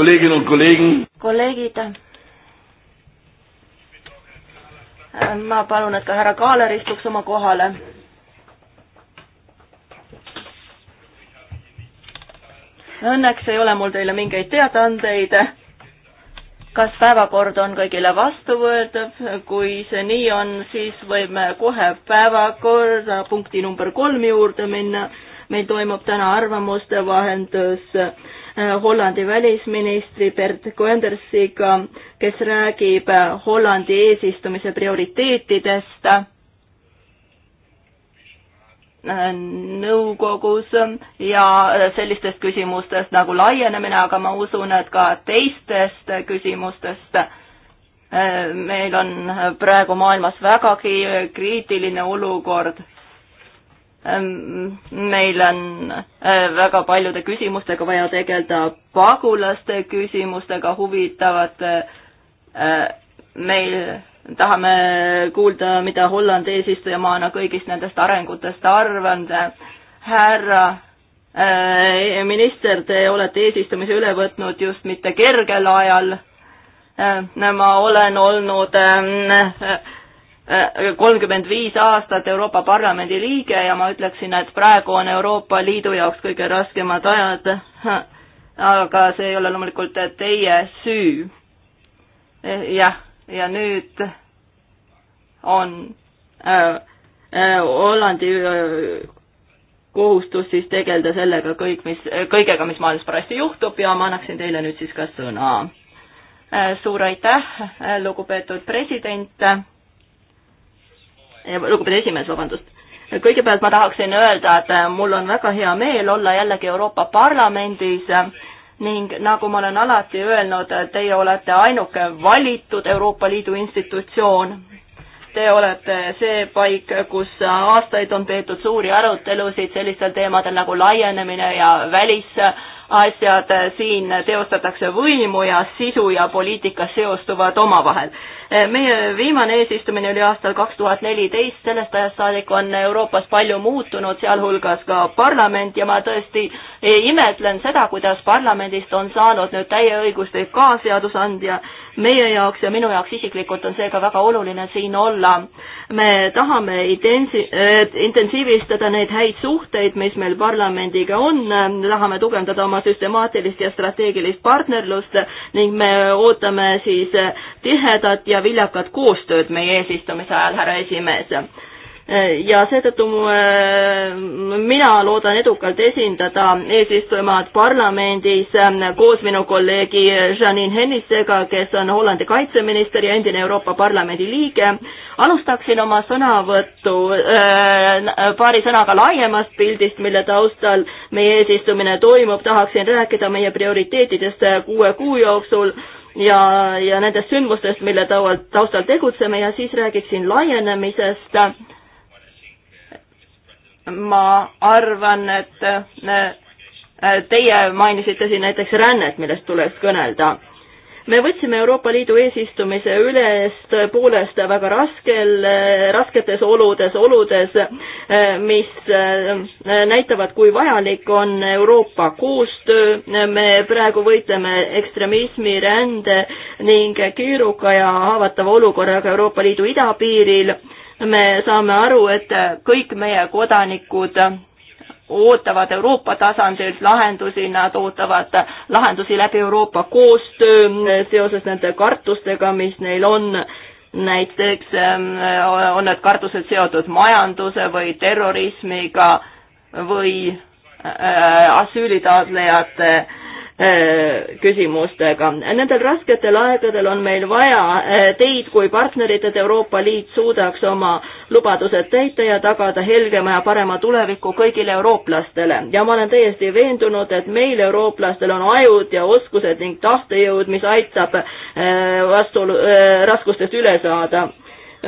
Kolleginnen und Kollegen. kolleegid. ma palun, et ka härra Kaaler istuks oma kohale. Õnneks ei ole mul teile mingeid teadaandeid. kas päevakord on kõigile vastuvõetav, kui see nii on, siis võime kohe päevakorda punkti number kolm juurde minna. meil toimub täna arvamuste vahendus äh, Äh, Hollandi välisministri Bert Koendersiga, kes räägib äh, Hollandi eesistumise prioriteetidest äh, nõukogus ja sellistest küsimustest nagu laienemine, aga ma usun, et ka teistest küsimustest. meil on praegu maailmas vägagi kriitiline olukord Ehm, meil on eh, väga paljude küsimustega vaja tegeleda, pagulaste küsimustega, huvitavate, eh, meil tahame kuulda, mida Holland eesistujamaana kõigist nendest arengutest arvanud. härra eh, minister, te olete eesistumise üle võtnud just mitte kergel ajal. Ehm, ma olen olnud äh, kolmkümmend viis aastat Euroopa Parlamendi liige ja ma ütleksin, et praegu on Euroopa Liidu jaoks kõige raskemad ajad. aga see ei ole loomulikult teie süü. Eh, jah, ja nüüd on äh, äh, Hollandi äh, kohustus siis tegeleda sellega kõik, mis, kõigega, mis maailmas parajasti juhtub ja ma annaksin teile nüüd siis ka sõna. Äh, suur aitäh, lugupeetud president lugupeetud esimees, vabandust. kõigepealt ma tahaksin öelda, et mul on väga hea meel olla jällegi Euroopa Parlamendis ning nagu ma olen alati öelnud, teie olete ainuke valitud Euroopa Liidu institutsioon. Te olete see paik, kus aastaid on peetud suuri arutelusid sellistel teemadel nagu laienemine ja välis- äh, asjad, eh, siin teostatakse võimu ja sisu ja poliitika seostuvad omavahel. Eh, meie viimane eesistumine oli aastal kaks tuhat neliteist, sellest ajast saadik on Euroopas palju muutunud, sealhulgas ka parlament ja ma tõesti imetlen seda, kuidas parlamendist on saanud nüüd täieõiguslik kaasseadusandja meie jaoks ja minu jaoks isiklikult on seega väga oluline siin olla. me tahame intensi-, eh, intensiivistada neid häid suhteid, mis meil parlamendiga on, tahame tugevdada oma oma süstemaatilist ja strateegilist partnerlust ning me ootame siis tihedat ja viljakat koostööd meie eesistumise ajal, härra esimees ja seetõttu äh, mina loodan edukalt esindada eesistujamaad parlamendis äh, koos minu kolleegi Janine Hennisega, kes on Hollandi kaitseminister ja endine Euroopa Parlamendi liige. alustaksin oma sõnavõttu äh, paari sõnaga laiemast pildist, mille taustal meie eesistumine toimub, tahaksin rääkida meie prioriteetidest kuue kuu jooksul ja, ja nendest sündmustest, mille taustal tegutseme ja siis räägiksin laienemisest ma arvan, et äh, teie mainisite siin näiteks rännet, millest tuleks kõnelda. me võtsime Euroopa Liidu eesistumise üles tõepoolest väga raskel, äh, rasketes oludes, oludes, äh, mis näitavad, kui vajalik on Euroopa koostöö. me praegu võitleme ekstremismi, rände ning keeruka ja haavatava olukorraga Euroopa Liidu idapiiril me saame aru, et kõik meie kodanikud ootavad Euroopa tasandilt lahendusi, nad ootavad lahendusi läbi Euroopa koostöö seoses nende kartustega, mis neil on. näiteks ähm, on need kartused seotud majanduse või terrorismiga või äh, asüülitaotlejate äh, Äh, küsimustega. Nendel rasketel aegadel on meil vaja äh, teid kui partnerit, et Euroopa Liit suudaks oma lubadused täita ja tagada helgema ja parema tuleviku kõigile eurooplastele. ja ma olen täiesti veendunud, et meil, eurooplastel, on ajud ja oskused ning tahtejõud, mis aitab äh, vastu, raskustest üle saada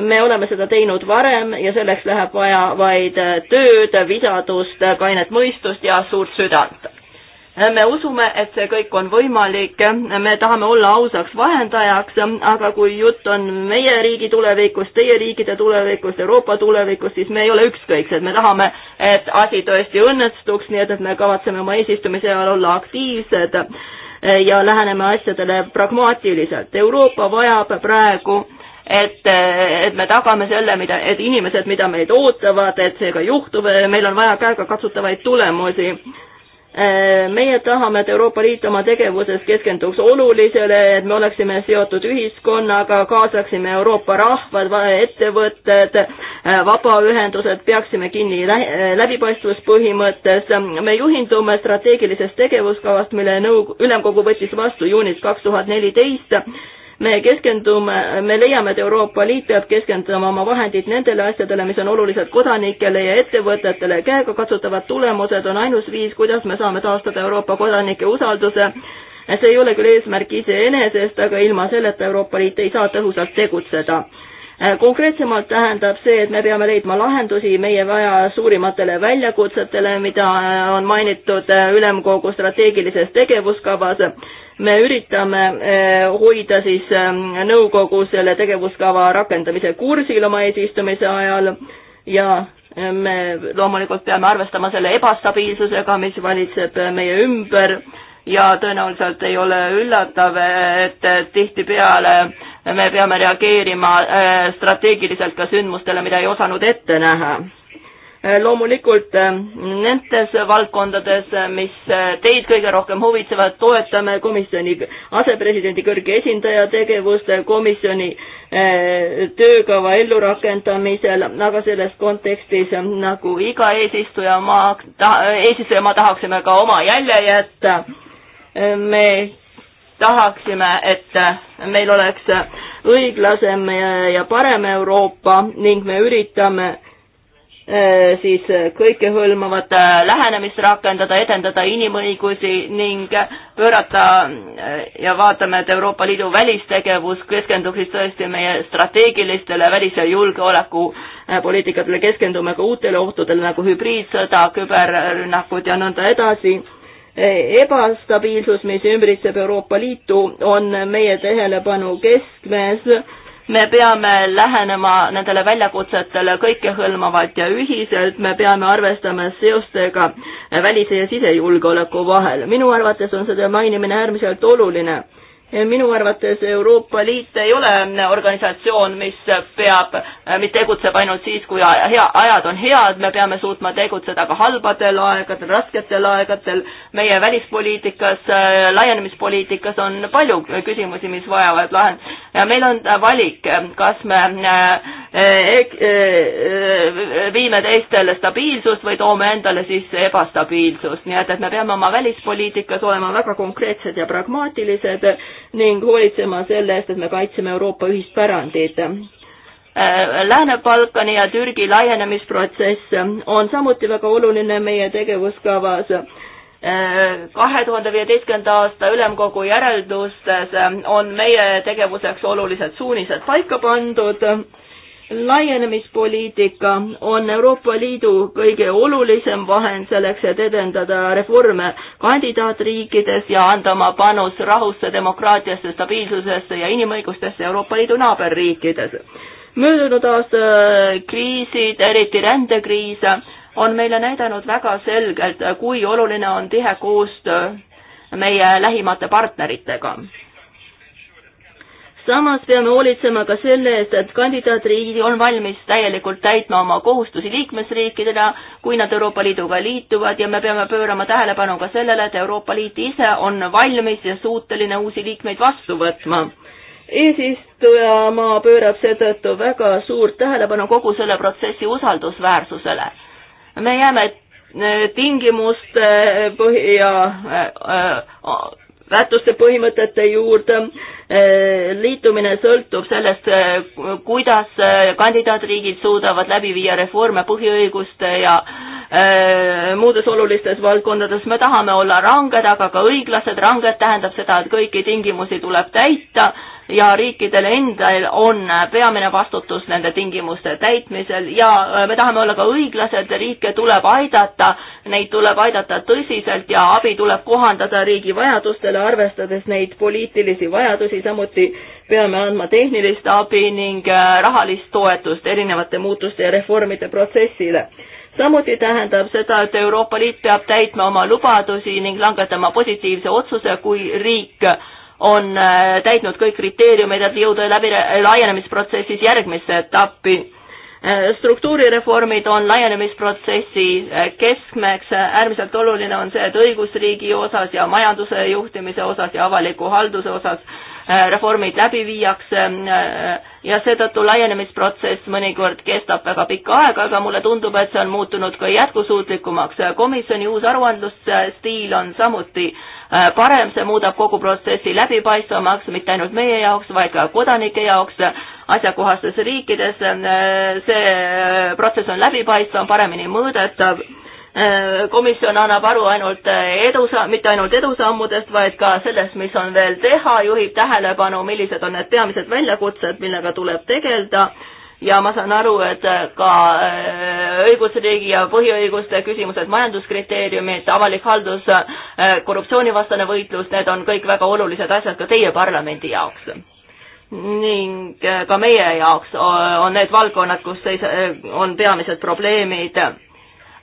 me oleme seda teinud varem ja selleks läheb vaja vaid tööd, visadust, kainet mõistust ja suurt südant me usume, et see kõik on võimalik, me tahame olla ausaks vahendajaks, aga kui jutt on meie riigi tulevikust, teie riikide tulevikust, Euroopa tulevikust, siis me ei ole ükskõiksed, me tahame, et asi tõesti õnnestuks, nii et, et me kavatseme oma eesistumise ajal olla aktiivsed ja läheneme asjadele pragmaatiliselt. Euroopa vajab praegu et, et me tagame selle, mida, et inimesed, mida meid ootavad, et see ka juhtub, meil on vaja käegakatsutavaid tulemusi Äh, meie tahame, et Euroopa Liit oma tegevuses keskenduks olulisele, et me oleksime seotud ühiskonnaga, kaasaksime Euroopa rahvad, ettevõtted, äh, vabaühendused, peaksime kinni äh, läbipaistvuspõhimõttest. me juhindume strateegilisest tegevuskavast, mille nõu-, ülemkogu võttis vastu juunis kaks tuhat neliteist me keskendume, me leiame, et Euroopa Liit peab keskenduma oma vahendid nendele asjadele, mis on olulised kodanikele ja ettevõtetele. käegakatsutavad tulemused on ainus viis, kuidas me saame taastada Euroopa kodanike usalduse. see ei ole küll eesmärk iseenesest, aga ilma selleta Euroopa Liit ei saa tõhusalt tegutseda Äh, konkreetsemalt tähendab see, et me peame leidma lahendusi meie vaja suurimatele väljakutsetele, mida äh, on mainitud äh, ülemkogu strateegilises tegevuskavas. me üritame hoida siis ähm, nõukogu selle tegevuskava rakendamise kursil oma eesistumise ajal ja me loomulikult peame arvestama selle ebastabiilsusega, mis valitseb meie ümber ja tõenäoliselt ei ole üllatav, et tihtipeale me peame reageerima äh, strateegiliselt ka sündmustele, mida ei osanud ette näha. Äh, loomulikult äh, nendes valdkondades, mis teid kõige rohkem huvitsevad, toetame komisjoni asepresidendi kõrge esindaja tegevust komisjoni töökava ellurakendamisel, aga selles kontekstis nagu iga eesistuja, ma, eesistuja, ma tahaksime ka oma jälje jätta me tahaksime, et meil oleks õiglasem ja parem Euroopa ning me üritame eh, siis kõikehõlmavat lähenemist rakendada, edendada inimõigusi ning pöörata eh, ja vaatame, et Euroopa Liidu välistegevus keskendub siis tõesti meie strateegilistele välis- ja julgeolekupoliitikatele, keskendume ka uutele ohtudele nagu hübriidsõda, küberrünnakud ja nõnda edasi ebastabiilsus, mis ümbritseb Euroopa Liitu, on meie tähelepanu keskmes. me peame lähenema nendele väljakutsetele kõikehõlmavalt ja ühiselt, me peame arvestama seostega välise ja sisejulgeoleku vahel. minu arvates on selle mainimine äärmiselt oluline minu arvates Euroopa Liit ei ole organisatsioon, mis peab, mis tegutseb ainult siis, kui hea, ajad on head, me peame suutma tegutseda ka halbadel aegadel, rasketel aegadel. meie välispoliitikas, laienemispoliitikas on palju küsimusi, mis vajavad lahend-. meil on valik, kas me eh, eh, eh, viime teistele stabiilsust või toome endale sisse ebastabiilsust, nii et, et me peame oma välispoliitikas olema väga konkreetsed ja pragmaatilised ning hoolitsema selle eest, et me kaitseme Euroopa ühist pärandit. Äh, Lääne-Balkani ja Türgi laienemisprotsess on samuti väga oluline meie tegevuskavas. Äh, kahe tuhande viieteistkümnenda aasta ülemkogu järeldustes on meie tegevuseks olulised suunised paika pandud laienemispoliitika on Euroopa Liidu kõige olulisem vahend selleks, et edendada reforme kandidaatriikides ja anda oma panus rahusse, demokraatiasse, stabiilsusesse ja inimõigustesse Euroopa Liidu naaberriikides. möödunud aasta kriisid, eriti rändekriis, on meile näidanud väga selgelt, kui oluline on tihe koostöö meie lähimate partneritega samas peame hoolitsema ka selle eest, et kandidaatriigid on valmis täielikult täitma oma kohustusi liikmesriikidena, kui nad Euroopa Liiduga liituvad ja me peame pöörama tähelepanu ka sellele, et Euroopa Liit ise on valmis ja suuteline uusi liikmeid vastu võtma. eesistujamaa pöörab seetõttu väga suurt tähelepanu kogu selle protsessi usaldusväärsusele. me jääme e, tingimuste e, põhi ja e, väärtuste põhimõtete juurde Äh, liitumine sõltub sellest, äh, kuidas äh, kandidaatriigid suudavad läbi viia reforme põhiõiguste ja muudes olulistes valdkondades. me tahame olla ranged, aga ka õiglased. ranged tähendab seda, et kõiki tingimusi tuleb täita ja riikidel endal on peamine vastutus nende tingimuste täitmisel ja me tahame olla ka õiglased, riike tuleb aidata, neid tuleb aidata tõsiselt ja abi tuleb kohandada riigi vajadustele, arvestades neid poliitilisi vajadusi, samuti peame andma tehnilist abi ning äh, rahalist toetust erinevate muutuste ja reformide protsessile. samuti tähendab seda, et Euroopa Liit peab täitma oma lubadusi ning langetama positiivse otsuse, kui riik on äh, täitnud kõik kriteeriumid, et jõuda läbi laienemisprotsessis järgmisse etappi äh, struktuurireformid on laienemisprotsessi keskmeks, äärmiselt oluline on see, et õigusriigi osas ja majanduse juhtimise osas ja avaliku halduse osas reformid läbi viiakse äh, ja seetõttu laienemisprotsess mõnikord kestab väga pikka aega, aga mulle tundub, et see on muutunud ka jätkusuutlikumaks. komisjoni uus aruandlusstiil on samuti äh, parem, see muudab kogu protsessi läbipaistvamaks, mitte ainult meie jaoks, vaid ka kodanike jaoks asjakohastes riikides. Äh, see protsess on läbipaistvam, paremini mõõdetav Äh, komisjon annab aru ainult äh, edusa-, mitte ainult edusammudest, vaid ka sellest, mis on veel teha, juhib tähelepanu, millised on need peamised väljakutsed, millega tuleb tegeleda ja ma saan aru, et äh, ka õigusriigi ja põhiõiguste küsimused, majanduskriteeriumid, avalik haldus, korruptsioonivastane võitlus, need on kõik väga olulised asjad ka teie parlamendi jaoks ning ka meie jaoks on need valdkonnad, kus on peamised probleemid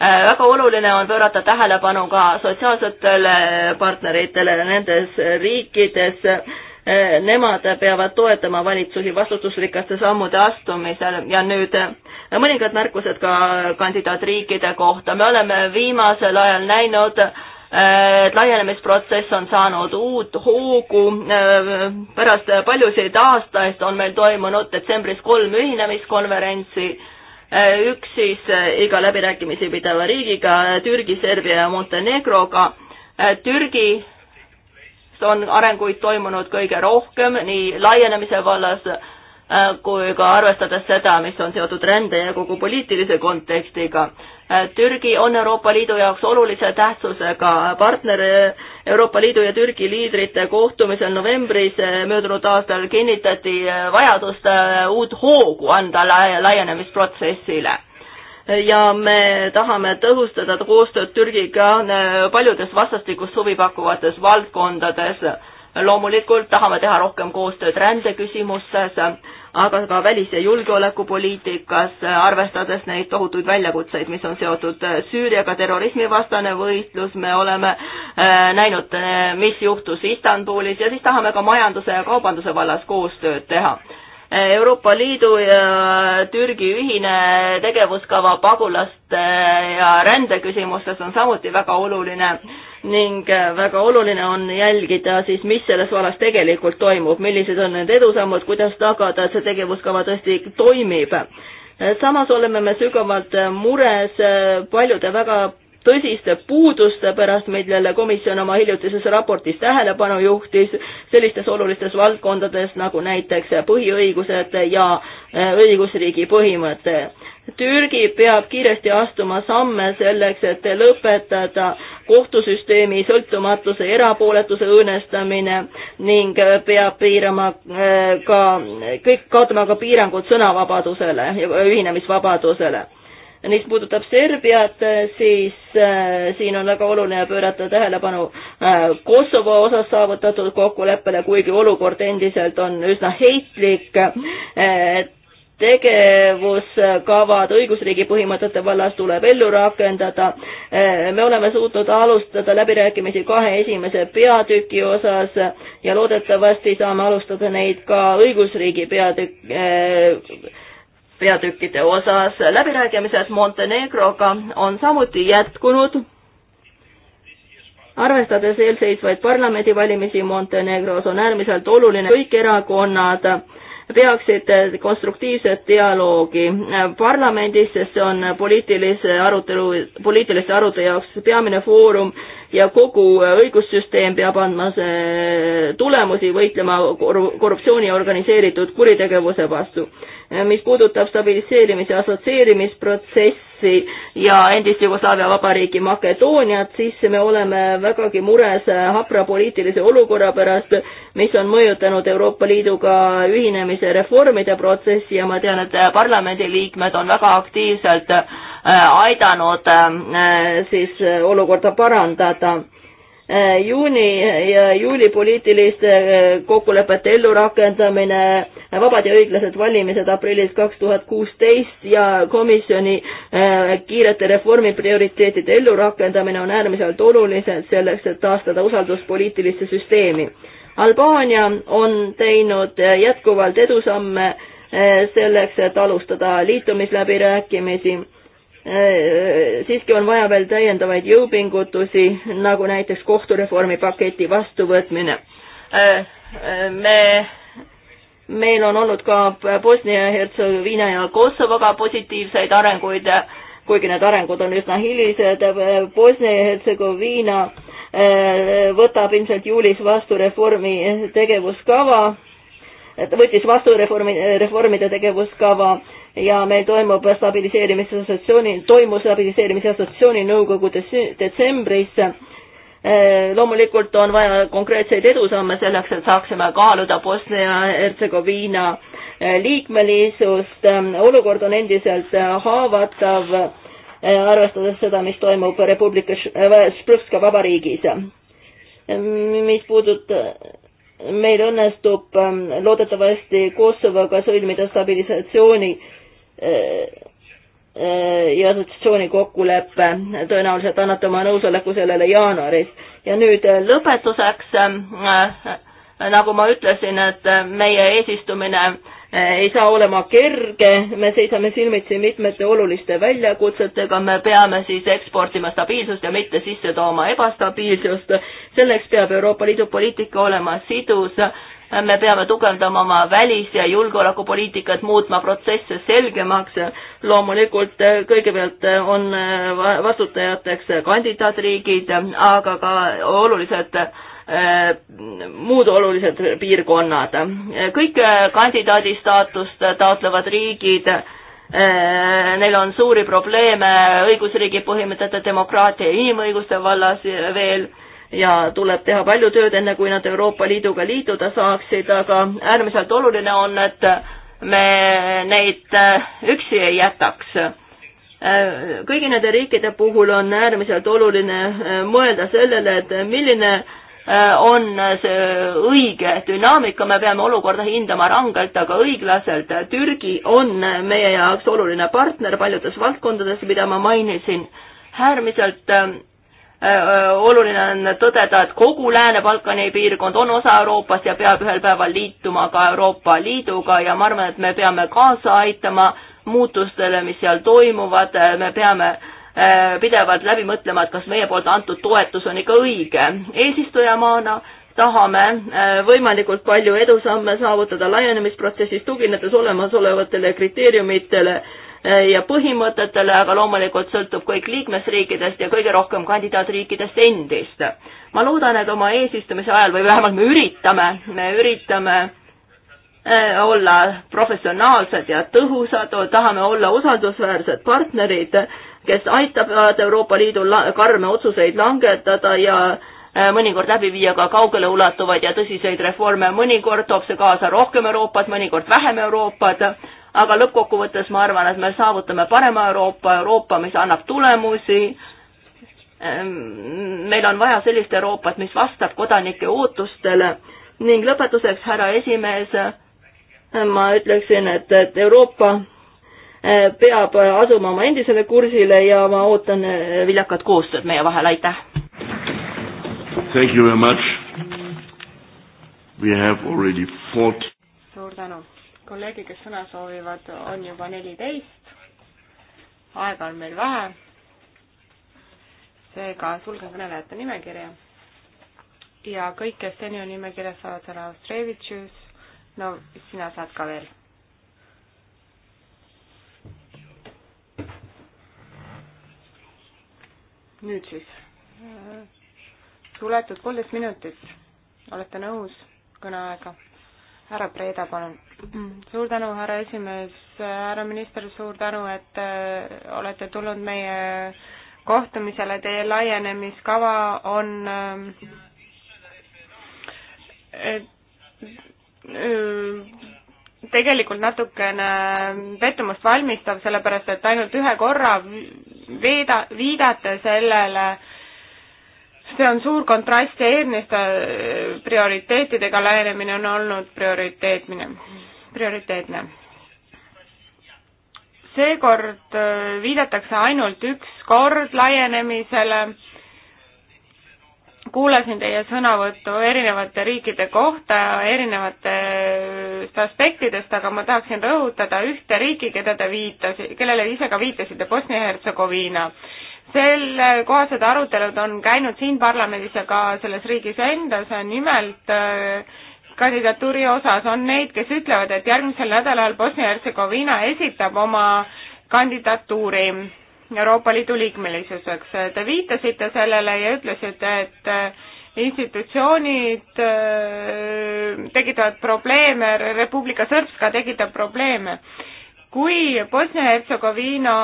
Äh, väga oluline on pöörata tähelepanu ka sotsiaalsetele partneritele nendes riikides. Äh, nemad peavad toetama valitsusi vastutusrikaste sammude astumisel ja nüüd äh, mõningad märkused ka kandidaatriikide kohta. me oleme viimasel ajal näinud et laienemisprotsess on saanud uut hoogu. pärast paljusid aastaid on meil toimunud detsembris kolm ühinemiskonverentsi Äh, üks siis äh, iga läbirääkimisi pidava riigiga, äh, Türgi, Serbia ja Montenegroga. Türgi on arenguid toimunud kõige rohkem nii laienemise vallas kui ka arvestades seda, mis on seotud rände ja kogu poliitilise kontekstiga. Türgi on Euroopa Liidu jaoks olulise tähtsusega partner Euroopa Liidu ja Türgi liidrite kohtumisel novembris eh, möödunud aastal kinnitati eh, vajadust eh, uut hoogu anda laienemisprotsessile ja me tahame tõhustada koostööd Türgiga paljudes vastastikust huvi pakkuvates valdkondades. loomulikult tahame teha rohkem koostööd rändeküsimustes aga ka välis- ja julgeolekupoliitikas, arvestades neid tohutuid väljakutseid, mis on seotud äh, Süüriaga, terrorismivastane võitlus, me oleme äh, näinud, äh, mis juhtus Istanbulis ja siis tahame ka majanduse ja kaubanduse vallas koostööd teha Euroopa Liidu ja Türgi ühine tegevuskava pagulaste ja rändeküsimustes on samuti väga oluline ning väga oluline on jälgida siis, mis selles vallas tegelikult toimub, millised on need edusammud, kuidas tagada, et see tegevuskava tõesti toimib. samas oleme me sügavalt mures paljude väga tõsiste puuduste pärast, millele komisjon oma hiljutises raportis tähelepanu juhtis sellistes olulistes valdkondades nagu näiteks põhiõigused ja eh, õigusriigi põhimõte. Türgi peab kiiresti astuma samme selleks, et lõpetada kohtusüsteemi sõltumatuse ja erapooletuse õõnestamine ning peab piirama eh, ka, kõik, kaotama ka piirangud sõnavabadusele ja ühinemisvabadusele mis puudutab Serbiat, siis äh, siin on väga oluline pöörata tähelepanu äh, Kosovo osas saavutatud kokkuleppele, kuigi olukord endiselt on üsna heitlik äh, tegevuskavad õigusriigi põhimõtete vallas tuleb ellu rakendada. Äh, me oleme suutnud alustada läbirääkimisi kahe esimese peatüki osas ja loodetavasti saame alustada neid ka õigusriigi peatükk äh, peatükkide osas. läbirääkimised Montenegroga on samuti jätkunud. arvestades eelseisvaid parlamendivalimisi Montenegros on äärmiselt oluline kõik erakonnad peaksid konstruktiivset dialoogi parlamendis, sest see on poliitilise arutelu, poliitiliste arude jaoks peamine foorum ja kogu õigussüsteem peab andma tulemusi võitlema korruptsiooni ja organiseeritud kuritegevuse vastu. Äh, mis puudutab stabiliseerimis- ja assotsieerimisprotsessi ja endist Jugoslaavia vabariiki Makedooniat, siis me oleme vägagi mures äh, hapra poliitilise olukorra pärast, mis on mõjutanud Euroopa Liiduga ühinemise reformide protsessi ja ma tean, et äh, parlamendiliikmed on väga aktiivselt aidanud siis olukorda parandada Äh, juuni äh, ja juuli poliitiliste äh, kokkulepete ellurakendamine, vabad ja õiglased valimised aprillis kaks tuhat kuusteist ja komisjoni kiirete reformi prioriteetide ellurakendamine on äärmiselt olulised selleks, et taastada usaldus poliitilisse süsteemi. Albaania on teinud jätkuvalt edusamme selleks, et alustada liitumisläbirääkimisi Äh, siiski on vaja veel täiendavaid jõupingutusi, nagu näiteks kohtureformi paketi vastuvõtmine. Äh, äh, me, meil on olnud ka Bosnia-Hertsegoviina ja Kosovoga positiivseid arenguid, kuigi need arengud on üsna hilised. Bosnia-Hertsegoviina võtab ilmselt juulis vastu reformi tegevuskava, võttis vastu reformi, reformide tegevuskava ja meil toimub stabiliseerimise assotsiatsiooni, toimus stabiliseerimise assotsiatsiooni nõukogu detsembris. Äh, loomulikult on vaja konkreetseid edusamme selleks, et saaksime kaaluda Bosnia-Hertsegoviina äh, liikmelisust. Äh, olukord on endiselt haavatav, arvestades seda, mis toimub Republika Šprõkska vabariigis. mis puudutab meil õnnestub ähm, loodetavasti Kosovoga sõlmida stabilisatsiooni ja äh, äh, assotsiatsiooni kokkulepe, tõenäoliselt annate oma nõusoleku sellele jaanuaris. ja nüüd äh, lõpetuseks, nagu ma ütlesin, et meie eesistumine ei saa olema kerge, me seisame silmitsi mitmete oluliste väljakutsetega, me peame siis eksportima stabiilsust ja mitte sisse tooma ebastabiilsust. selleks peab Euroopa Liidu poliitika olema sidus me peame tugevdama oma välis- ja julgeolekupoliitikat, muutma protsesse selgemaks. loomulikult eh, kõigepealt eh, on eh, vastutajateks kandidaatriigid, aga ka olulised muud olulised piirkonnad. kõik kandidaadi staatust taotlevad riigid neil on suuri probleeme õigusriigi põhimõtete, demokraatia ja inimõiguste vallas veel ja tuleb teha palju tööd, enne kui nad Euroopa Liiduga liituda saaksid, aga äärmiselt oluline on, et me neid äh, üksi ei jätaks. Äh, kõigi nende riikide puhul on äärmiselt oluline äh, mõelda sellele, et milline on see õige dünaamika, me peame olukorda hindama rangelt, aga õiglaselt. Türgi on meie jaoks oluline partner paljudes valdkondades, mida ma mainisin. äärmiselt Äh, äh, oluline on tõdeda, et kogu Lääne-Balkani piirkond on osa Euroopast ja peab ühel päeval liituma ka Euroopa Liiduga ja ma arvan, et me peame kaasa aitama muutustele, mis seal toimuvad, äh, me peame pidevalt läbi mõtlema, et kas meie poolt antud toetus on ikka õige. eesistujamaana tahame võimalikult palju edusamme saavutada laienemisprotsessis, tuginedes olemasolevatele kriteeriumitele Eh, ja põhimõtetele, aga loomulikult sõltub kõik liikmesriikidest ja kõige rohkem kandidaatriikidest endist. ma loodan, et oma eesistumise ajal või vähemalt me üritame, me üritame eh, olla professionaalsed ja tõhusad, tahame olla usaldusväärsed partnerid, kes aitavad Euroopa Liidu karme otsuseid langetada ja eh, mõnikord läbi viia ka kaugeleulatuvaid ja tõsiseid reforme, mõnikord toob see kaasa rohkem Euroopat, mõnikord vähem Euroopat, aga lõppkokkuvõttes ma arvan, et me saavutame parema Euroopa, Euroopa, mis annab tulemusi. Ehm, meil on vaja sellist Euroopat, mis vastab kodanike ootustele ning lõpetuseks, härra esimees, ma ütleksin, et, et Euroopa eh, peab asuma oma endisele kursile ja ma ootan eh, viljakat koostööd meie vahel, aitäh! Thank you very much. We have already fought. suur tänu kolleegi, kes sõna soovivad, on juba neliteist. aega on meil vähe. seega sulgen kõnelejate nimekirja. ja kõik, kes seni on nimekirjas, saavad sõna Ostrevitšus. no sina saad ka veel. nüüd siis. suletud poolteist minutit. olete nõus kõneaega? härra Preeda, palun. suur tänu, härra esimees, härra minister, suur tänu, et äh, olete tulnud meie kohtumisele, teie laienemiskava on ähm, äh, tegelikult natukene pettumust valmistav, sellepärast et ainult ühe korra veeda, viidate sellele see on suur kontrast ja eelmiste äh, prioriteetidega lähenemine on olnud prioriteetmine, prioriteetne. seekord äh, viidatakse ainult üks kord laienemisele, kuulasin teie sõnavõttu erinevate riikide kohta erinevatest äh, aspektidest, aga ma tahaksin rõhutada ühte riiki, keda te viitasite, kellele ise ka viitasite, Bosnia-Hertsegoviina sellekohased arutelud on käinud siin parlamendis ja ka selles riigis endas, nimelt äh, kandidatuuri osas on neid, kes ütlevad, et järgmisel nädalal Bosnia-Hertsegoviina esitab oma kandidatuuri Euroopa Liidu liikmelisuseks. Te viitasite sellele ja ütlesite, et äh, institutsioonid äh, tekitavad probleeme, Republika Srpska tekitab probleeme kui Bosnia-Hertsegoviina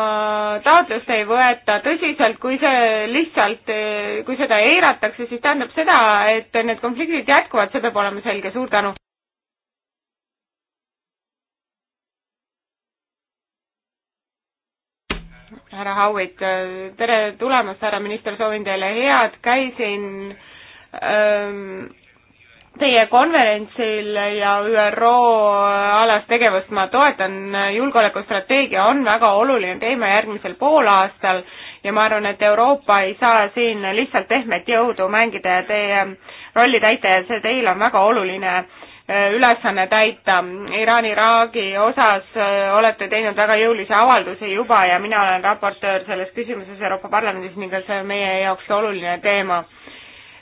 taotlust ei võeta tõsiselt, kui see lihtsalt, kui seda eiratakse, siis tähendab seda, et need konfliktid jätkuvad, see peab olema selge, suur tänu. härra Howitt, tere tulemast, härra minister, soovin teile head, käisin ähm, teie konverentsil ja ÜRO alast tegevust ma toetan, julgeolekustrateegia on väga oluline teema järgmisel poolaastal ja ma arvan, et Euroopa ei saa siin lihtsalt pehmet jõudu mängida ja teie rolli täita ja see teil on väga oluline äh, ülesanne täita. Iraan-Iraagi osas äh, olete teinud väga jõulisi avaldusi juba ja mina olen raportöör selles küsimuses Euroopa Parlamendis ning see on meie jaoks oluline teema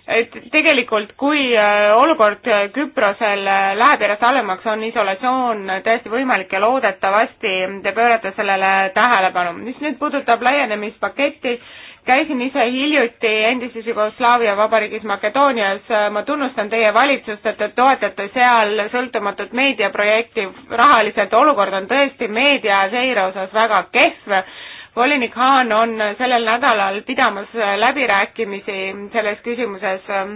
et tegelikult, kui äh, olukord äh, Küprosel äh, läheb järjest halvemaks, on isolatsioon täiesti võimalik ja loodetavasti te pöörate sellele tähelepanu. mis nüüd puudutab laienemispaketti, käisin ise hiljuti endises Jugoslaavia vabariigis Makedoonias, ma tunnustan teie valitsust, et te toetate seal sõltumatut meediaprojekti rahaliselt, olukord on tõesti meediaseire osas väga kehv volinik Haan on sellel nädalal pidamas läbirääkimisi selles küsimuses ähm,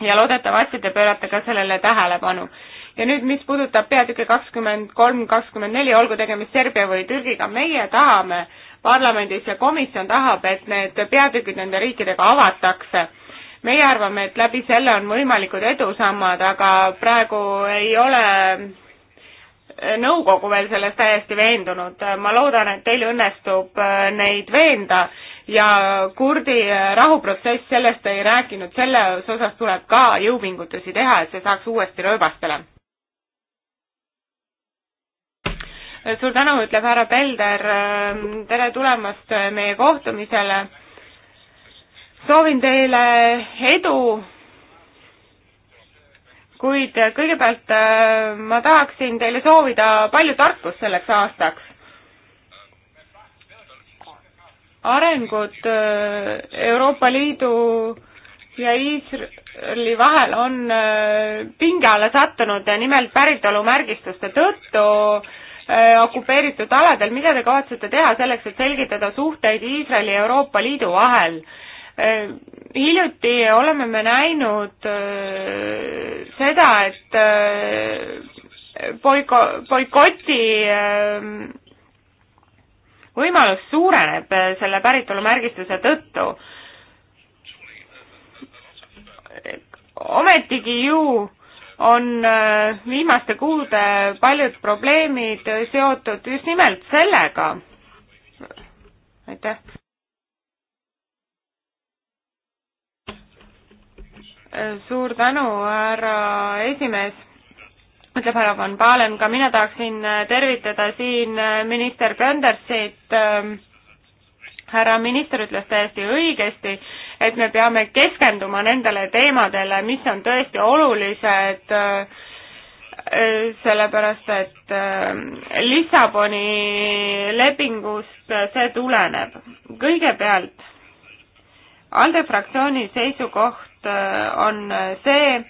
ja loodetavasti te pöörate ka sellele tähelepanu. ja nüüd, mis puudutab peatükki kakskümmend kolm, kakskümmend neli, olgu tegemist Serbia või Türgiga, meie tahame parlamendis ja komisjon tahab, et need peatükid nende riikidega avatakse meie arvame, et läbi selle on võimalikud edusammad, aga praegu ei ole nõukogu veel selles täiesti veendunud. ma loodan, et teil õnnestub äh, neid veenda ja kurdi äh, rahuprotsess, sellest ei rääkinud, selles osas tuleb ka jõupingutusi teha, et see saaks uuesti rööbastele. suur tänu, ütleb härra Pelder, ähm, tere tulemast meie kohtumisele. soovin teile edu kuid äh, kõigepealt äh, ma tahaksin teile soovida palju tarkust selleks aastaks. arengud äh, Euroopa Liidu ja Iisraeli vahel on pinge alla sattunud nimelt päritolumärgistuste tõttu okupeeritud aladel, mida te kavatsete teha selleks, et selgitada suhteid Iisraeli ja Euroopa Liidu vahel? Äh, hiljuti oleme me näinud äh, seda, et äh, boiko-, boikoti võimalus suureneb selle päritolumärgistuse tõttu. ometigi ju on viimaste kuude paljud probleemid seotud just nimelt sellega. aitäh! suur tänu, härra esimees, ütleb härra Van Palen, ka mina tahaksin äh, tervitada siin äh, minister Brandersit. Ähm, härra minister ütles täiesti õigesti, et me peame keskenduma nendele teemadele, mis on tõesti olulised äh, sellepärast, et Lissaboni lepingust see tuleneb. kõigepealt ALDE fraktsiooni seisukoht Äh, on see,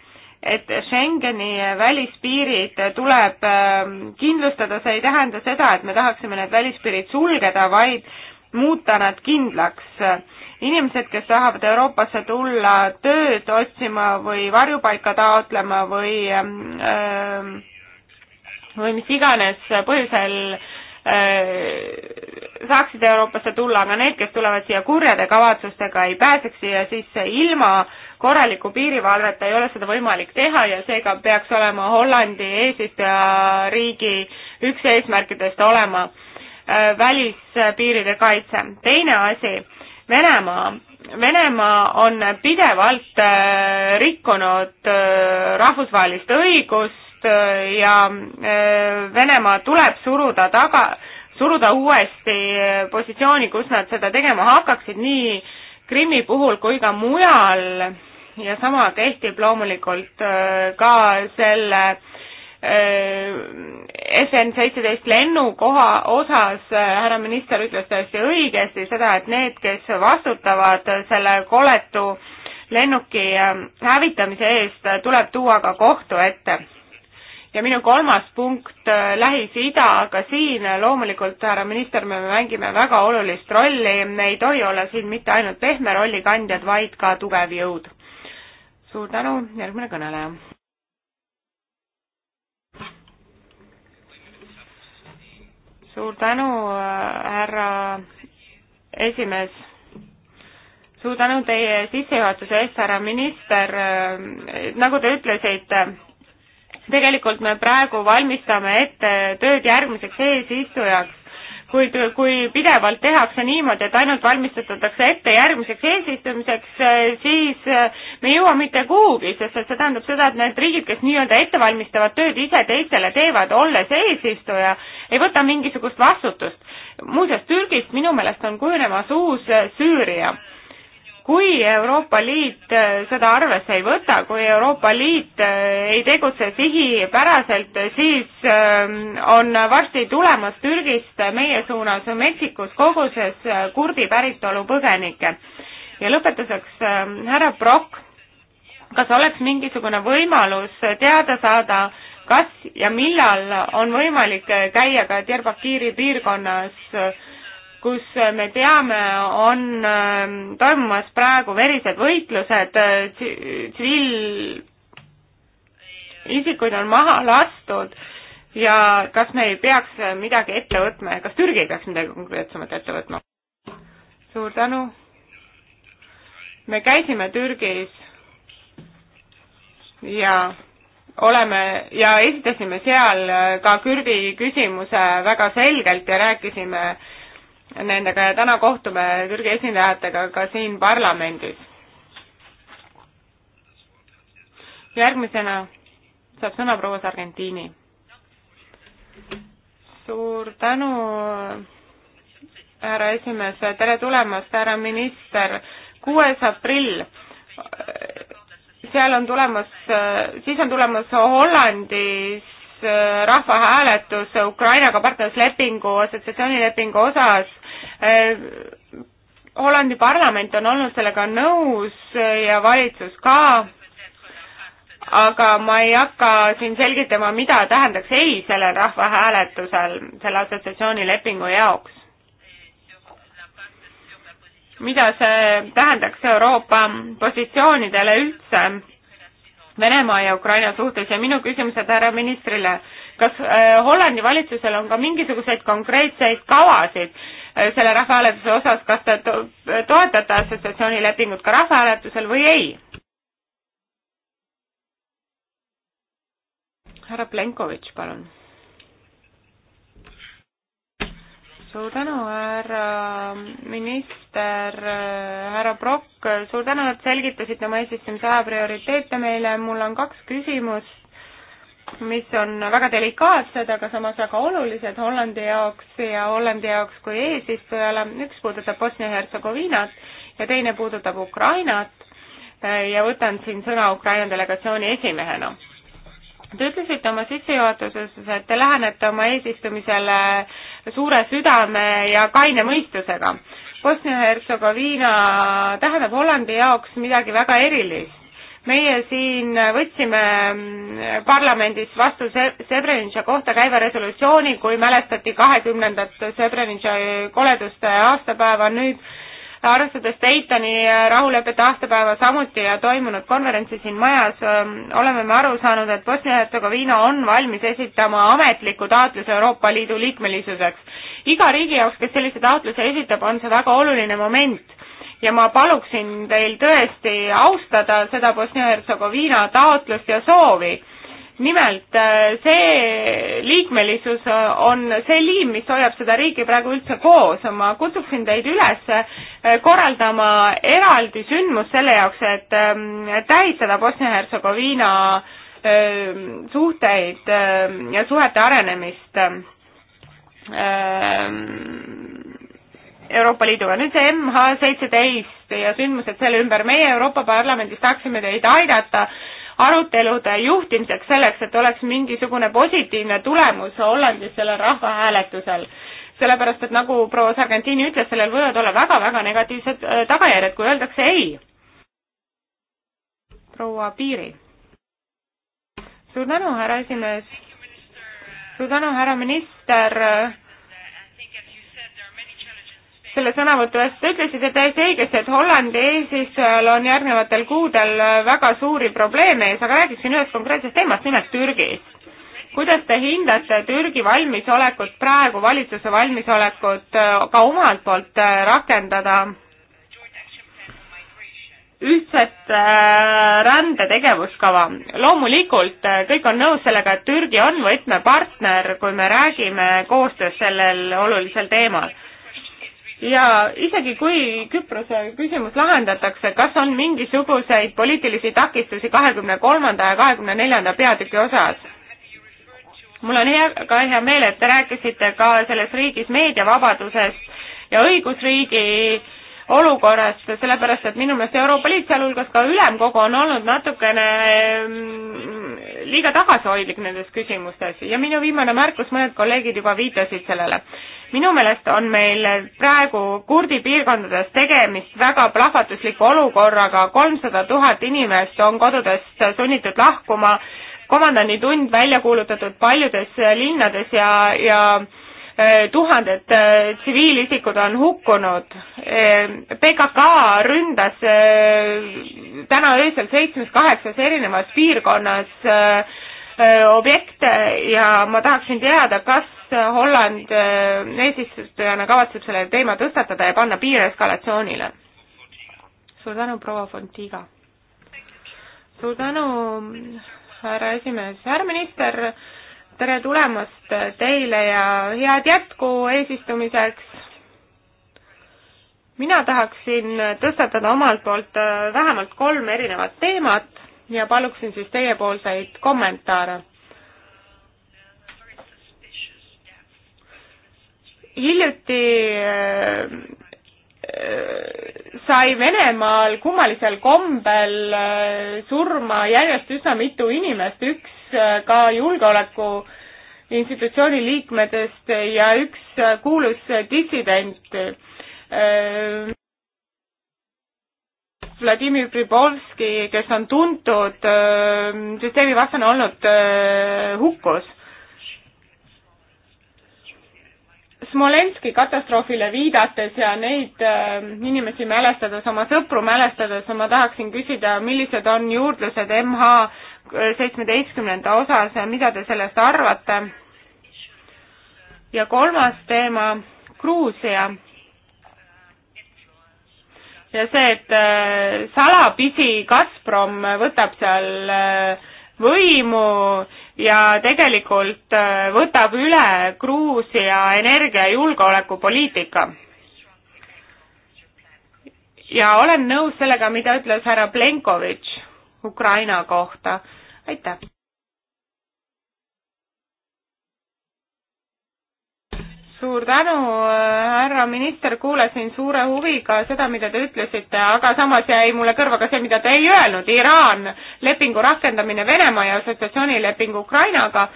et Schengeni välispiirid tuleb ähm, kindlustada, see ei tähenda seda, et me tahaksime need välispiirid sulgeda, vaid muuta nad kindlaks. inimesed, kes tahavad Euroopasse tulla tööd otsima või varjupaika taotlema või ähm, äh, või mis iganes põhjusel äh, Äh, saaksid Euroopasse tulla, aga need, kes tulevad siia kurjade kavatsustega, ei pääseks siia sisse ilma korraliku piirivalveta, ei ole seda võimalik teha ja seega peaks olema Hollandi eesistujariigi üks eesmärkidest olema äh, välispiiride kaitse. teine asi, Venemaa. Venemaa on pidevalt äh, rikkunud rahvusvahelist õigust, Liidust äh, ja äh, Venemaa tuleb suruda taga, suruda uuesti äh, positsiooni, kus nad seda tegema hakkaksid, nii Krimmi puhul kui ka mujal ja sama kehtib loomulikult ka selle SN seitseteist lennukoha osas härra minister ütles täiesti õigesti seda, et need, kes vastutavad selle koletu lennuki hävitamise eest, tuleb tuua ka kohtu ette ja minu kolmas punkt, äh, Lähis-Ida, ka siin äh, loomulikult, härra minister, me mängime väga olulist rolli, me ei tohi olla siin mitte ainult pehme rolli kandjad, vaid ka tugev jõud. suur tänu, järgmine kõneleja. suur tänu, äh, härra esimees suur tänu teie sissejuhatuse eest, härra minister. nagu te ütlesite, tegelikult me praegu valmistame ette tööd järgmiseks eesistujaks, kuid kui pidevalt tehakse niimoodi, et ainult valmistatakse ette järgmiseks eesistumiseks, eh, siis eh, me ei jõua mitte kuhugi, sest et see tähendab seda, et need riigid, kes nii-öelda ettevalmistavat tööd ise teistele teevad, olles eesistuja, ei võta mingisugust vastutust. muuseas, Türgist minu meelest on kujunemas uus eh, Süüria kui Euroopa Liit äh, seda arvesse ei võta, kui Euroopa Liit äh, ei tegutse sihipäraselt, siis ähm, on varsti tulemas Türgist meie suunas Meksikus koguses äh, kurdi päritolu põgenikke. ja lõpetuseks, ähm, härra Brock, kas oleks mingisugune võimalus teada saada, kas ja millal on võimalik käia ka Diyarbakiri piirkonnas äh, kus me teame, on ähm, toimumas praegu verised võitlused, äh, tsiviilisikuid on maha lastud ja kas me ei peaks midagi ette võtma ja kas Türgi ei peaks midagi konkreetsemat ette võtma? suur tänu! me käisime Türgis ja oleme ja esitasime seal ka Kürdi küsimuse väga selgelt ja rääkisime äh, nendega ja täna kohtume Türgi esindajatega ka siin parlamendis. järgmisena saab sõna proua Sargentini. suur tänu, härra esimees, tere tulemast, härra minister. kuues aprill, seal on tulemas, siis on tulemas Hollandis rahvahääletus Ukrainaga partnerluslepingu, assotsiatsioonilepingu osas Äh, Hollandi parlament on olnud sellega nõus ja valitsus ka, aga ma ei hakka siin selgitama, mida tähendaks ei sellel rahvahääletusel selle assotsiatsiooni lepingu jaoks. mida see tähendaks Euroopa positsioonidele üldse Venemaa ja Ukraina suhtes ja minu küsimused härra ministrile, kas äh, Hollandi valitsusel on ka mingisuguseid konkreetseid kavasid, Äh, selle rahvahääletuse osas, kas te toetate assotsiatsioonilepingut ka rahvahääletusel või ei? härra Plenkovitš, palun. suur tänu, härra minister, härra Brock, suur tänu, et selgitasite oma eesistumise aja prioriteete meile, mul on kaks küsimust mis on väga delikaatsed, aga samas väga olulised Hollandi jaoks ja Hollandi jaoks kui eesistujale. üks puudutab Bosnia-Hertsegoviinat ja teine puudutab Ukrainat ja võtan siin sõna Ukraina delegatsiooni esimehena. Te ütlesite oma sissejuhatuses, et te lähenete oma eesistumisele suure südame ja kaine mõistusega. Bosnia-Hertsegoviina tähendab Hollandi jaoks midagi väga erilist meie siin võtsime mm, parlamendis vastu Srebrenica kohta käiva resolutsiooni, kui mälestati kahekümnendat Srebrenica koleduste aastapäeva, nüüd arvestades Daytoni rahulepete aastapäeva samuti ja toimunud konverentsi siin majas, mm, oleme me aru saanud, et Bosnia-Hertsegoviina on valmis esitama ametliku taotluse Euroopa Liidu liikmelisuseks. iga riigi jaoks, kes sellise taotluse esitab, on see väga oluline moment ja ma paluksin teil tõesti austada seda Bosnia-Hertsegoviina taotlust ja soovi. nimelt äh, see liikmelisus äh, on see liim, mis hoiab seda riiki praegu üldse koos. ma kutsuksin teid üles äh, korraldama eraldi sündmus selle jaoks, et ähm, tähistada Bosnia-Hertsegoviina ähm, suhteid ähm, ja suhete arenemist Euroopa Liiduga. nüüd see MH17 ja sündmused selle ümber, meie Euroopa Parlamendis tahaksime teid aidata arutelude juhtimiseks selleks, et oleks mingisugune positiivne tulemus Hollandis sellel rahvahääletusel. sellepärast, et nagu proua Sargentini ütles, sellel võivad olla väga-väga negatiivsed äh, tagajärjed, kui öeldakse ei. proua Piiri. suur tänu, härra esimees. suur tänu, härra minister selle sõnavõtu eest, te ütlesite täiesti õigesti, et Hollandi eesistujal on järgnevatel kuudel väga suuri probleeme ees, aga räägiksin ühest konkreetsest teemast, nimelt Türgist. kuidas te hindate Türgi valmisolekut praegu, valitsuse valmisolekut äh, ka omalt poolt äh, rakendada ühtset äh, rändetegevuskava. loomulikult kõik on nõus sellega, et Türgi on võtmepartner, kui me räägime koostöös sellel olulisel teemal ja isegi kui Küprose küsimus lahendatakse, kas on mingisuguseid poliitilisi takistusi kahekümne kolmanda ja kahekümne neljanda peatüki osas? mul on hea, ka hea meel, et te rääkisite ka selles riigis meediavabadusest ja õigusriigi äh, olukorras, sellepärast et minu meelest Euroopa Liit, sealhulgas ka Ülemkogu, on olnud natukene mm, liiga tagasihoidlik nendes küsimustes ja minu viimane märkus, mõned kolleegid juba viitasid sellele. minu meelest on meil praegu kurdi piirkondades tegemist väga plahvatusliku olukorraga, kolmsada tuhat inimest on kodudest sunnitud lahkuma, komandanditund välja kuulutatud paljudes linnades ja, ja Äh, tuhanded äh, tsiviilisikud on hukkunud. Äh, PKK ründas täna öösel seitsmes-kaheksas erinevas piirkonnas objekte ja ma tahaksin teada, kas Holland eesistujana kavatseb selle teema tõstatada ja panna piir eskalatsioonile. suur tänu, proua Fontiga. suur tänu, härra esimees, härra minister tere tulemast teile ja head jätku eesistumiseks. mina tahaksin tõstatada omalt poolt äh, vähemalt kolm erinevat teemat ja paluksin siis teiepoolseid kommentaare. hiljuti äh, Äh, sai Venemaal kummalisel kombel äh, surma järjest üsna mitu inimest, üks äh, ka julgeoleku institutsiooni liikmetest ja üks kuulus dissident Vladimir Pribovski, kes on tuntud süsteemi vastane olnud, hukkus Smolenski katastroofile viidates ja neid äh, inimesi mälestades, oma sõpru mälestades, ma tahaksin küsida, millised on juurdlused MH seitsmeteistkümnenda osas, mida te sellest arvate? ja kolmas teema, Gruusia. ja see, et äh, salapisi Gazprom võtab seal äh, võimu ja tegelikult äh, võtab üle Gruusia energia- ja julgeolekupoliitika. ja olen nõus sellega, mida ütles härra Plenkovitš Ukraina kohta. aitäh! suur tänu, härra minister, kuulasin suure huviga seda, mida te ütlesite, aga samas jäi mulle kõrva ka see, mida te ei öelnud, Iraan, lepingu rakendamine Venemaa ja assotsiatsioonileping Ukrainaga,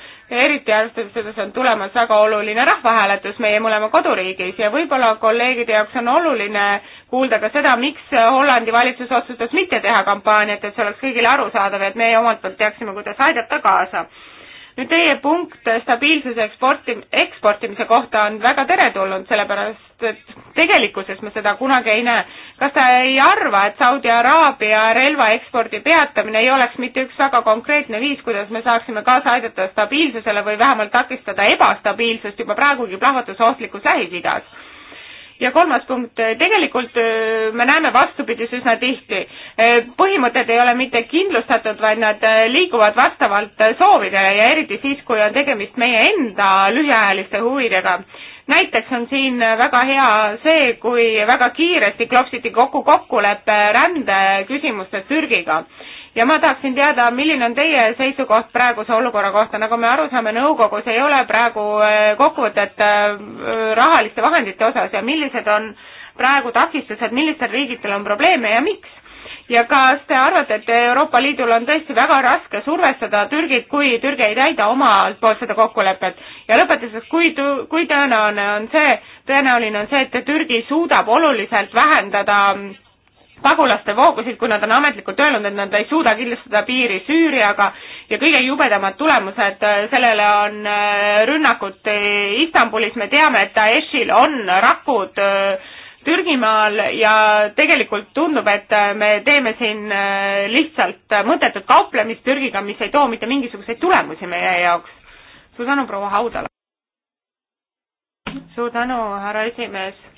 eriti arvestades seda, see on tulemas väga oluline rahvahääletus meie mõlema koduriigis ja võib-olla kolleegide jaoks on oluline kuulda ka seda, miks Hollandi valitsus otsustas mitte teha kampaaniat, et see oleks kõigile arusaadav, et meie omalt poolt teaksime, kuidas aidata kaasa nüüd teie punkt stabiilsuse eksporti, eksportimise kohta on väga teretulnud, sellepärast et tegelikkuses me seda kunagi ei näe. kas sa ei arva, et Saudi Araabia relvaekspordi peatamine ei oleks mitte üks väga konkreetne viis, kuidas me saaksime kaasa aidata stabiilsusele või vähemalt takistada ebastabiilsust juba praegugi plahvatusohtlikus Lähis-Idas? ja kolmas punkt, äh, tegelikult äh, me näeme vastupidist üsna tihti. Äh, põhimõtted ei ole mitte kindlustatud, vaid nad liiguvad vastavalt soovidele ja eriti siis, kui on tegemist meie enda lühiajaliste huvidega. näiteks on siin väga hea see, kui väga kiiresti klopsiti kokku kokkulepe rände küsimustes Türgiga ja ma tahaksin teada, milline on teie seisukoht praeguse olukorra kohta, nagu me aru saame, nõukogus ei ole praegu äh, kokkuvõtet äh, rahaliste vahendite osas ja millised on praegu takistused, millistel riigitel on probleeme ja miks? ja kas te arvate, et Euroopa Liidul on tõesti väga raske survestada Türgit, kui Türgi ei täida omalt poolt seda kokkulepet? ja lõpetuseks, kui, kui tõenäoline on see, tõenäoline on see, et Türgi suudab oluliselt vähendada pagulaste voogusid, kui nad on ametlikult öelnud, et nad ei suuda kindlustada piiri Süüriaga ja kõige jubedamad tulemused äh, sellele on äh, rünnakud äh, Istanbulis, me teame, et Daeshil on rakud Türgimaal ja tegelikult tundub, et me teeme siin lihtsalt mõttetut kauplemist Türgiga, mis ei too mitte mingisuguseid tulemusi meie jaoks. suur tänu, proua Haudala! suur tänu, härra esimees!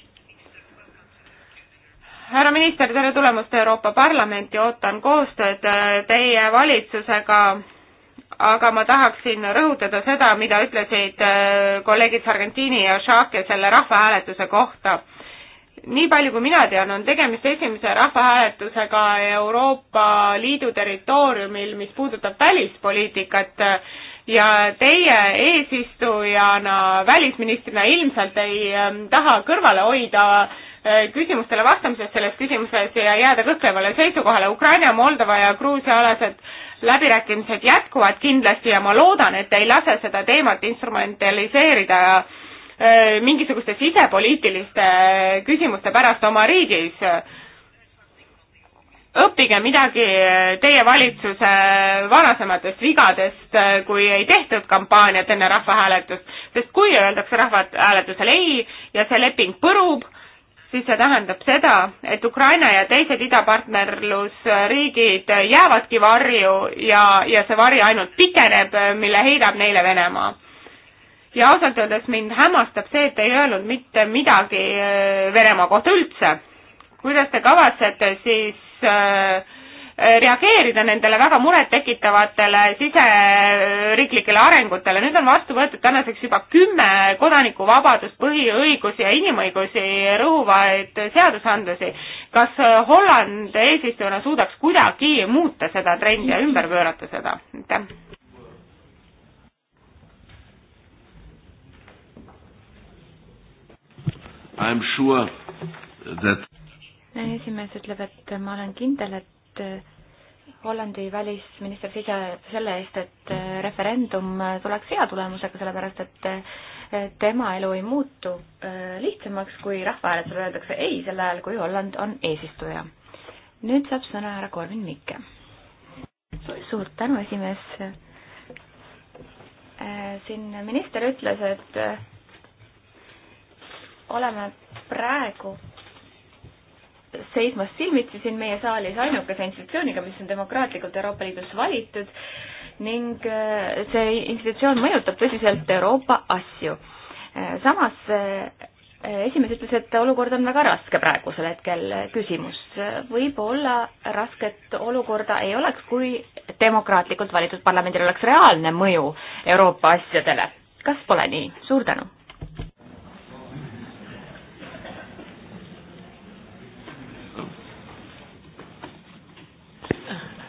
härra minister, tere tulemast Euroopa Parlamenti, ootan koostööd äh, teie valitsusega, aga ma tahaksin rõhutada seda, mida ütlesid äh, kolleegid Sargentini ja Šake selle rahvahääletuse kohta. nii palju, kui mina tean, on tegemist esimese rahvahääletusega Euroopa Liidu territooriumil, mis puudutab välispoliitikat ja teie eesistujana, välisministrina ilmselt ei äh, taha kõrvale hoida äh, Äh, küsimustele vastamisest selles küsimuses ja jääda kõhklevale seisukohale. Ukraina, Moldova ja Gruusia alased läbirääkimised jätkuvad kindlasti ja ma loodan, et ei lase seda teemat instrumentaliseerida äh, mingisuguste sisepoliitiliste äh, küsimuste pärast oma riigis. õppige midagi teie valitsuse varasematest vigadest, kui ei tehtud kampaaniat enne rahvahääletust, sest kui öeldakse rahvahääletusel ei ja see leping põrub, siis see tähendab seda, et Ukraina ja teised idapartnerlusriigid jäävadki varju ja, ja see vari ainult pikeneb, mille heidab neile Venemaa. ja ausalt öeldes mind hämmastab see, et ei öelnud mitte midagi äh, Venemaa kohta üldse. kuidas te kavatsete siis äh, reageerida nendele väga murettekitavatele siseriiklikele arengutele. nüüd on vastu võetud tänaseks juba kümme kodanikuvabadust, põhiõigusi ja inimõigusi rõhuvaid seadusandlusi. kas Holland eesistujana suudaks kuidagi muuta seda trendi ja ümber pöörata seda? aitäh. I am sure that esimees ütleb, et ma olen kindel, et Hollandi välisminister ise selle eest, et äh, referendum äh, tuleks hea tulemusega, sellepärast et äh, tema elu ei muutu lihtsamaks, kui rahvahääletusel öeldakse ei sel ajal, kui Holland on eesistuja. nüüd saab sõna härra Korvin Mikke. suur tänu, esimees. siin minister ütles, et oleme praegu seisma silmitsi siin meie saalis ainukese institutsiooniga, mis on demokraatlikult Euroopa Liidus valitud ning äh, see institutsioon mõjutab tõsiselt Euroopa asju. Äh, samas äh, esimees ütles, et olukord on väga raske praegusel hetkel. küsimus, võib-olla rasket olukorda ei oleks, kui demokraatlikult valitud parlamendil oleks reaalne mõju Euroopa asjadele. kas pole nii? suur tänu!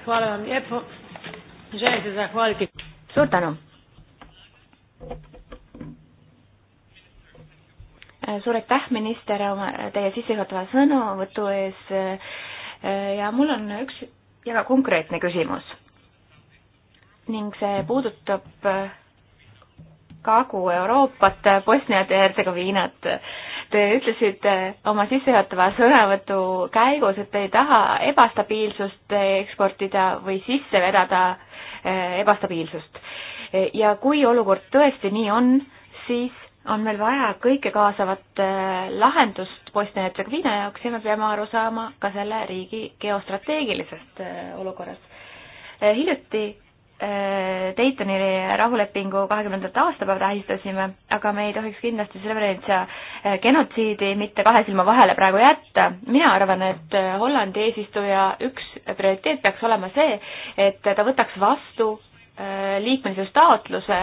hvala vam lijepo. Želim se zahvaliti. Suur äh, suur aitäh, minister, oma, äh, teie sissejuhatava sõnavõtu ees äh, ja mul on üks väga konkreetne küsimus. ning see puudutab Kagu-Euroopat, Bosniat ja Hertsegoviinat. Te ütlesite oma sissejuhatava sõnavõtu käigus, et te ei taha ebastabiilsust eksportida või sisse vedada eh, ebastabiilsust. ja kui olukord tõesti nii on, siis on meil vaja kõike kaasavat eh, lahendust Bosnia-Hertsegoviina jaoks ja me peame aru saama ka selle riigi geostrateegilisest eh, olukorrast. hiljuti Äh, Daytoni rahulepingu kahekümnendat aastapäeva tähistasime, aga me ei tohiks kindlasti Srebrenica äh, genotsiidi mitte kahe silma vahele praegu jätta. mina arvan, et äh, Hollandi eesistuja üks prioriteet peaks olema see, et ta võtaks vastu liikmelisustaotluse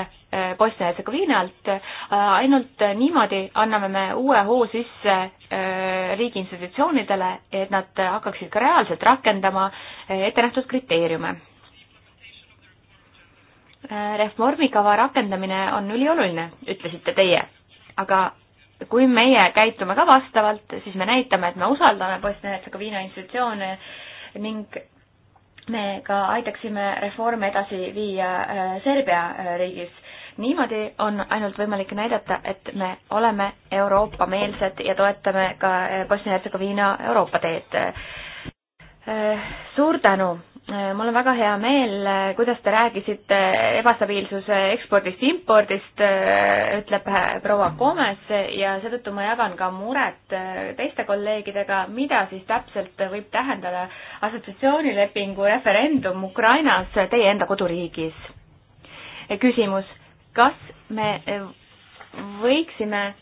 Bosnia-Hertsegoviinalt, ainult niimoodi anname me uue hoo sisse riigi institutsioonidele, et nad hakkaksid ka reaalselt rakendama ettenähtud kriteeriume Äh, reformikava rakendamine on ülioluline, ütlesite teie. aga kui meie käitume ka vastavalt, siis me näitame, et me usaldame Bosnia-Hertsegoviina institutsioone ning me ka aitaksime reforme edasi viia äh, Serbia äh, riigis. niimoodi on ainult võimalik näidata, et me oleme Euroopa-meelsed ja toetame ka Bosnia-Hertsegoviina Euroopa teed. Suur tänu Äh, mul on väga hea meel, äh, kuidas te rääkisite ebastabiilsuse ekspordist-impordist, äh, ütleb proua Gomes ja seetõttu ma jagan ka muret teiste kolleegidega, mida siis täpselt võib tähendada assotsiatsioonilepingu referendum Ukrainas, teie enda koduriigis. küsimus, kas me võiksime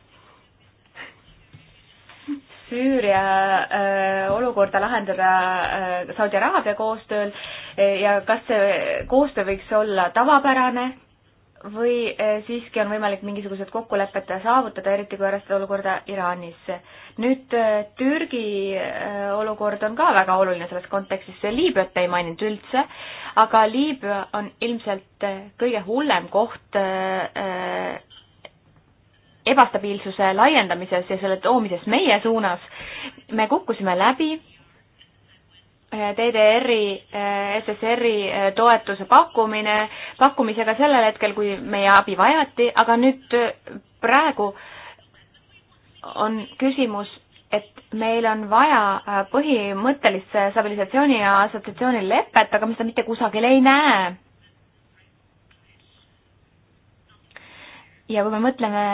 Süüria äh, olukorda lahendada äh, Saudi Araabia koostööl äh, ja kas see koostöö võiks olla tavapärane või siiski on võimalik mingisugused kokkulepped saavutada, eriti kui arvestada olukorda Iraanis. nüüd Türgi olukord on ka väga oluline selles kontekstis, Liibüat ei maininud üldse, aga Liibüa on ilmselt kõige hullem koht ebastabiilsuse laiendamises ja selle toomises meie suunas. me kukkusime läbi äh, DDR-i, äh, SSR-i äh, toetuse pakkumine, pakkumisega sellel hetkel, kui meie abi vajati, aga nüüd praegu on küsimus, et meil on vaja põhimõttelist stabilisatsiooni ja assotsiatsiooni lepet, aga me seda mitte kusagil ei näe. ja kui me mõtleme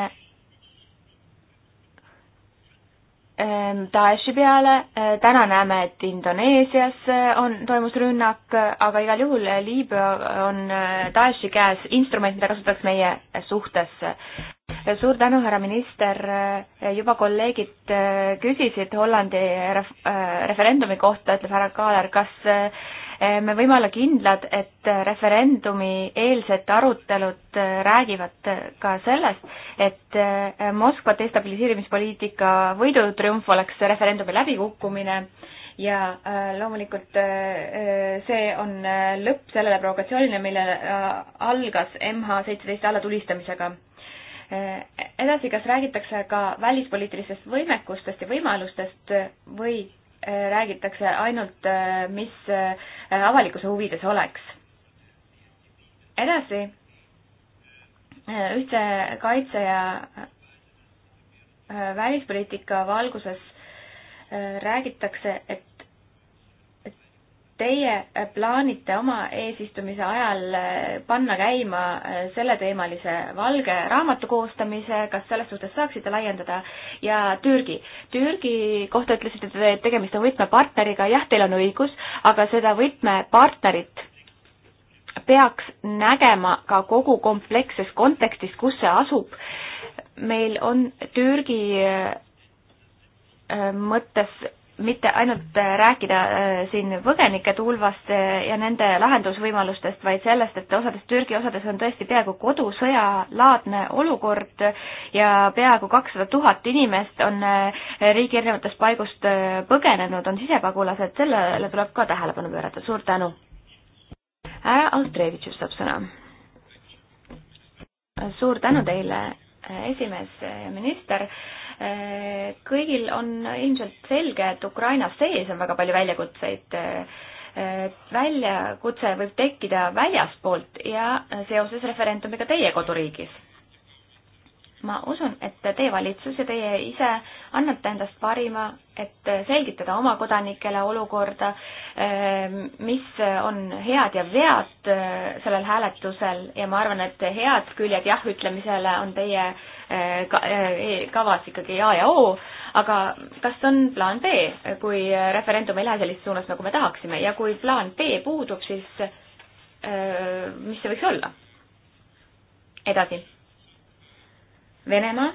Ähm, Daeshi peale, äh, täna näeme, et Indoneesias äh, on, toimus rünnak, äh, aga igal juhul Liibüa on Daeshi käes instrument, mida kasutatakse meie suhtes. suur tänu, härra minister, juba kolleegid küsisid Hollandi ref-, referendumi kohta, ütleb härra Kaaler, kas me võime olla kindlad, et referendumi eelsed arutelud äh, räägivad äh, ka sellest, et äh, Moskva destabiliseerimispoliitika võidutriumf oleks referendumi läbikukkumine ja loomulikult see on lõpp sellele provokatsioonile, mille algas MH seitseteist allatulistamisega edasi, kas räägitakse ka välispoliitilistest võimekustest ja võimalustest või Äh, räägitakse ainult, äh, mis äh, avalikkuse huvides oleks. edasi, ühtse kaitse ja välispoliitika valguses räägitakse, et teie plaanite oma eesistumise ajal eh, panna käima eh, selleteemalise valge raamatu koostamise, kas selles suhtes saaksite laiendada, ja Türgi. Türgi kohta ütlesite te, et tegemist on võtmepartneriga, jah, teil on õigus, aga seda võtmepartnerit peaks nägema ka kogu kompleksses kontekstis, kus see asub. meil on Türgi eh, mõttes mitte ainult äh, rääkida äh, siin põgenike tulvast äh, ja nende lahendusvõimalustest, vaid sellest, et osades Türgi osades on tõesti peaaegu kodusõjalaadne olukord ja peaaegu kakssada tuhat inimest on riigi erinevatest paigust põgenenud, on sisepagulased, sellele tuleb ka tähelepanu pöörata, suur tänu. härra Austrevitšus saab sõna. suur tänu teile, esimees ja minister kõigil on ilmselt selge, et Ukraina sees on väga palju väljakutseid. väljakutse võib tekkida väljaspoolt ja seoses referendumiga teie koduriigis ma usun, et teie valitsus ja teie ise annate endast parima, et selgitada oma kodanikele olukorda, ehm, mis on head ja vead eh, sellel hääletusel ja ma arvan, et head küljed jah ütlemisele on teie eh, eh, e-, kavas ikkagi A ja O, aga kas on plaan B, kui referendum ei lähe sellises suunas, nagu me tahaksime ja kui plaan B puudub, siis mis see võiks olla? edasi Venemaa.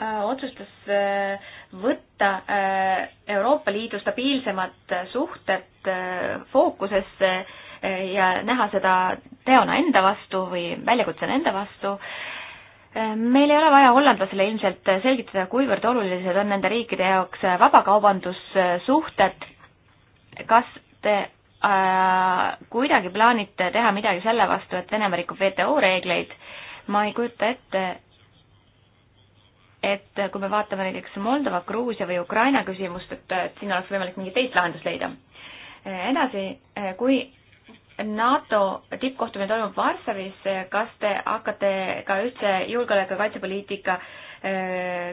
Äh, otsustas äh, võtta äh, Euroopa Liidu stabiilsemad suhted fookusesse ja näha seda teona enda vastu või väljakutsena enda vastu meil ei ole vaja hollandlasele ilmselt selgitada, kuivõrd olulised on nende riikide jaoks vabakaubandussuhted. kas te Äh, kuidagi plaanite teha midagi selle vastu, et Venemaa rikub WTO reegleid, ma ei kujuta ette, et kui me vaatame näiteks Moldova, Gruusia või Ukraina küsimust, et, et siin oleks võimalik mingit teist lahendust leida. Äh, edasi, äh, kui NATO tippkohtumine toimub Varssavis, kas te hakkate ka üldse julgeoleku ja kaitsepoliitika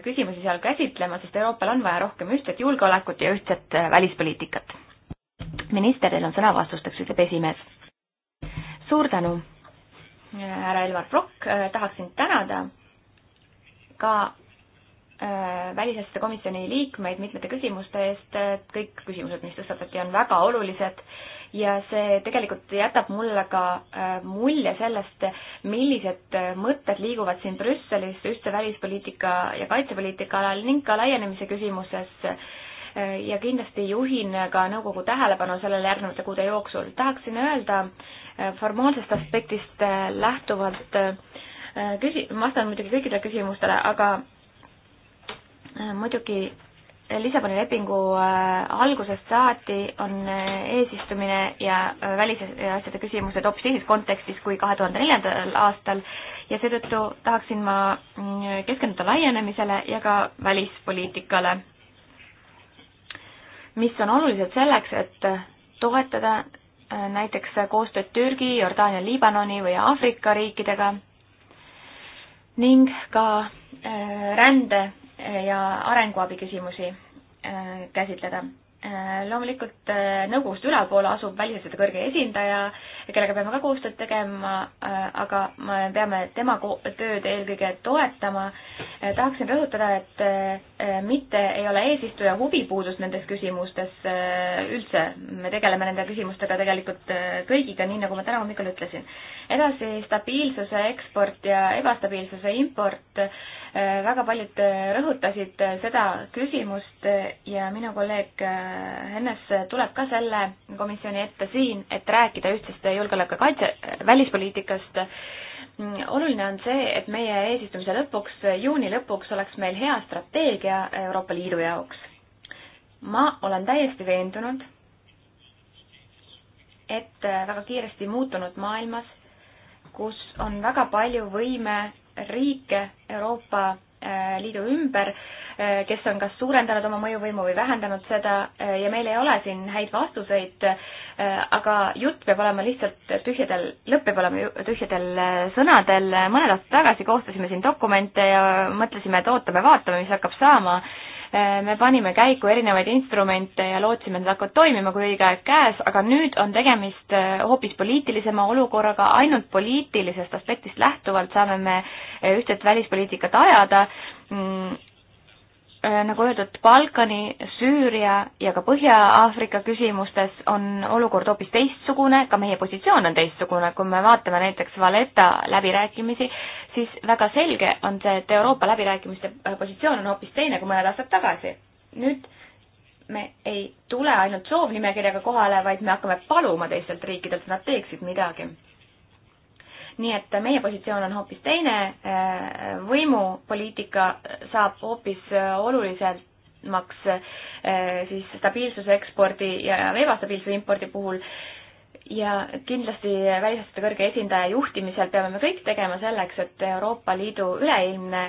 küsimusi seal käsitlema, sest Euroopal on vaja rohkem ühtset julgeolekut ja ühtset välispoliitikat? vastust. minister, teil on sõna vastusteks, ütleb esimees. suur tänu, härra Elvar Prokk, äh, tahaksin tänada ka äh, välisasjade komisjoni liikmeid mitmete küsimuste eest, äh, kõik küsimused, mis tõstatati, on väga olulised ja see tegelikult jätab mulle ka mulje sellest, millised mõtted liiguvad siin Brüsselis ühtse välispoliitika ja kaitsepoliitika alal ning ka laienemise küsimuses äh, ja kindlasti juhin ka nõukogu tähelepanu sellele järgnevate kuude jooksul. tahaksin öelda äh, formaalsest aspektist äh, lähtuvalt, äh, küsi-, vastan muidugi kõikidele küsimustele, aga muidugi Lissaboni lepingu algusest saati on eesistumine ja välisasjade küsimused hoopis teises kontekstis kui kahe tuhande neljandal aastal ja seetõttu tahaksin ma mm, keskenduda laienemisele ja ka välispoliitikale mis on olulised selleks, et toetada äh, näiteks koostööd Türgi, Jordaania, Liibanoni või Aafrika riikidega ning ka äh, rände äh, ja arenguabi küsimusi käsitleda Äh, loomulikult äh, nõukogust ülalpool asub välisasjade kõrge esindaja, kellega peame ka koostööd tegema, äh, aga me peame tema tööd eelkõige toetama. tahaksin rõhutada, et mitte ei ole eesistuja huvipuudus nendes küsimustes üldse. me tegeleme nende küsimustega tegelikult kõigiga, nii nagu ma täna hommikul ütlesin. edasi stabiilsuse eksport ja ebastabiilsuse import Äh, väga paljud äh, rõhutasid äh, seda küsimust ja minu kolleeg Hennes tuleb ka selle komisjoni ette siin, et rääkida ühtsest julgeoleku kaitse, välispoliitikast. Mm, oluline on see, et meie eesistumise lõpuks, juuni lõpuks oleks meil hea strateegia Euroopa Liidu jaoks. ma olen täiesti veendunud, et väga kiiresti muutunud maailmas kus on väga palju võime riike Euroopa äh, Liidu ümber, äh, kes on kas suurendanud oma mõjuvõimu või vähendanud seda äh, ja meil ei ole siin häid vastuseid, aga jutt peab olema lihtsalt tühjadel, lõpp peab olema tühjadel sõnadel, mõned aastad tagasi koostasime siin dokumente ja mõtlesime, et ootame-vaatame, mis hakkab saama me panime käiku erinevaid instrumente ja lootsime, et need hakkavad toimima, kui õige aeg käes, aga nüüd on tegemist äh, hoopis poliitilisema olukorraga, ainult poliitilisest aspektist lähtuvalt saame me äh, ühtset välispoliitikat ajada mm, Äh, nagu öeldud, Balkani, Süüria ja ka Põhja-Aafrika küsimustes on olukord hoopis teistsugune, ka meie positsioon on teistsugune, kui me vaatame näiteks Valeta läbirääkimisi, siis väga selge on see, et Euroopa läbirääkimiste äh, positsioon on hoopis teine kui mõned aastad tagasi. nüüd me ei tule ainult soovnimekirjaga kohale, vaid me hakkame paluma teistelt riikidelt, et nad teeksid midagi nii et meie positsioon on hoopis teine, äh, võimupoliitika saab hoopis äh, olulisemaks äh, siis stabiilsuse ekspordi ja ebastabiilsuse impordi puhul ja kindlasti välisasjade kõrge esindaja juhtimisel peame me kõik tegema selleks, et Euroopa Liidu üleilmne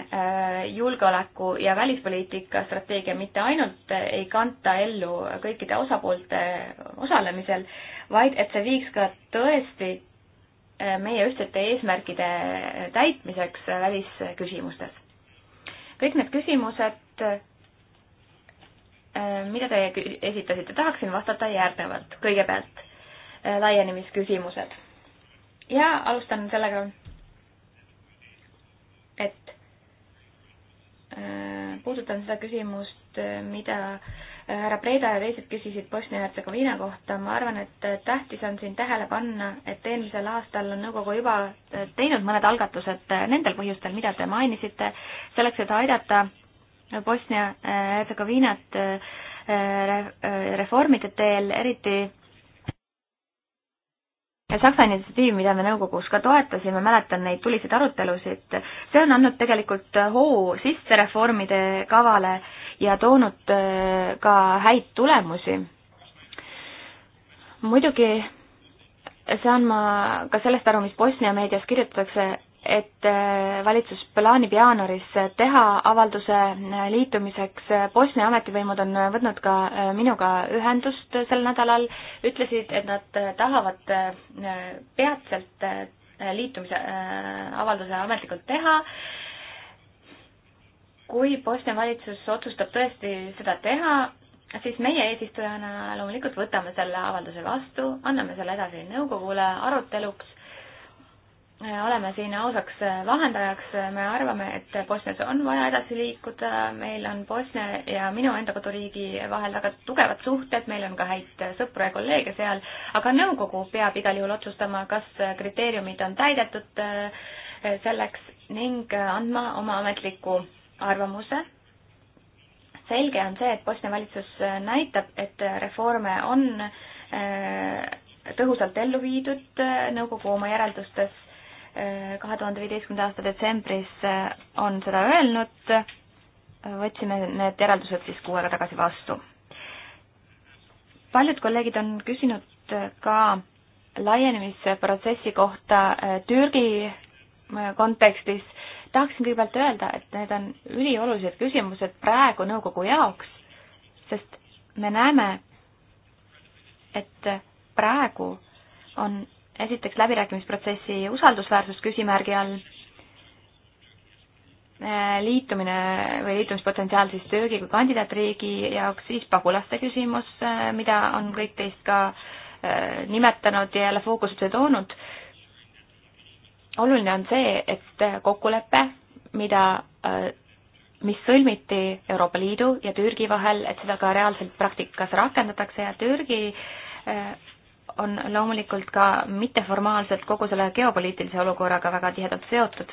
julgeoleku ja välispoliitika strateegia mitte ainult ei kanta ellu kõikide osapoolte osalemisel, vaid et see viiks ka tõesti meie ühtsete eesmärkide täitmiseks välisküsimustes. kõik need küsimused, äh, mida te esitasite, tahaksin vastata järgnevalt. kõigepealt äh, laienemisküsimused. ja alustan sellega, et äh, puudutan seda küsimust, mida äh, härra Preda ja teised küsisid Bosnia-Hertsegoviina kohta, ma arvan, et tähtis on siin tähele panna, et eelmisel aastal on nõukogu juba äh, teinud mõned algatused äh, nendel põhjustel, mida te mainisite, selleks, et aidata Bosnia-Hertsegoviinat äh, reformide teel, eriti Saksa initsiatiiv, mida me nõukogus ka toetasime, mäletan neid tuliseid arutelusid, see on andnud tegelikult äh, hoo sisse reformide kavale ja toonud äh, ka häid tulemusi. muidugi saan ma ka sellest aru, mis Bosnia meedias kirjutatakse, et äh, valitsus plaanib jaanuaris äh, teha avalduse äh, liitumiseks. Bosnia ametivõimud on võtnud ka minuga ühendust sel nädalal, ütlesid, et nad tahavad peatselt liitumise avalduse ametlikult teha. kui Bosnia valitsus otsustab tõesti seda teha, siis meie eesistujana loomulikult võtame selle avalduse vastu, anname selle edasi nõukogule aruteluks oleme siin ausaks vahendajaks, äh, me arvame, et Bosnias on vaja edasi liikuda, meil on Bosnia ja minu enda koduriigi vahel väga tugevad suhted, meil on ka häid sõpru ja kolleege seal, aga nõukogu peab igal juhul otsustama, kas kriteeriumid on täidetud äh, selleks ning äh, andma oma ametliku arvamuse. selge on see, et Bosnia valitsus näitab, et reforme on tõhusalt ellu viidud, nõukogu oma järeldustes kahe tuhande viieteistkümnenda aasta detsembris eh, on seda öelnud, võtsime need järeldused siis kuu aega tagasi vastu. paljud kolleegid on küsinud eh, ka laienemisprotsessi kohta eh, Türgi kontekstis. tahaksin kõigepealt öelda, et need on üliolulised küsimused praegu nõukogu jaoks, sest me näeme, et praegu on esiteks läbirääkimisprotsessi usaldusväärsus küsimärgi all, äh, liitumine või liitumispotentsiaal siis Türgi kui kandidaatriigi jaoks, siis pagulaste küsimus, äh, mida on kõik teist ka äh, nimetanud ja jälle fookusesse toonud. oluline on see, et kokkulepe, mida, mis sõlmiti Euroopa Liidu ja Türgi vahel, et seda ka reaalselt praktikas rakendatakse ja Türgi on loomulikult ka mitteformaalselt kogu selle geopoliitilise olukorraga väga tihedalt seotud.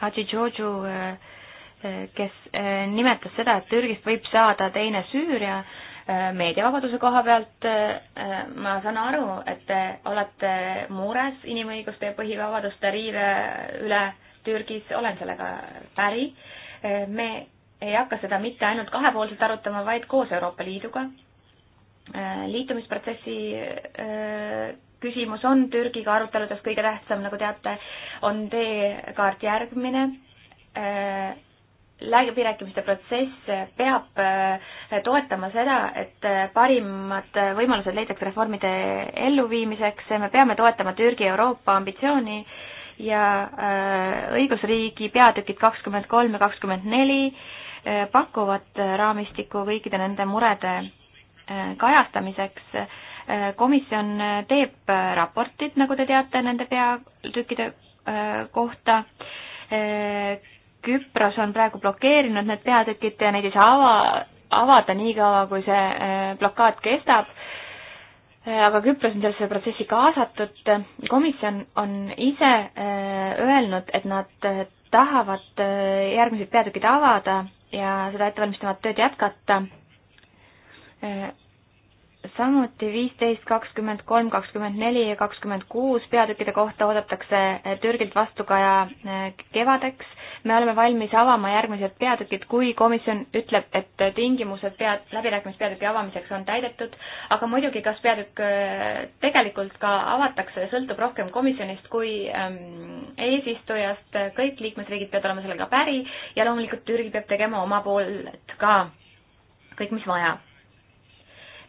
Hadži Georgiou, eh, eh, kes eh, nimetas seda, et Türgist võib saada teine Süüria, meediavabaduse koha pealt ma saan aru, et te olete mures inimõiguste ja põhivabaduste riive üle Türgis, olen sellega päri. me ei hakka seda mitte ainult kahepoolselt arutama, vaid koos Euroopa Liiduga Äh, liitumisprotsessi äh, küsimus on Türgiga aruteludes kõige tähtsam, nagu teate, on teekaart järgmine. Äh, läbirääkimiste protsess peab toetama seda, et parimad võimalused leitakse reformide elluviimiseks, me peame toetama Türgi Euroopa ambitsiooni ja õigusriigi peatükid kakskümmend kolm ja kakskümmend neli pakuvad raamistikku kõikide nende murede Äh, kajastamiseks. Äh, komisjon äh, teeb raportid, nagu te teate, nende peatükkide kohta. Küpros on praegu blokeerinud need peatükid ja neid ei saa ava, avada niikaua, kui see blokaad kestab. aga Küpros on sellesse protsessi kaasatud. komisjon on ise öelnud, et nad tahavad järgmised peatükid avada ja seda ettevalmistavat tööd jätkata samuti viisteist, kakskümmend kolm, kakskümmend neli ja kakskümmend kuus peatükkide kohta oodatakse Türgilt vastukaja eh, kevadeks. me oleme valmis avama järgmised peatükid, kui komisjon ütleb, et tingimused pead, läbirääkimispeatüki avamiseks on täidetud, aga muidugi, kas peatükk eh, tegelikult ka avatakse, sõltub rohkem komisjonist kui ähm, eesistujast, kõik liikmesriigid peavad olema sellega päri ja loomulikult Türgi peab tegema oma poolt ka kõik, mis vaja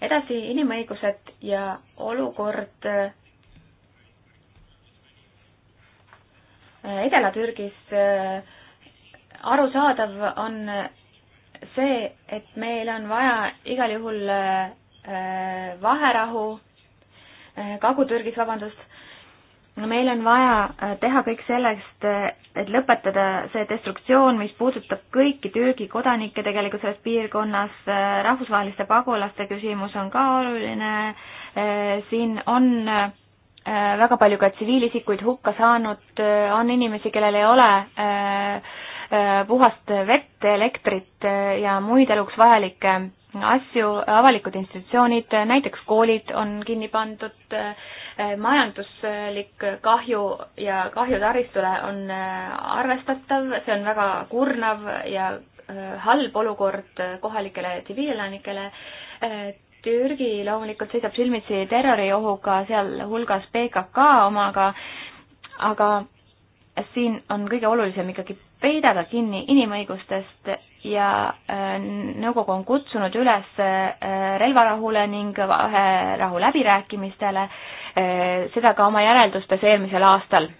edasi inimõigused ja olukord Edela-Türgis äh, äh, arusaadav on see, et meil on vaja igal juhul äh, vaherahu, Kagu-Türgis, vabandust, meil on vaja äh, teha kõik sellest, äh, et lõpetada see destruktsioon, mis puudutab kõiki Türgi kodanikke tegelikult selles piirkonnas, äh, rahvusvaheliste pagulaste küsimus on ka oluline, siin on väga palju ka tsiviilisikuid hukka saanud, on inimesi, kellel ei ole puhast vett, elektrit ja muid eluks vajalikke asju, avalikud institutsioonid, näiteks koolid on kinni pandud, Äh, majanduslik kahju ja kahju taristule on äh, arvestatav, see on väga kurnav ja äh, halb olukord kohalikele tsiviilelanikele. Türgi loomulikult seisab silmitsi terroriohuga, sealhulgas PKK omaga, aga siin on kõige olulisem ikkagi peidada kinni inimõigustest ja äh, nõukogu on kutsunud üles äh, relvarahule ning vaherahu läbirääkimistele, äh, seda ka oma järeldustes eelmisel aastal.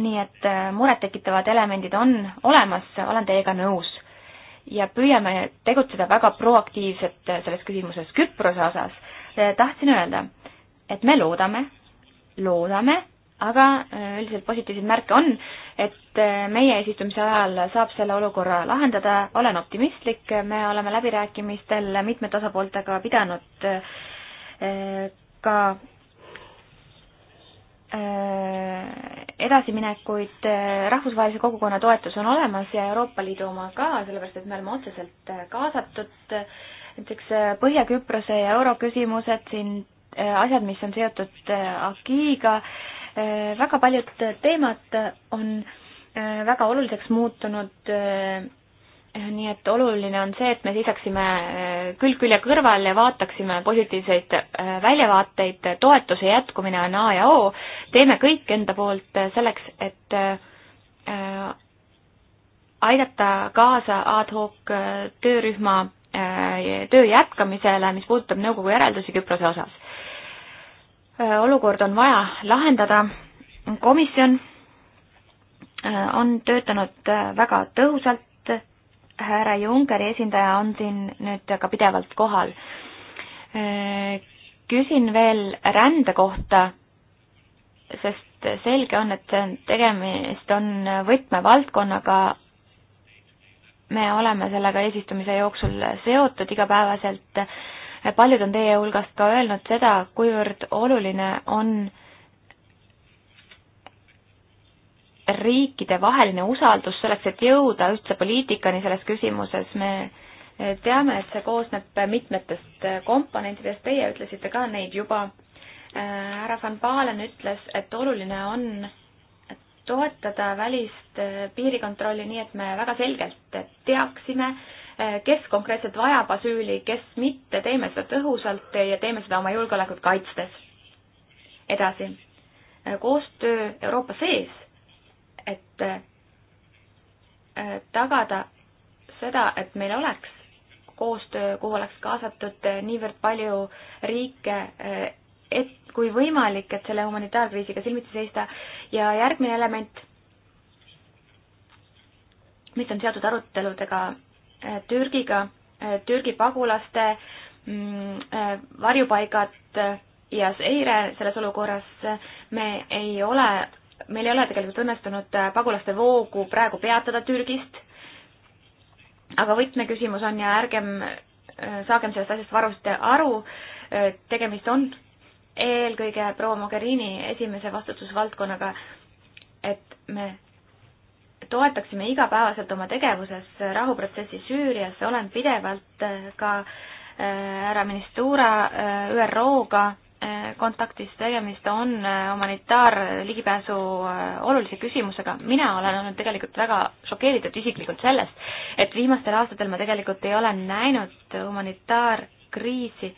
nii et murettekitavad elemendid on olemas, olen teiega nõus. ja püüame tegutseda väga proaktiivselt selles küsimuses Küprose osas. tahtsin öelda, et me loodame, loodame, aga äh, üldiselt positiivseid märke on, et äh, meie eesistumise ajal saab selle olukorra lahendada, olen optimistlik, me oleme läbirääkimistel mitmete osapooltega pidanud äh, ka edasiminekuid, rahvusvahelise kogukonna toetus on olemas ja Euroopa Liidu oma ka, sellepärast et me oleme otseselt kaasatud, näiteks Põhja-Küprose ja euro küsimused siin, asjad, mis on seotud AKI-ga äh,, Äh, väga paljud teemad on äh, väga oluliseks muutunud. Äh, nii et oluline on see, et me seisaksime külg külje kõrval ja vaataksime positiivseid väljavaateid. toetuse jätkumine on A ja O. teeme kõik enda poolt selleks, et aidata kaasa ad hoc töörühma töö jätkamisele, mis puudutab nõukogu järeldusi Küprose osas Äh, olukord on vaja lahendada. komisjon äh, on töötanud äh, väga tõhusalt, härra Junckeri esindaja on siin nüüd ka pidevalt kohal. küsin veel rände kohta, sest selge on, et tegemist on võtmevaldkonnaga, me oleme sellega eesistumise jooksul seotud igapäevaselt paljud on teie hulgast ka öelnud seda, kuivõrd oluline on riikide vaheline usaldus selleks, et jõuda ühtse poliitikani selles küsimuses, me teame, et see koosneb mitmetest komponentidest, teie ütlesite ka neid juba. Äh, härra Van Balen ütles, et oluline on toetada välist äh, piirikontrolli nii, et me väga selgelt teaksime, Eh, kes konkreetselt vajab asüüli, kes mitte, teeme seda tõhusalt ja teeme seda oma julgeolekut kaitstes. edasi, eh, koostöö Euroopa sees, et eh, tagada seda, et meil oleks koostöö, kuhu oleks kaasatud niivõrd palju riike, et kui võimalik, et selle humanitaarkriisiga silmitsi seista ja järgmine element, mis on seotud aruteludega Türgiga, Türgi pagulaste mm, äh, varjupaigad ja seire selles olukorras, me ei ole, meil ei ole tegelikult õnnestunud äh, pagulaste voogu praegu peatada Türgist, aga võtmeküsimus on ja ärgem äh, saagem sellest asjast varusti aru, tegemist on eelkõige proua Mogherini esimese vastutusvaldkonnaga, et me toetaksime igapäevaselt oma tegevuses rahuprotsessi Süürias, olen pidevalt äh, ka äh, härra Ministura äh, ÜRO-ga kontaktis, tegemist on humanitaarligipääsu olulise küsimusega. mina olen olnud tegelikult väga šokeeritud isiklikult sellest, et viimastel aastatel ma tegelikult ei ole näinud humanitaarkriisi,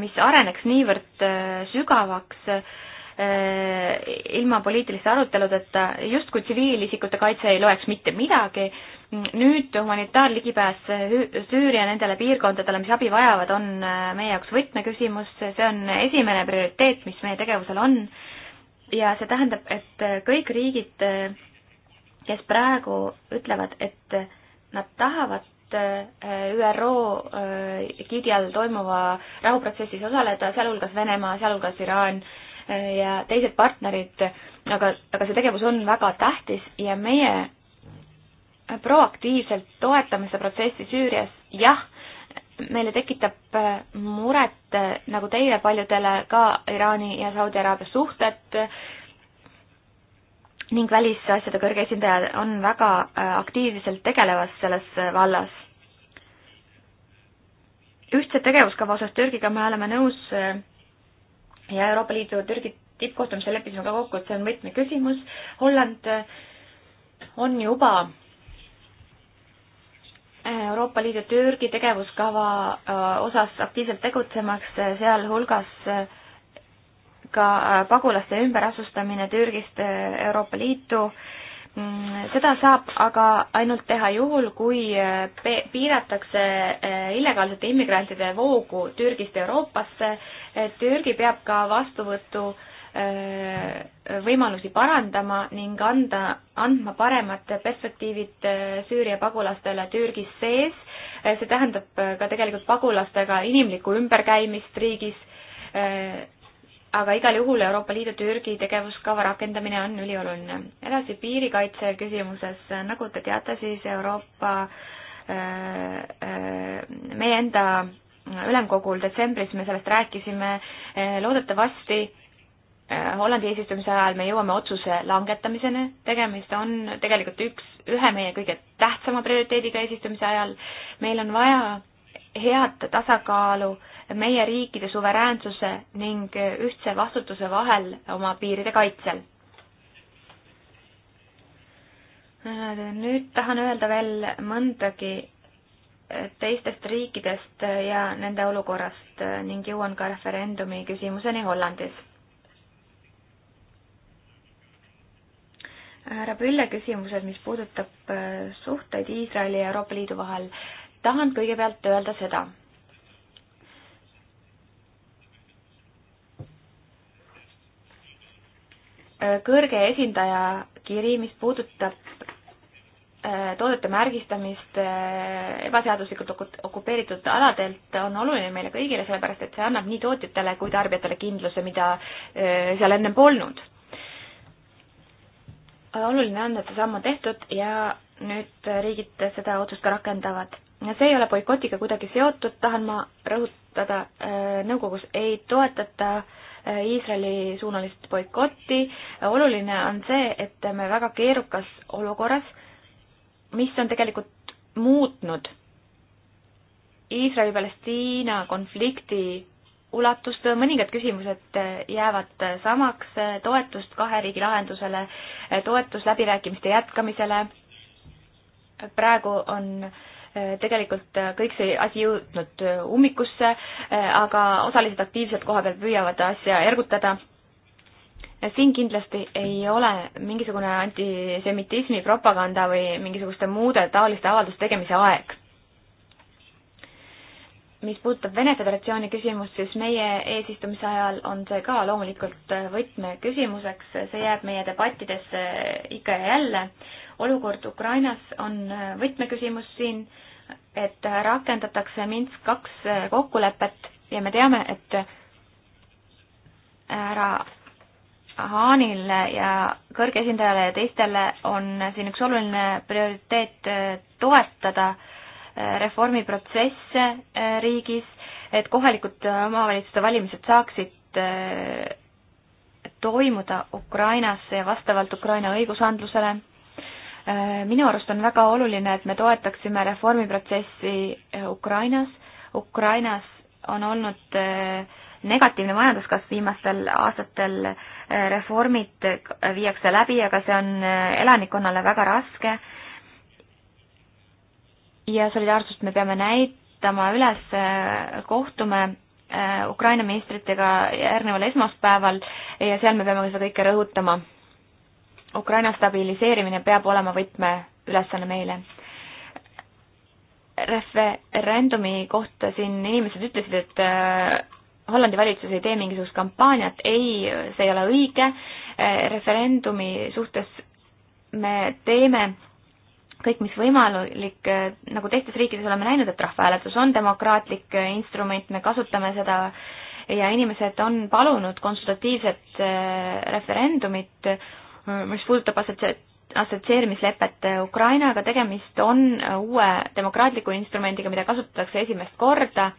mis areneks niivõrd sügavaks Äh, ilma poliitiliste aruteludeta, justkui tsiviilisikute kaitse ei loeks mitte midagi, nüüd humanitaarligipääs Süüria nendele piirkondadele, mis abi vajavad, on äh, meie jaoks võtmeküsimus, see on esimene prioriteet, mis meie tegevusel on, ja see tähendab, et äh, kõik riigid, kes praegu ütlevad, et nad tahavad ÜRO giidi all toimuva rahuprotsessis osaleda, sealhulgas Venemaa, sealhulgas Iraan, ja teised partnerid, aga, aga see tegevus on väga tähtis ja meie proaktiivselt toetame seda protsessi Süürias, jah, meile tekitab äh, muret, äh, nagu teile paljudele, ka Iraani ja Saudi Araabia suhted ning välisasjade kõrge esindaja on väga äh, aktiivselt tegelevas selles vallas. ühtse tegevuskava osas Türgiga me oleme nõus ja Euroopa Liidu Türgi tippkohtumisel leppisime ka kokku, et see on võtmeküsimus. Holland äh, on juba äh, Euroopa Liidu Türgi tegevuskava äh, osas aktiivselt tegutsemaks, sealhulgas ka pagulaste ümberasustamine Türgist Euroopa Liitu Mm, seda saab aga ainult teha juhul, kui äh, piiratakse äh, illegaalsete immigrantide voogu Türgist Euroopasse. Türgi peab ka vastuvõtu äh, võimalusi parandama ning anda, andma paremad perspektiivid Süüria pagulastele Türgis sees. see tähendab ka tegelikult pagulastega inimlikku ümberkäimist riigis aga igal juhul Euroopa Liidu Türgi tegevuskava rakendamine on ülioluline. edasi piirikaitse küsimuses, nagu te teate, siis Euroopa äh, äh, meie enda ülemkogul detsembris me sellest rääkisime, äh, loodetavasti Hollandi eesistumise ajal me jõuame otsuse langetamiseni, tegemist on tegelikult üks, ühe meie kõige tähtsama prioriteediga eesistumise ajal. meil on vaja head tasakaalu äh, meie riikide suveräänsuse ning ühtse vastutuse vahel oma piiride kaitsel. nüüd tahan öelda veel mõndagi teistest riikidest ja nende olukorrast ning jõuan ka referendumi küsimuseni Hollandis. härra Pülle küsimused, mis puudutab suhteid Iisraeli ja Euroopa Liidu vahel, tahan kõigepealt öelda seda kõrge esindaja kiri, mis puudutab äh, toodete märgistamist äh, ebaseaduslikult okupeeritud aladelt on oluline meile kõigile, sellepärast et see annab nii tootjatele kui tarbijatele kindluse, mida äh, seal ennem polnud. oluline on, et see samm on tehtud ja nüüd riigid seda otsust ka rakendavad. see ei ole boikotiga kuidagi seotud, tahan ma rõhutada, nõukogus ei toetata äh, Iisraeli suunalist boikotti. oluline on see, et me väga keerukas olukorras, mis on tegelikult muutnud Iisraeli-Palestiina konflikti ulatust, mõningad küsimused jäävad samaks, toetust kahe riigi lahendusele, toetus läbirääkimiste jätkamisele, praegu on äh, tegelikult kõik see asi jõudnud ummikusse, aga osalised aktiivselt kohapeal püüavad asja ergutada. siin kindlasti ei ole mingisugune antisemitismi propaganda või mingisuguste muude taoliste avalduste tegemise aeg mis puudutab Vene Föderatsiooni küsimust, siis meie eesistumise ajal on see ka loomulikult võtmeküsimuseks, see jääb meie debattidesse ikka ja jälle äh, olukord Ukrainas on äh, võtmeküsimus siin, et äh, rakendatakse Minsk kaks äh, kokkulepet ja me teame, et härra Haanil ja kõrge esindajale ja teistele on siin üks oluline prioriteet toetada reformiprotsesse riigis, et kohalikud omavalitsuste valimised saaksid toimuda Ukrainas ja vastavalt Ukraina õigusandlusele Äh, minu arust on väga oluline, et me toetaksime reformiprotsessi äh, Ukrainas. Ukrainas on olnud äh, negatiivne majanduskasv viimastel aastatel, reformid viiakse läbi, aga see on elanikkonnale väga raske. ja solidaarsust me peame näitama üles, kohtume Ukraina ministritega järgneval esmaspäeval ja seal me peame seda kõike rõhutama Ukraina stabiliseerimine peab olema võtmeülesanne meile. referendumi kohta siin inimesed ütlesid, et äh, Hollandi valitsus ei tee mingisugust kampaaniat, ei, see ei ole õige, äh, referendumi suhtes me teeme kõik, mis võimalik, äh, nagu teistes riikides oleme näinud, et rahvahääletus on demokraatlik instrument, me kasutame seda ja inimesed on palunud konsultatiivset referendumit mis puudutab assotsieerimislepet Ukrainaga, tegemist on uue demokraatliku instrumendiga, mida kasutatakse esimest korda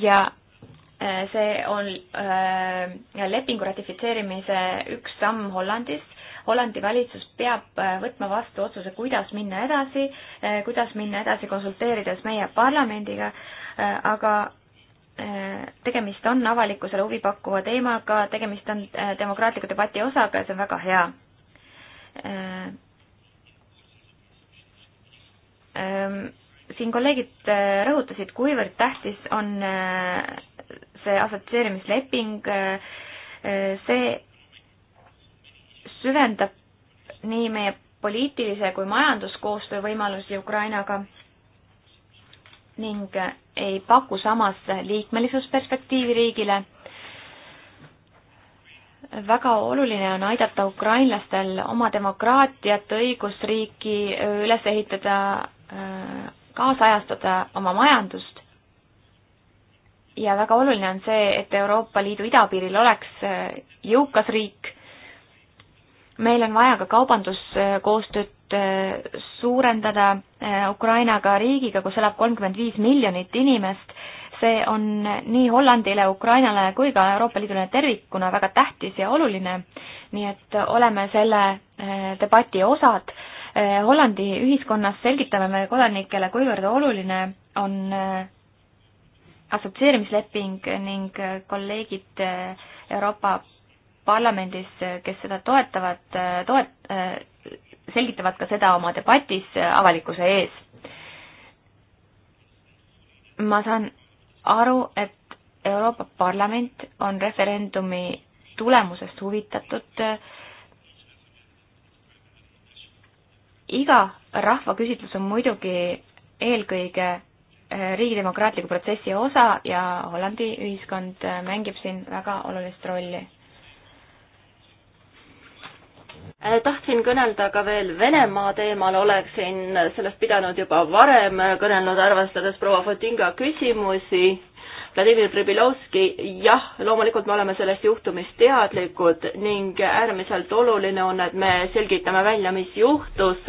ja äh, see on äh, lepingu ratifitseerimise üks samm Hollandis. Hollandi valitsus peab äh, võtma vastu otsuse, kuidas minna edasi, kuidas minna edasi konsulteerides meie parlamendiga, aga tegemist on avalikkusele huvipakkuva teemaga, tegemist on demokraatliku debati osaga ja see on väga hea Ehm, siin kolleegid eh, rõhutasid, kuivõrd tähtis on eh, see assotsieerimisleping, eh, see süvendab nii meie poliitilise kui majanduskoostöö võimalusi Ukrainaga ning ei paku samas liikmelisusperspektiivi riigile väga oluline on aidata ukrainlastel oma demokraatiat, õigusriiki üles ehitada, äh, kaasajastada oma majandust. ja väga oluline on see, et Euroopa Liidu idapiiril oleks äh, jõukas riik. meil on vaja ka kaubanduskoostööd äh, suurendada Ukrainaga riigiga, kus elab kolmkümmend viis miljonit inimest see on nii Hollandile, Ukrainale kui ka Euroopa Liidule tervikuna väga tähtis ja oluline, nii et oleme selle eh, debati osad. Eh, Hollandi ühiskonnas selgitame me kodanikele, kuivõrd oluline on eh, assotsieerimisleping ning kolleegid Euroopa Parlamendis, kes seda toetavad, toet-, selgitavad ka seda oma debatis avalikkuse ees ma saan aru, et Euroopa Parlament on referendumi tulemusest huvitatud. iga rahvaküsitlus on muidugi eelkõige eh, riigi demokraatliku protsessi osa ja Hollandi ühiskond eh, mängib siin väga olulist rolli Äh, tahtsin kõnelda ka veel Venemaa teemal, oleksin sellest pidanud juba varem kõnelnud, arvestades proua Fotinga küsimusi. Vladimir Pribilovski, jah, loomulikult me oleme sellest juhtumist teadlikud ning äärmiselt oluline on, et me selgitame välja, mis juhtus,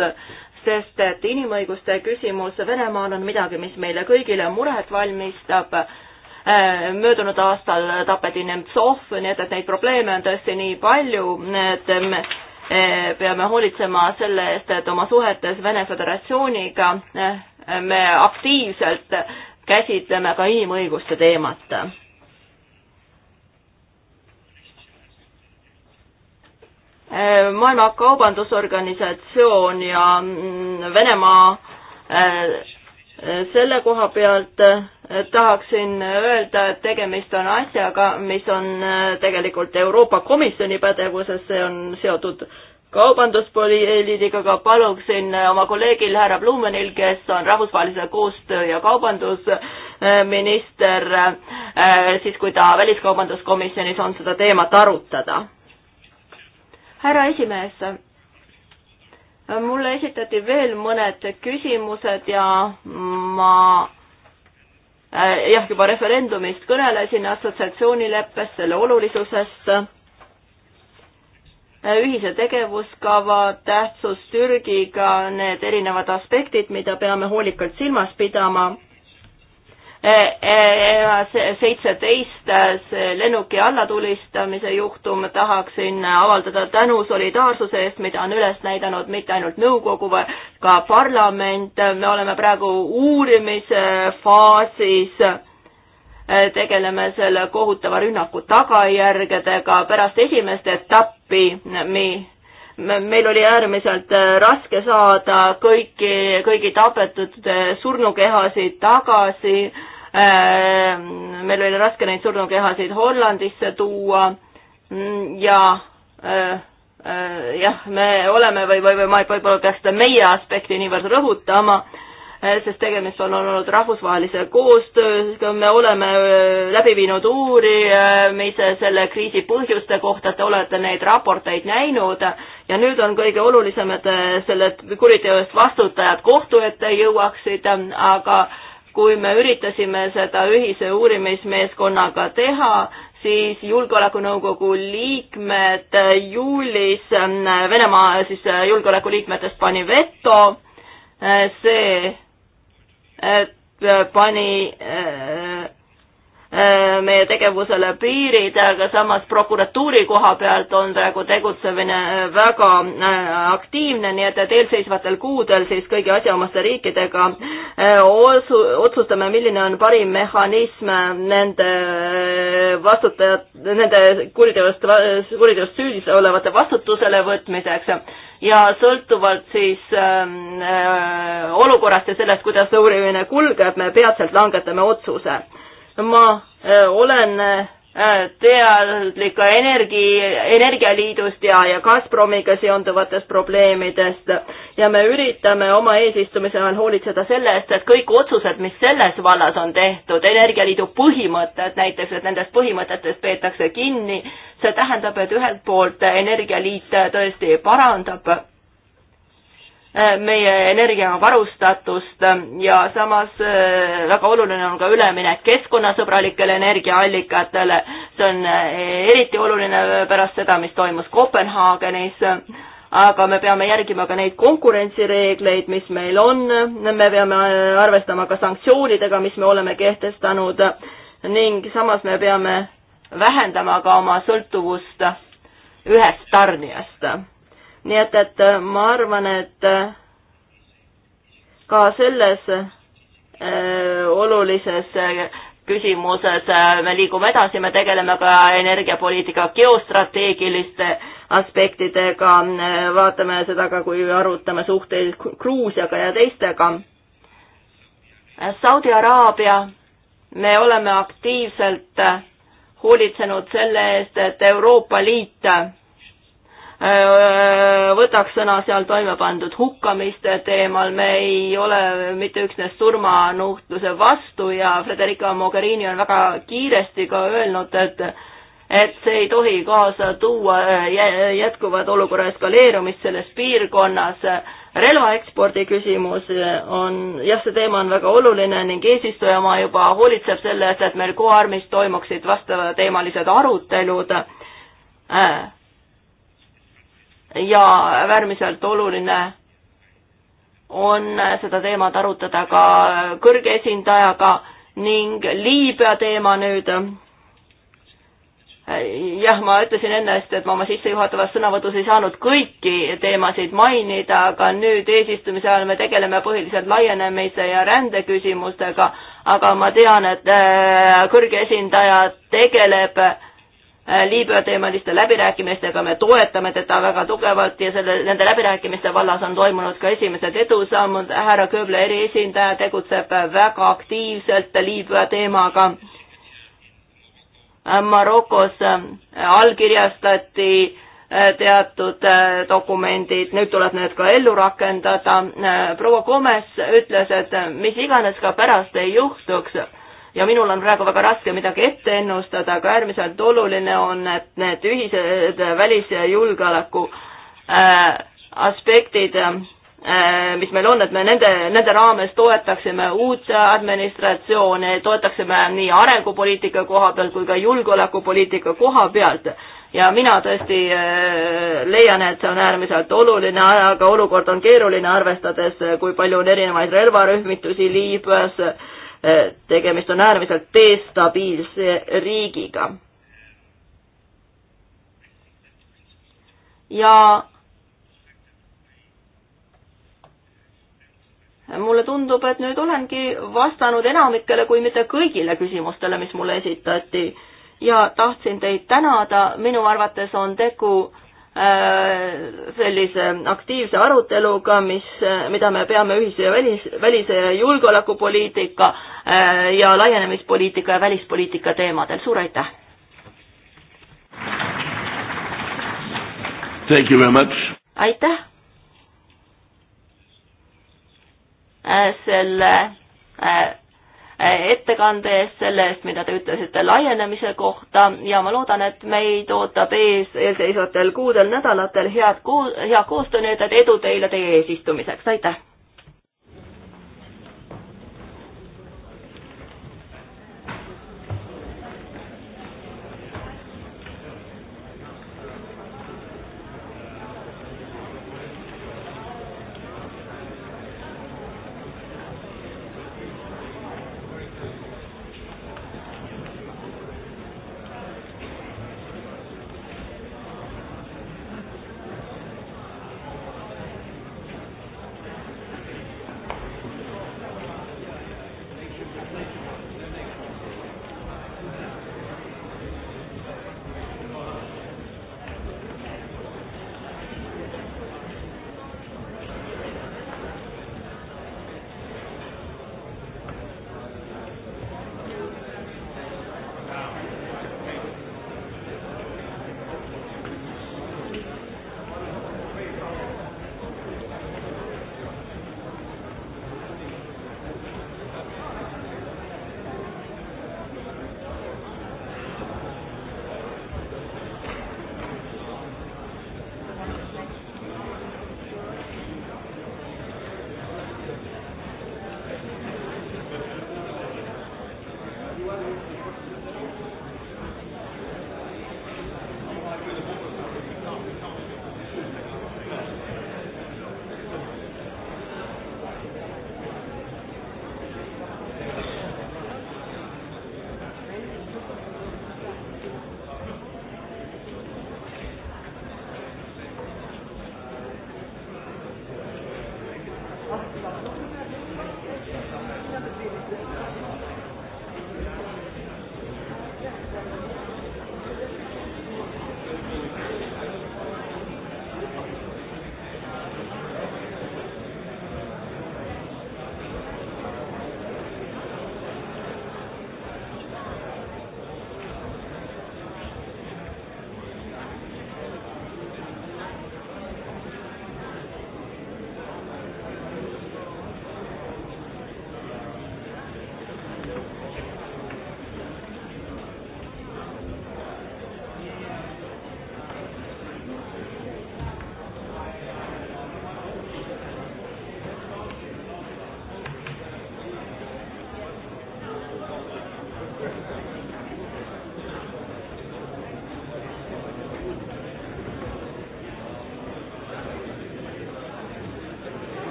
sest et inimõiguste küsimus Venemaal on midagi, mis meile kõigile muret valmistab äh, möödunud aastal tapeti Nemtsov, nii et, et neid probleeme on tõesti nii palju, et Eh, peame hoolitsema selle eest, et oma suhetes Vene Föderatsiooniga eh, me aktiivselt käsitleme ka inimõiguste teemat. Eh, maailma Kaubandusorganisatsioon ja mm, Venemaa selle koha pealt eh, tahaksin öelda, et tegemist on asjaga, mis on eh, tegelikult Euroopa Komisjoni pädevuses, see on seotud kaubanduspoliitikaga ka, paluksin eh, oma kolleegil härra Blumenil, kes on rahvusvahelise koostöö ja kaubandusminister, siis kui ta väliskaubanduskomisjonis on, seda teemat arutada. härra esimees mulle esitati veel mõned küsimused ja ma eh, jah, juba referendumist kõnelesin, assotsiatsioonileppest, selle olulisusest, eh, ühise tegevuskava tähtsus Türgiga, need erinevad aspektid, mida peame hoolikalt silmas pidama E, e, e, seitseteist lennuki allatulistamise juhtum, tahaksin avaldada tänu solidaarsuse eest, mida on üles näidanud mitte ainult nõukogu, vaid ka parlament, me oleme praegu uurimise faasis, tegeleme selle kohutava rünnaku tagajärgedega, pärast esimest etappi me meil oli äärmiselt raske saada kõiki, kõigi tapetud surnukehasid tagasi. Äh, meil oli raske neid surnukehasid Hollandisse tuua mm, ja äh, äh, jah, me oleme või, või, või ma võib-olla peaks seda meie aspekti niivõrd rõhutama, sest tegemist on olnud rahvusvahelise koostööga, me oleme läbi viinud uurimise selle kriisi põhjuste kohta, te olete neid raporteid näinud ja nüüd on kõige olulisem, et selle kuriteo eest vastutajad kohtu ette jõuaksid, aga äh, kui me üritasime seda ühise uurimismeeskonnaga teha, siis Julgeolekunõukogu liikmed juulis, ähm, Venemaa siis äh, julgeolekuliikmetest pani veto, äh, see äh, pani Äh, meie tegevusele piirid, aga samas prokuratuuri koha pealt on praegu tegutsemine äh, väga äh, aktiivne, nii et, et eelseisvatel kuudel siis kõigi asjaomaste riikidega osu, otsustame, milline on parim mehhanism nende vastutajad, nende kuriteost, kuriteost süüdis olevate vastutusele võtmiseks ja sõltuvalt siis ähm, äh, olukorrast ja sellest, kuidas uurimine kulgeb, me peatselt langetame otsuse ma äh, olen äh, teadlik ka energi, Energialiidust ja, ja Gazpromiga seonduvatest probleemidest ja me üritame oma eesistumise ajal hoolitseda selle eest, et kõik otsused, mis selles vallas on tehtud, Energialiidu põhimõtted näiteks, et nendest põhimõtetest peetakse kinni, see tähendab, et ühelt poolt Energialiit tõesti parandab Äh, meie energiaga varustatust äh, ja samas äh, väga oluline on ka üleminek keskkonnasõbralikele energiaallikatele. see on eriti oluline pärast seda, mis toimus Kopenhaagenis, aga me peame järgima ka neid konkurentsireegleid, mis meil on, me peame arvestama ka sanktsioonidega, mis me oleme kehtestanud ning samas me peame vähendama ka oma sõltuvust ühest tarnijast nii et, et äh, ma arvan, et äh, ka selles äh, olulises küsimuses me liigume edasi, me tegeleme ka energiapoliitika geostrateegiliste aspektidega, vaatame seda ka, kui arutame suhteid Gruusiaga ja teistega. Saudi Araabia, me oleme aktiivselt hoolitsenud selle eest, et Euroopa Liit Äh, võtaks sõna seal toime pandud hukkamiste teemal, me ei ole mitte üksnes surmanuhtluse vastu ja Frederica Mogherini on väga kiiresti ka öelnud, et et see ei tohi kaasa tuua äh, jätkuvat olukorra eskaleerumist selles piirkonnas. relvaekspordi küsimus äh, on, jah, see teema on väga oluline ning eesistujamaa juba hoolitseb selle eest, et meil Koarmis toimuksid vastavateemalised arutelud äh ja äärmiselt oluline on seda teemat arutada ka kõrge esindajaga ning Liibüa teema nüüd. jah, ma ütlesin ennast, et ma oma sissejuhatavas sõnavõtus ei saanud kõiki teemasid mainida, aga nüüd eesistumise ajal me tegeleme põhiliselt laienemise ja rändeküsimustega, aga ma tean, et äh, kõrge esindaja tegeleb äh, Äh, Liibüa teemaliste läbirääkimistega me toetame teda väga tugevalt ja selle, nende läbirääkimiste vallas on toimunud ka esimesed edusammud, härra Kööble eriesindaja tegutseb väga aktiivselt Liibüa teemaga. Äh, Marokos äh, allkirjastati teatud dokumendid, nüüd tuleb need ka ellu rakendada. proua Gomes ütles, et mis iganes ka pärast ei juhtuks ja minul on praegu väga raske midagi ette ennustada, aga äärmiselt oluline on, et need ühised välis- ja julgeoleku äh, aspektid, äh, mis meil on, et me nende, nende raames toetaksime uut administratsiooni, toetaksime nii arengupoliitika koha pealt kui ka julgeolekupoliitika koha pealt ja mina tõesti äh, leian, et see on äärmiselt oluline, aga olukord on keeruline, arvestades, kui palju on erinevaid relvarühmitusi Liibüas Eh, tegemist on äärmiselt destabiilse riigiga. ja mulle tundub, et nüüd olengi vastanud enamikele, kui mitte kõigile küsimustele, mis mulle esitati ja tahtsin teid tänada, minu arvates on tegu Äh, sellise aktiivse aruteluga, mis, mida me peame ühise ja välis, välise ja julgeolekupoliitika äh, ja laienemispoliitika ja välispoliitika teemadel, suur aitäh! aitäh! Äh, selle ettekande eest, selle eest, mida te ütlesite laienemise kohta ja ma loodan, et meid ootab ees eelseisvatel kuudel-nädalatel head koo-, hea koostöö, nii et edu teile teie eesistumiseks, aitäh!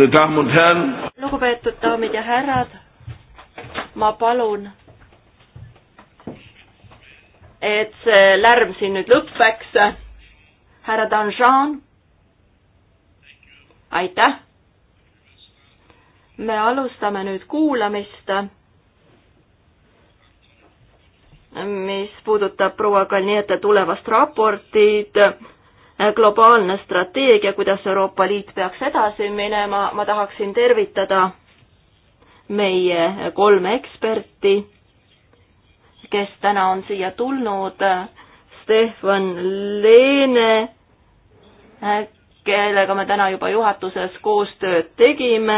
meine Damen und Herren. lugupeetud daamid ja härrad, ma palun, et see lärm siin nüüd lõpeks. härra Danjean, aitäh. me alustame nüüd kuulamist, mis puudutab proua Kalniete tulevast raportit globaalne strateegia, kuidas Euroopa Liit peaks edasi minema, ma tahaksin tervitada meie kolme eksperti, kes täna on siia tulnud. Stefan Leene, kellega me täna juba juhatuses koostööd tegime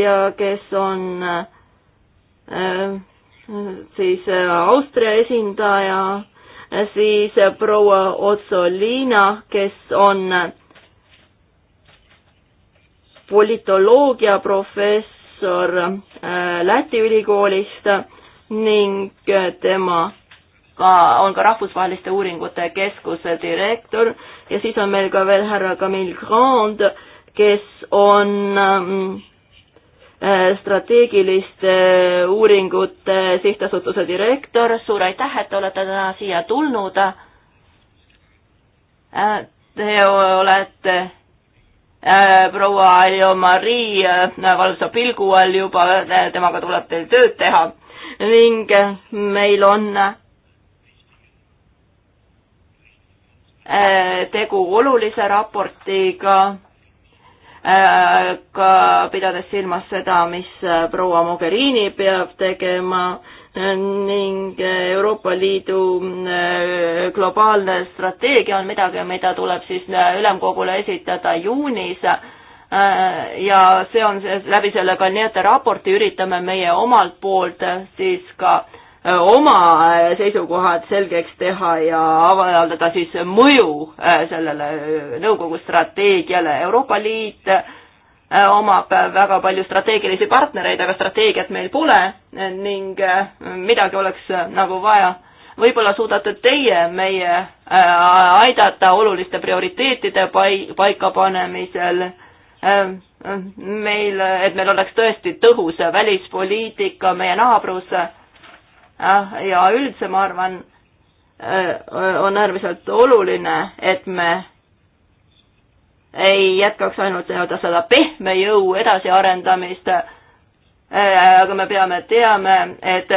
ja kes on äh, siis Austria esindaja siis eh, proua Otsoliina, kes on eh, politoloogia professor eh, Läti ülikoolist ning tema ka, on ka rahvusvaheliste uuringute keskuse direktor ja siis on meil ka veel härra Camille Grand, kes on mm, Äh, strateegiliste äh, uuringute äh, sihtasutuse direktor, suur aitäh, et olete täna siia tulnud. Te olete proua Aljo-Marii valvsa pilgu all juba, temaga tuleb teil tööd teha ning meil on tegu olulise raportiga Äh, ka pidades silmas seda, mis äh, proua Mogherini peab tegema äh, ning Euroopa Liidu globaalne strateegia on midagi, mida tuleb siis ülemkogule esitada juunis ja see on see, läbi selle Kalniete raporti üritame meie omalt poolt siis ka Äh, oma äh, seisukohad selgeks teha ja avaldada siis mõju äh, sellele nõukogu strateegiale. Euroopa Liit omab väga palju strateegilisi partnereid, aga strateegiat meil pole ning midagi oleks nagu vaja. võib-olla suudate teie meie aidata oluliste prioriteetide pai-, paikapanemisel meil, et meil oleks tõesti tõhus välispoliitika, meie naabrus Ah, ja üldse ma arvan, äh, äh, on äärmiselt oluline, et me ei jätkaks ainult nii-öelda seda pehme jõu edasiarendamist, äh, aga me peame teame, et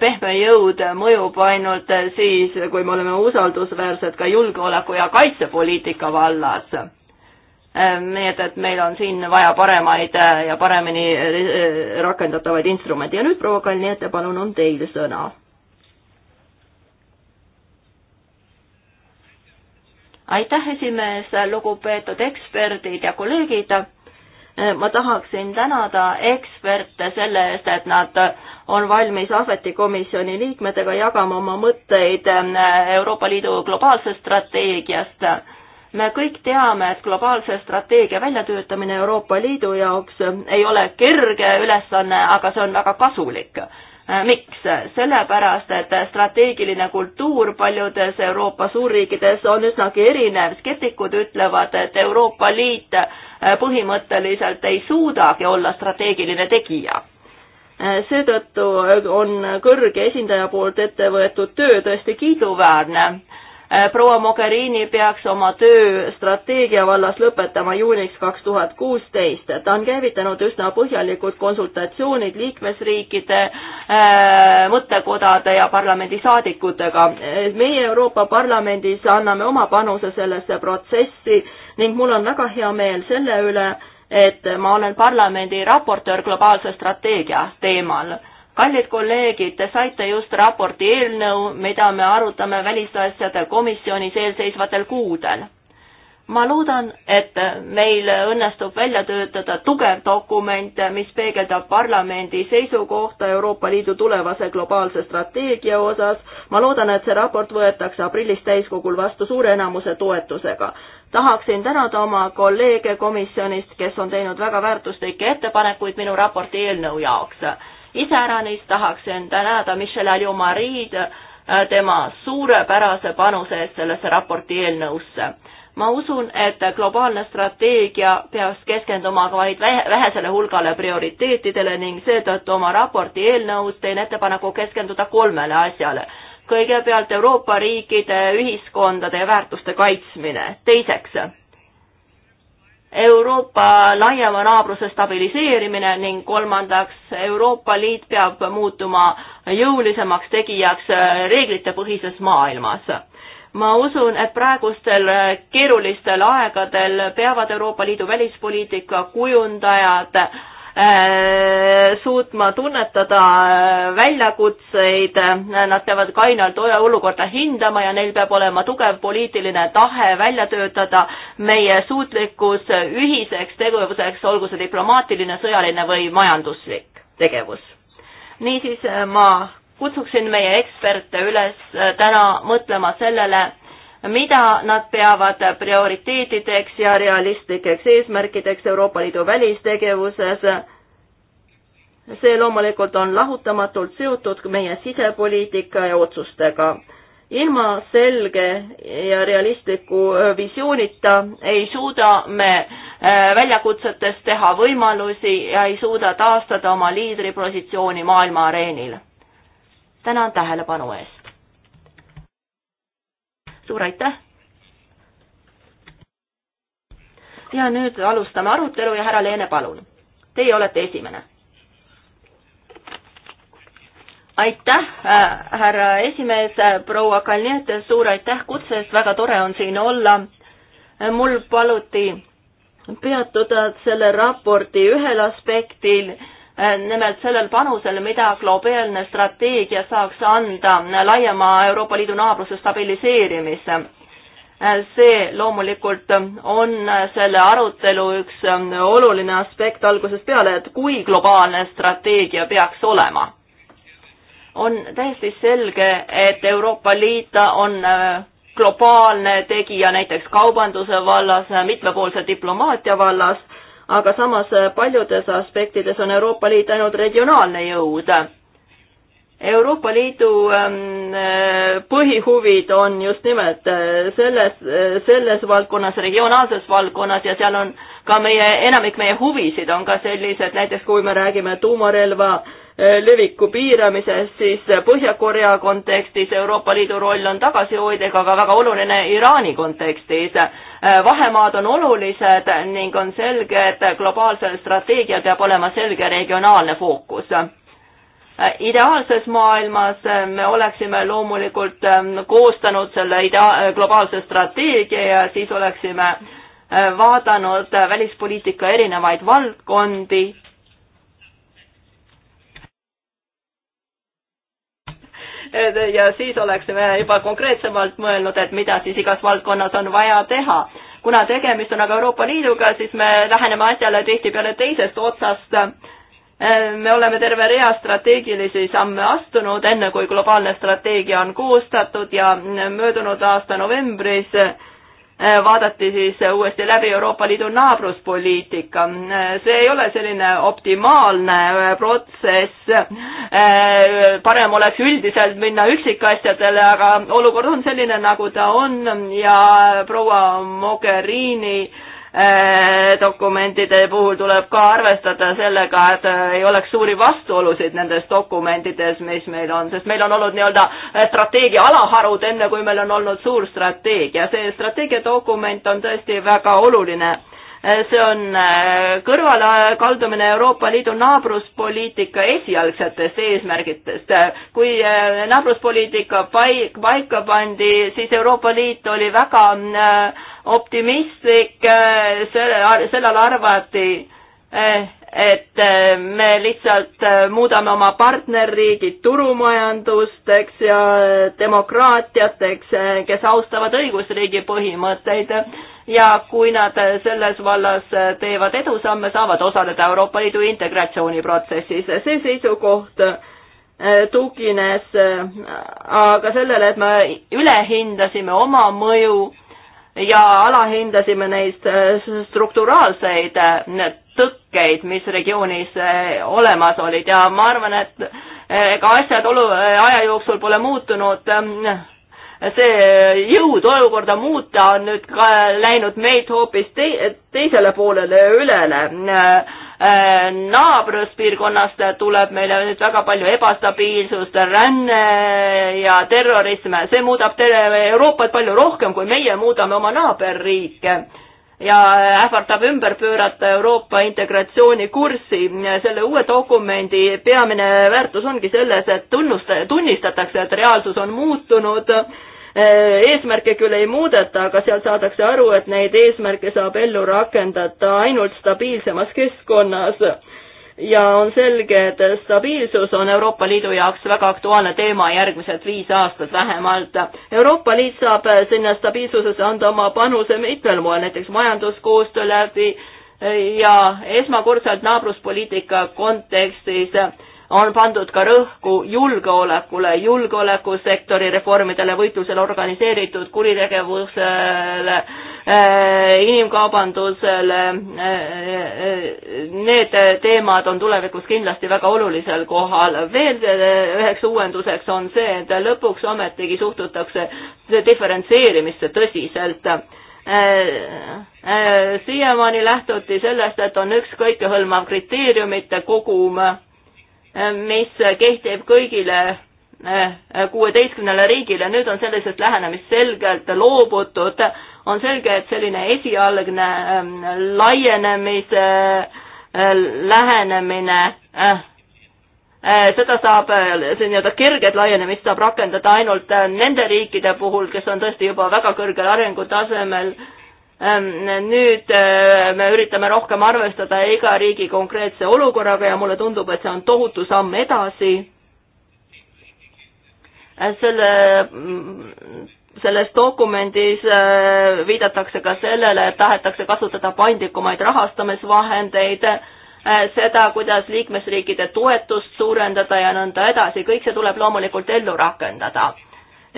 pehme jõud mõjub ainult siis, kui me oleme usaldusväärsed ka julgeoleku ja kaitsepoliitika vallas Ähm, nii et, et meil on siin vaja paremaid äh, ja paremini äh, rakendatavaid instrumente ja nüüd proua Kalniete, palun, on teil sõna. aitäh, esimees, lugupeetud eksperdid ja kolleegid äh, ma tahaksin tänada eksperte selle eest, et nad on valmis ahvetikomisjoni liikmetega jagama oma mõtteid Euroopa Liidu globaalsest strateegiast me kõik teame, et globaalse strateegia väljatöötamine Euroopa Liidu jaoks ei ole kerge ülesanne, aga see on väga kasulik. Äh, miks? sellepärast, et strateegiline kultuur paljudes Euroopa suurriikides on üsnagi erinev. skeptikud ütlevad, et Euroopa Liit äh, põhimõtteliselt ei suudagi olla strateegiline tegija äh, seetõttu on kõrge esindaja poolt ette võetud töö tõesti kiiduväärne Äh, proua Mogherini peaks oma töö strateegia vallas lõpetama juuniks kaks tuhat kuusteist. ta on käivitanud üsna põhjalikud konsultatsioonid liikmesriikide äh, mõttekodade ja parlamendisaadikutega. Äh, meie Euroopa Parlamendis anname oma panuse sellesse protsessi ning mul on väga hea meel selle üle, et ma olen parlamendi raportöör globaalse strateegia teemal kallid kolleegid, te saite just raporti eelnõu, mida me arutame välisasjade komisjonis eelseisvatel kuudel. ma loodan, et meil õnnestub välja töötada tugev dokument, mis peegeldab parlamendi seisukohta Euroopa Liidu tulevase globaalse strateegia osas. ma loodan, et see raport võetakse aprillis täiskogul vastu suure enamuse toetusega tahaksin tänada oma kolleege komisjonist, kes on teinud väga väärtuslikke ettepanekuid minu raporti eelnõu jaoks iseäranis tahaksin tänada Michel Aljo-Mariid äh, tema suurepärase panuse eest sellesse raporti eelnõusse. ma usun, et globaalne strateegia peaks keskenduma vaid vähesele hulgale prioriteetidele ning seetõttu oma raporti eelnõus teen ettepaneku keskenduda kolmele asjale. kõigepealt Euroopa riikide ühiskondade ja väärtuste kaitsmine, teiseks Euroopa laiema naabruse stabiliseerimine ning kolmandaks, Euroopa Liit peab muutuma jõulisemaks tegijaks reeglitepõhises maailmas. ma usun, et praegustel keerulistel aegadel peavad Euroopa Liidu välispoliitika kujundajad äh, suutma tunnetada äh, väljakutseid, nad peavad kainalt olukorda hindama ja neil peab olema tugev poliitiline tahe välja töötada meie suutlikkus ühiseks tegevuseks, olgu see diplomaatiline, sõjaline või majanduslik tegevus. niisiis äh, ma kutsuksin meie eksperte üles äh, täna mõtlema sellele, mida nad peavad prioriteetideks ja realistlikeks eesmärkideks Euroopa Liidu välistegevuses. see loomulikult on lahutamatult seotud meie sisepoliitika ja otsustega ilma selge ja realistliku visioonita ei suuda me väljakutsetest teha võimalusi ja ei suuda taastada oma liidripositsiooni maailma areenil. tänan tähelepanu eest. suur aitäh. ja nüüd alustame arutelu ja härra Leene, palun. Teie olete esimene aitäh, äh, härra esimees, äh, proua Kalniete, suur aitäh kutse eest, väga tore on siin olla. Äh, mul paluti peatuda selle raporti ühel aspektil, nimelt sellel panusel, mida globeelne strateegia saaks anda laiema Euroopa Liidu naabruse stabiliseerimisse. see loomulikult on selle arutelu üks oluline aspekt algusest peale, et kui globaalne strateegia peaks olema on täiesti selge, et Euroopa Liit on äh, globaalne tegija näiteks kaubanduse vallas, äh, mitmepoolse diplomaatia vallas, aga samas äh, paljudes aspektides on Euroopa Liit ainult regionaalne jõud. Euroopa Liidu ähm, põhihuvid on just nimelt selles, selles valdkonnas, regionaalses valdkonnas ja seal on ka meie, enamik meie huvisid on ka sellised, näiteks kui me räägime tuumarelva Äh, leviku piiramises, siis Põhja-Korea kontekstis Euroopa Liidu roll on tagasihoidlik, aga väga oluline Iraani kontekstis. Äh, vahemaad on olulised ning on selge, et globaalsel strateegial peab olema selge regionaalne fookus äh, ideaalses maailmas me oleksime loomulikult koostanud selle idea-, globaalse strateegia ja siis oleksime vaadanud välispoliitika erinevaid valdkondi ja siis oleksime juba konkreetsemalt mõelnud, et mida siis igas valdkonnas on vaja teha. kuna tegemist on aga Euroopa Liiduga, siis me läheneme asjale tihtipeale teisest otsast. me oleme terve rea strateegilisi samme astunud, enne kui globaalne strateegia on koostatud ja möödunud aasta novembris Äh, vaadati siis uuesti läbi Euroopa Liidu naabruspoliitika. Äh, see ei ole selline optimaalne äh, protsess, parem oleks üldiselt minna üksikasjadele, aga olukord on selline, nagu ta on ja proua Mogherini Äh, dokumentide puhul tuleb ka arvestada sellega, et äh, ei oleks suuri vastuolusid nendes dokumentides, mis meil on, sest meil on olnud nii-öelda äh, strateegia alaharud, enne kui meil on olnud suur strateegia. see strateegiadokument on tõesti väga oluline Eh, see on eh, kõrvalekaldumine Euroopa Liidu naabruspoliitika esialgsetest eesmärgitest. Eh, kui naabruspoliitika paika pandi, siis Euroopa Liit oli väga mm, optimistlik, sellel arvati, Eh, et eh, me lihtsalt eh, muudame oma partnerriigid turumajandusteks ja demokraatiateks, kes austavad õigusriigi põhimõtteid ja kui nad selles vallas teevad edusamme, saavad osaleda Euroopa Liidu integratsiooniprotsessis. see seisukoht tugines aga sellele, et me ülehindasime oma mõju ja alahindasime neist eh, strukturaalseid eh, tõkkeid, mis regioonis eh, olemas olid ja ma arvan, et ega asjad olu, aja jooksul pole muutunud. see jõud olukorda muuta on nüüd ka läinud meid hoopis te teisele poolele ülele Äh, naabruspiirkonnast tuleb meile nüüd väga palju ebastabiilsust, ränne ja terrorism, see muudab Euroopat palju rohkem, kui meie muudame oma naaberriike ja ähvardab ümber pöörata Euroopa integratsiooni kurssi. selle uue dokumendi peamine väärtus ongi selles, et tunnust-, tunnistatakse, et reaalsus on muutunud äh, Äh, eesmärke küll ei muudeta, aga seal saadakse aru, et neid eesmärke saab ellu rakendada ainult stabiilsemas keskkonnas. ja on selge, et stabiilsus on Euroopa Liidu jaoks väga aktuaalne teema järgmised viis aastat vähemalt. Euroopa Liit saab sinna stabiilsusesse anda oma panuse mitmel moel, näiteks majanduskoostöö läbi ja esmakordselt naabruspoliitika kontekstis on pandud ka rõhku julgeolekule, julgeolekusektori reformidele, võitlusele organiseeritud kuritegevusele, äh, inimkaubandusele. Äh, äh, need teemad on tulevikus kindlasti väga olulisel kohal. veel üheks uuenduseks on see, et lõpuks ometigi suhtutakse diferentseerimisse tõsiselt siiamaani lähtuti sellest, et on üks kõikehõlmav kriteeriumite kogum mis kehtib kõigile eh, kuueteistkümnele riigile, nüüd on sellisest lähenemist selgelt loobutud, on selge, et selline esialgne ehm, laienemise eh, lähenemine eh, seda saab, see nii-öelda kerget laienemist saab rakendada ainult nende riikide puhul, kes on tõesti juba väga kõrgel arengutasemel äh, Ähm, nüüd äh, me üritame rohkem arvestada iga riigi konkreetse olukorraga ja mulle tundub, et see on tohutu samm edasi. Äh, selle, mm, selles dokumendis äh, viidatakse ka sellele, et tahetakse kasutada paindlikumaid rahastamisvahendeid, seda, kuidas liikmesriikide toetust suurendada ja nõnda edasi, kõik see tuleb loomulikult ellu rakendada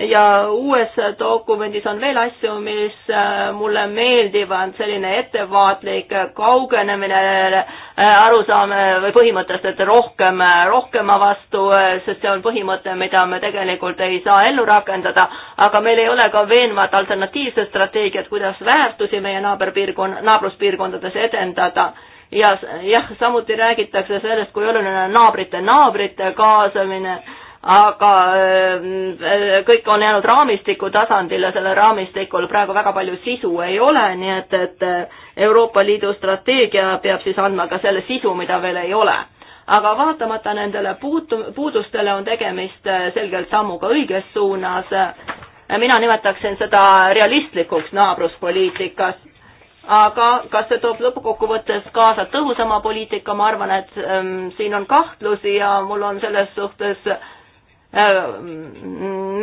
ja uues dokumendis on veel asju, mis äh, mulle meeldivad, selline ettevaatlik kaugenemine äh, arusaam äh, või põhimõttest, et rohkem, rohkema vastu, sest see on põhimõte, mida me tegelikult ei saa ellu rakendada, aga meil ei ole ka veenvat alternatiivset strateegiat, kuidas väärtusi meie naaberpiirkonna, naabruspiirkondades edendada ja jah, samuti räägitakse sellest, kui oluline on naabrite naabrite kaasamine aga äh, äh, kõik on jäänud raamistiku tasandile, sellel raamistikul praegu väga palju sisu ei ole, nii et, et äh, Euroopa Liidu strateegia peab siis andma ka selle sisu, mida veel ei ole. aga vaatamata nendele puutu-, puudustele on tegemist selgelt sammuga õiges suunas, mina nimetaksin seda realistlikuks naabruspoliitikas, aga kas see toob lõppkokkuvõttes kaasa tõhusama poliitika, ma arvan, et ähm, siin on kahtlusi ja mul on selles suhtes äh, Äh,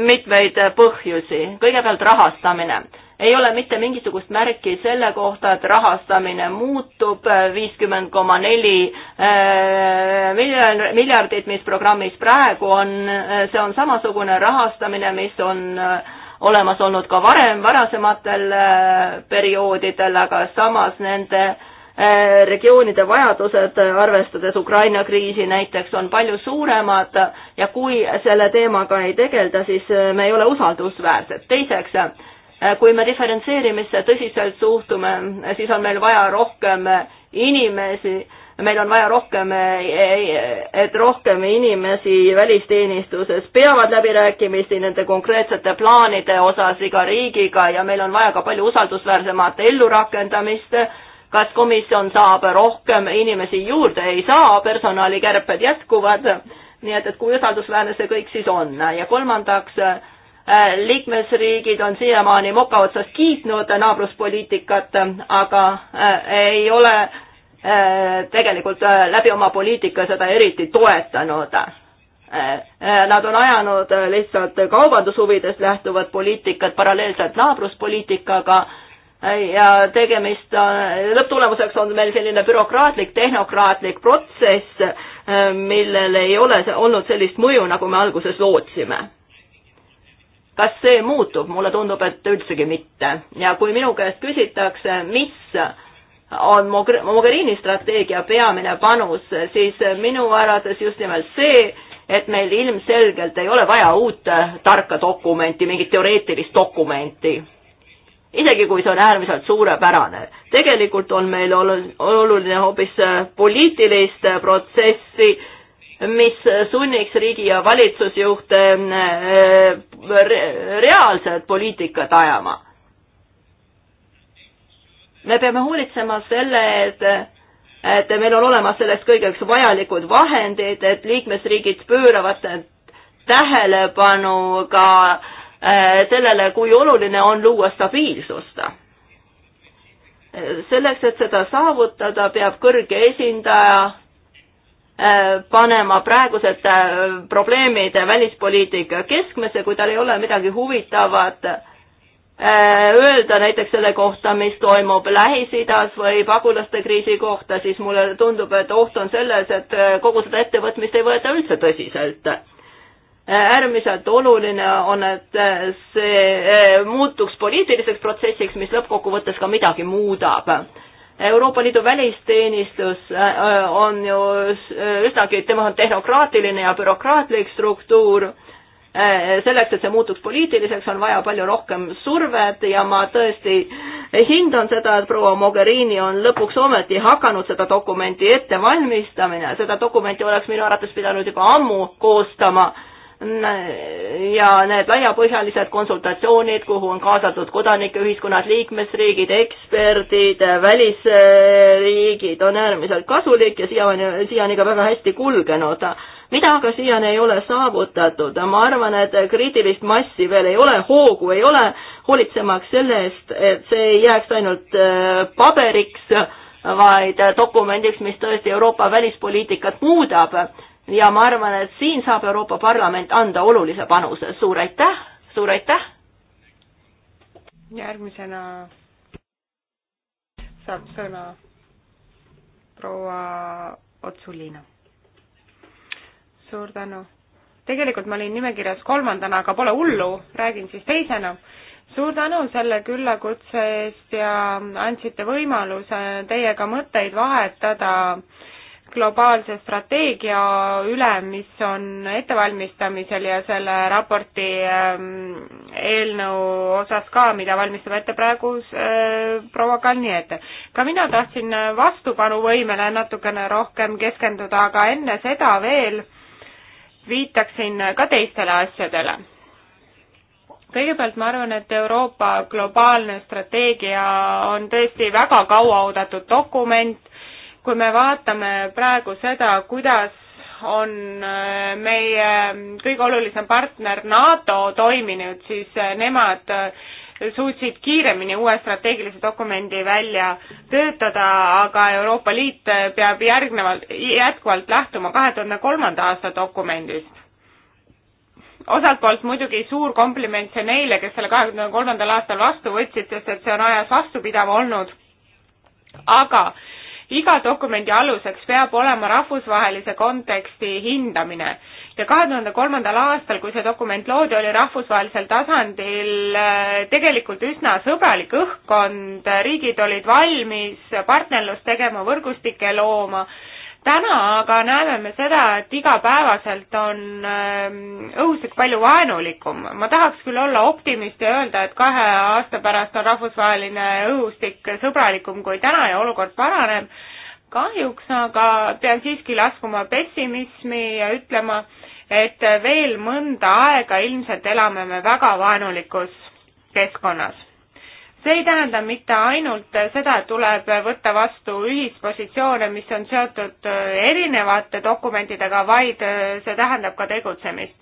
mitmeid põhjusi. kõigepealt rahastamine. ei ole mitte mingisugust märki selle kohta, et rahastamine muutub, äh, viiskümmend koma neli äh, miljardit, mis programmis praegu on, see on samasugune rahastamine, mis on olemas olnud ka varem, varasematel perioodidel, aga samas nende regioonide vajadused, arvestades Ukraina kriisi näiteks, on palju suuremad ja kui selle teemaga ei tegelda, siis me ei ole usaldusväärsed. teiseks, kui me diferentseerimisse tõsiselt suhtume, siis on meil vaja rohkem inimesi, meil on vaja rohkem, et rohkem inimesi välisteenistuses peavad läbirääkimisi nende konkreetsete plaanide osas iga riigiga ja meil on vaja ka palju usaldusväärsemat ellurakendamist kas komisjon saab rohkem inimesi juurde, ei saa, personalikärped jätkuvad, nii et, et kui usaldusväärne see kõik siis on ja kolmandaks, äh, liikmesriigid on siiamaani moka otsas kiitnud naabruspoliitikat, aga äh, ei ole äh, tegelikult läbi oma poliitika seda eriti toetanud. Nad on ajanud lihtsalt kaubandushuvidest lähtuvat poliitikat paralleelselt naabruspoliitikaga ja tegemist, lõpptulemuseks on meil selline bürokraatlik, tehnokraatlik protsess, millel ei ole olnud sellist mõju, nagu me alguses lootsime. kas see muutub, mulle tundub, et üldsegi mitte ja kui minu käest küsitakse, mis on Mogherini strateegia peamine panus, siis minu arvates just nimelt see, et meil ilmselgelt ei ole vaja uut tarka dokumenti, mingit teoreetilist dokumenti isegi kui see on äärmiselt suurepärane. tegelikult on meil oluline hoopis äh, poliitilist äh, protsessi, mis sunniks riigi ja valitsusjuhte äh, reaalset poliitikat ajama. me peame hoolitsema selle, et et meil on olemas selleks kõigeks vajalikud vahendid, et liikmesriigid pööravad tähelepanu ka äh, Äh, sellele, kui oluline on luua stabiilsust. Äh, selleks, et seda saavutada, peab kõrge esindaja äh, panema praegused probleemid välispoliitika keskmesse, kui tal ei ole midagi huvitavat öelda näiteks selle kohta, mis toimub Lähis-Idas või pagulaste kriisi kohta, siis mulle tundub, et oht on selles, et kogu seda ettevõtmist ei võeta üldse tõsiselt äärmiselt oluline on, et eh, see eh, muutuks poliitiliseks protsessiks, mis lõppkokkuvõttes ka midagi muudab. Euroopa Liidu välisteenistus eh, on ju üsnagi, tema on tehnokraatiline ja bürokraatlik struktuur selleks, et see muutuks poliitiliseks, on vaja palju rohkem survet ja ma tõesti hindan seda, et proua Mogherini on lõpuks ometi hakanud seda dokumenti ette valmistamine, seda dokumenti oleks minu arvates pidanud juba ammu koostama ja need laiapõhjalised konsultatsioonid, kuhu on kaasatud kodanikeühiskonnad, liikmesriigid, eksperdid, välisriigid, on äärmiselt kasulik ja siiani, siiani ka väga hästi kulgenud. mida aga siiani ei ole saavutatud, ma arvan, et kriitilist massi veel ei ole, hoogu ei ole, hoolitsemaks selle eest, et see ei jääks ainult äh, paberiks, vaid dokumendiks, mis tõesti Euroopa välispoliitikat muudab ja ma arvan, et siin saab Euroopa Parlament anda olulise panuse, suur aitäh, suur aitäh! järgmisena saab sõna proua Otsuliina. suur tänu! tegelikult ma olin nimekirjas kolmandana, aga pole hullu, räägin siis teisena suur tänu selle küllakutse eest ja andsite võimaluse teiega mõtteid vahetada globaalse strateegia üle, mis on ettevalmistamisel ja selle raporti ähm, eelnõu osas ka, mida valmistab ette praegu äh, proua Kalni ette. ka mina tahtsin vastupanuvõimele natukene rohkem keskenduda, aga enne seda veel viitaksin ka teistele asjadele. kõigepealt ma arvan, et Euroopa globaalne strateegia on tõesti väga kauaoodatud dokument, kui me vaatame praegu seda, kuidas on äh, meie äh, kõige olulisem partner NATO toiminud, siis äh, nemad suutsid kiiremini uue strateegilise dokumendi välja töötada, aga Euroopa Liit peab järgnevalt, jätkuvalt lähtuma kahe tuhande kolmanda aasta dokumendist. osalt poolt muidugi suur kompliment see neile, kes selle kahe tuhande kolmandal aastal vastu võtsid, sest et see on ajas vastupidav olnud, aga iga dokumendi aluseks peab olema rahvusvahelise konteksti hindamine ja kahe tuhande kolmandal aastal, kui see dokument loodi, oli rahvusvahelisel tasandil äh, tegelikult üsna sõbralik õhkkond, riigid olid valmis partnerlust tegema, võrgustikke looma täna aga näeme me seda, et igapäevaselt on ähm, õhustik palju vaenulikum. ma tahaks küll olla optimist ja öelda, et kahe aasta pärast on rahvusvaheline õhustik sõbralikum kui täna ja olukord paraneb. kahjuks aga pean siiski laskuma pessimismi ja ütlema, et veel mõnda aega ilmselt elame me väga vaenulikus keskkonnas see ei tähenda mitte ainult seda, et tuleb võtta vastu ühispositsioone, mis on seotud äh, erinevate dokumentidega, vaid äh, see tähendab ka tegutsemist.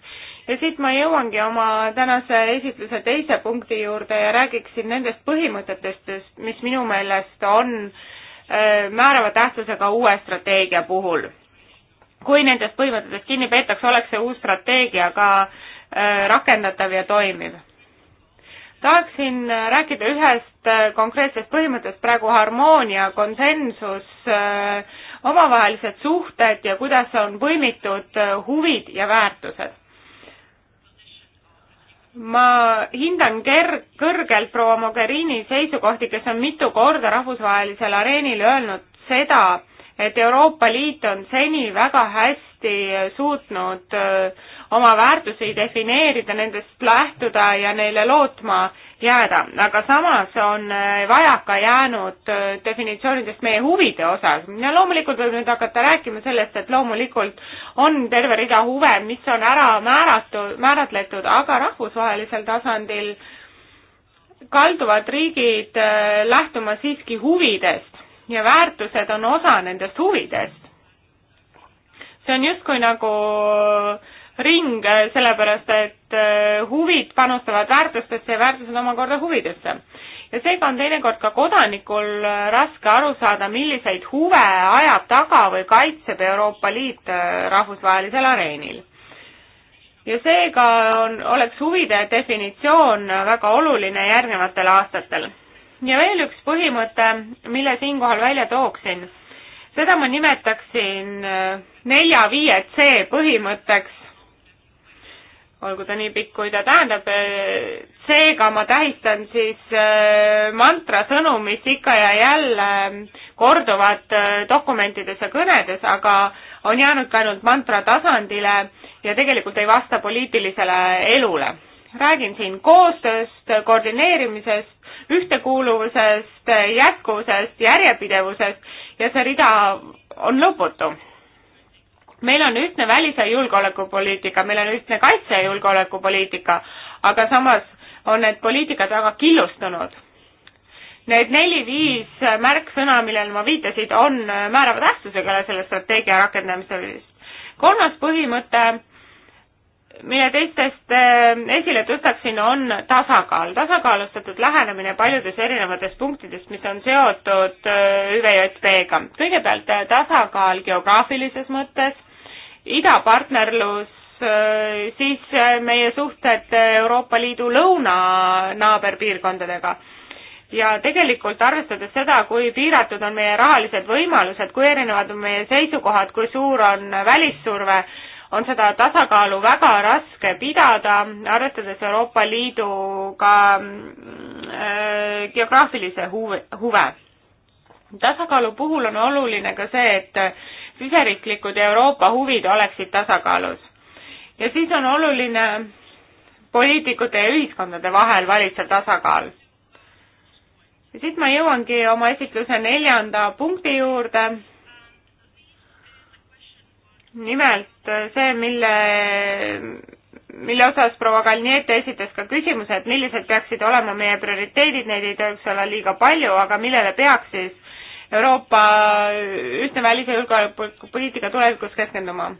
ja siit ma jõuangi oma tänase esitluse teise punkti juurde ja räägiksin nendest põhimõtetest, mis minu meelest on äh, määrava tähtsusega uue strateegia puhul. kui nendest põhimõtetest kinni peetakse, oleks see uus strateegia ka rakendatav ja toimiv tahaksin rääkida ühest äh, konkreetsest põhimõttest praegu harmoonia, konsensus, äh, omavahelised suhted ja kuidas on põimitud äh, huvid ja väärtused. ma hindan ker-, kõrgelt proua Mogherini seisukohti, kes on mitu korda rahvusvahelisel areenil öelnud seda, et Euroopa Liit on seni väga hästi suutnud äh, oma väärtusi defineerida, nendest lähtuda ja neile lootma jääda, aga samas on äh, vajaka jäänud äh, definitsioonidest meie huvide osas. ja loomulikult võib nüüd hakata rääkima sellest, et loomulikult on terve rida huve, mis on ära määratud, määratletud, aga rahvusvahelisel tasandil kalduvad riigid äh, lähtuma siiski huvidest ja väärtused on osa nendest huvidest. see on justkui nagu äh, ring, sellepärast et äh, huvid panustavad väärtustesse ja väärtused omakorda huvidesse. ja seega on teinekord ka kodanikul äh, raske aru saada, milliseid huve ajab taga või kaitseb Euroopa Liit äh, rahvusvahelisel areenil ja seega on, oleks huvide definitsioon väga oluline järgnevatel aastatel. ja veel üks põhimõte, mille siinkohal välja tooksin, seda ma nimetaksin nelja-viie C põhimõtteks, olgu ta nii pikk, kui ta tähendab. seega ma tähistan siis äh, mantra sõnu, mis ikka ja jälle korduvad äh, dokumentides ja kõnedes, aga on jäänud ka ainult mantra tasandile ja tegelikult ei vasta poliitilisele elule. räägin siin koostööst, koordineerimisest, ühtekuuluvusest, jätkuvusest, järjepidevusest ja see rida on lõputu meil on ühtne välis- ja julgeolekupoliitika, meil on ühtne kaitse- ja julgeolekupoliitika, aga samas on need poliitikad väga killustunud. Need neli-viis märksõna, millele ma viitasin, on äh, määrava tähtsusega selle strateegia rakendamisel. kolmas põhimõte, mille teistest äh, esile tõstaksin, on tasakaal, tasakaalustatud lähenemine paljudes erinevates punktides, mis on seotud äh, ÜVJP-ga. kõigepealt tasakaal geograafilises mõttes, idapartnerlus, äh, siis äh, meie suhted Euroopa Liidu lõuna naaberpiirkondadega. ja tegelikult arvestades seda, kui piiratud on meie rahalised võimalused, kui erinevad on meie seisukohad, kui suur on välissurve, on seda tasakaalu väga raske pidada, arvestades Euroopa Liiduga äh, geograafilise huve, huve. tasakaalu puhul on oluline ka see, et siseriiklikud ja Euroopa huvid oleksid tasakaalus. ja siis on oluline poliitikute ja ühiskondade vahel valitsev tasakaal. ja siit ma jõuangi oma esitluse neljanda punkti juurde. nimelt see, mille, mille osas proua Kalniete esitas ka küsimuse, et millised peaksid olema meie prioriteedid, neid ei tohiks olla liiga palju, aga millele peaks siis Euroopa ühtne välis- ja julgeolekupoliitika tulevikus keskenduma.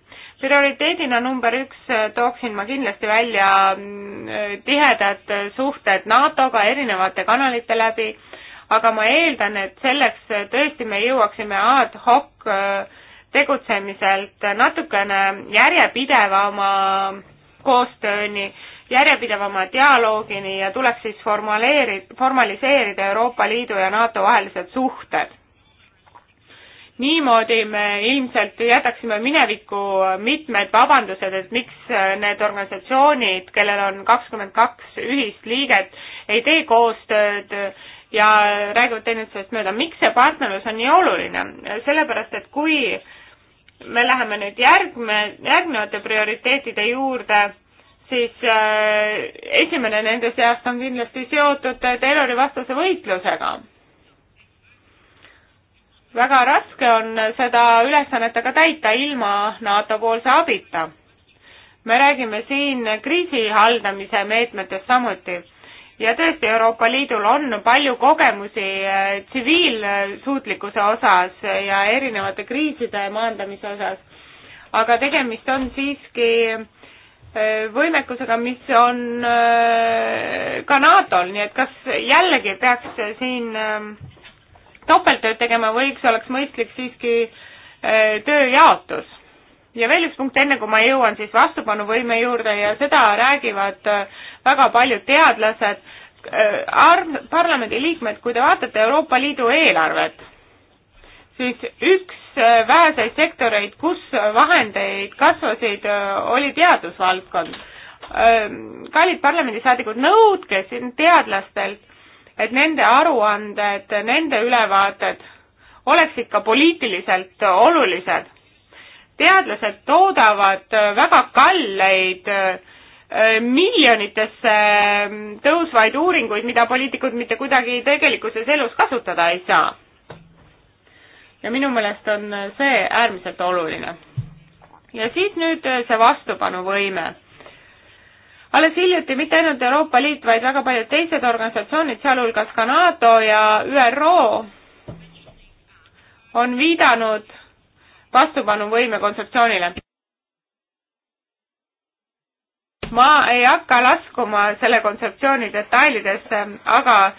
prioriteedina number üks äh, tooksin ma kindlasti välja mm, äh, tihedad suhted NATO-ga erinevate kanalite läbi, aga ma eeldan, et selleks äh, tõesti me jõuaksime ad hoc tegutsemiselt natukene järjepidevama koostööni, järjepidevama dialoogini ja tuleks siis formuleeri-, formaliseerida Euroopa Liidu ja NATO vahelised suhted niimoodi me ilmselt jätaksime minevikku mitmed vabandused, et miks need organisatsioonid, kellel on kakskümmend kaks ühist liiget, ei tee koostööd ja räägivad teineteisest mööda. miks see partnerlus on nii oluline? sellepärast, et kui me läheme nüüd järgme, järgnevate prioriteetide juurde, siis äh, esimene nende seast on kindlasti seotud terrorivastase võitlusega väga raske on seda ülesannet aga täita ilma NATO poolse abita. me räägime siin kriisi haldamise meetmetest samuti ja tõesti, Euroopa Liidul on palju kogemusi eh, tsiviilsuutlikkuse osas ja erinevate kriiside maandamise osas, aga tegemist on siiski eh, võimekusega, mis on eh, ka NATO-l, nii et kas jällegi peaks siin äh, topelttööd tegema võiks, oleks mõistlik siiski äh, tööjaotus. ja veel üks punkt, enne kui ma jõuan siis vastupanuvõime juurde ja seda räägivad äh, väga paljud teadlased, äh, arv, parlamendi liikmed, kui te vaatate Euroopa Liidu eelarvet, siis üks väheseid sektoreid, kus vahendeid kasvasid, oli teadusvaldkond. kallid parlamendisaadikud, nõudke siin teadlastelt, et nende aruanded, nende ülevaated oleksid ka poliitiliselt olulised. teadlased toodavad väga kalleid äh, miljonitesse tõusvaid uuringuid, mida poliitikud mitte kuidagi tegelikkuses elus kasutada ei saa. ja minu meelest on see äärmiselt oluline. ja siis nüüd see vastupanuvõime alles hiljuti mitte ainult Euroopa Liit, vaid väga paljud teised organisatsioonid, sealhulgas ka NATO ja ÜRO, on viidanud vastupanuvõime kontseptsioonile. ma ei hakka laskuma selle kontseptsiooni detailidesse, aga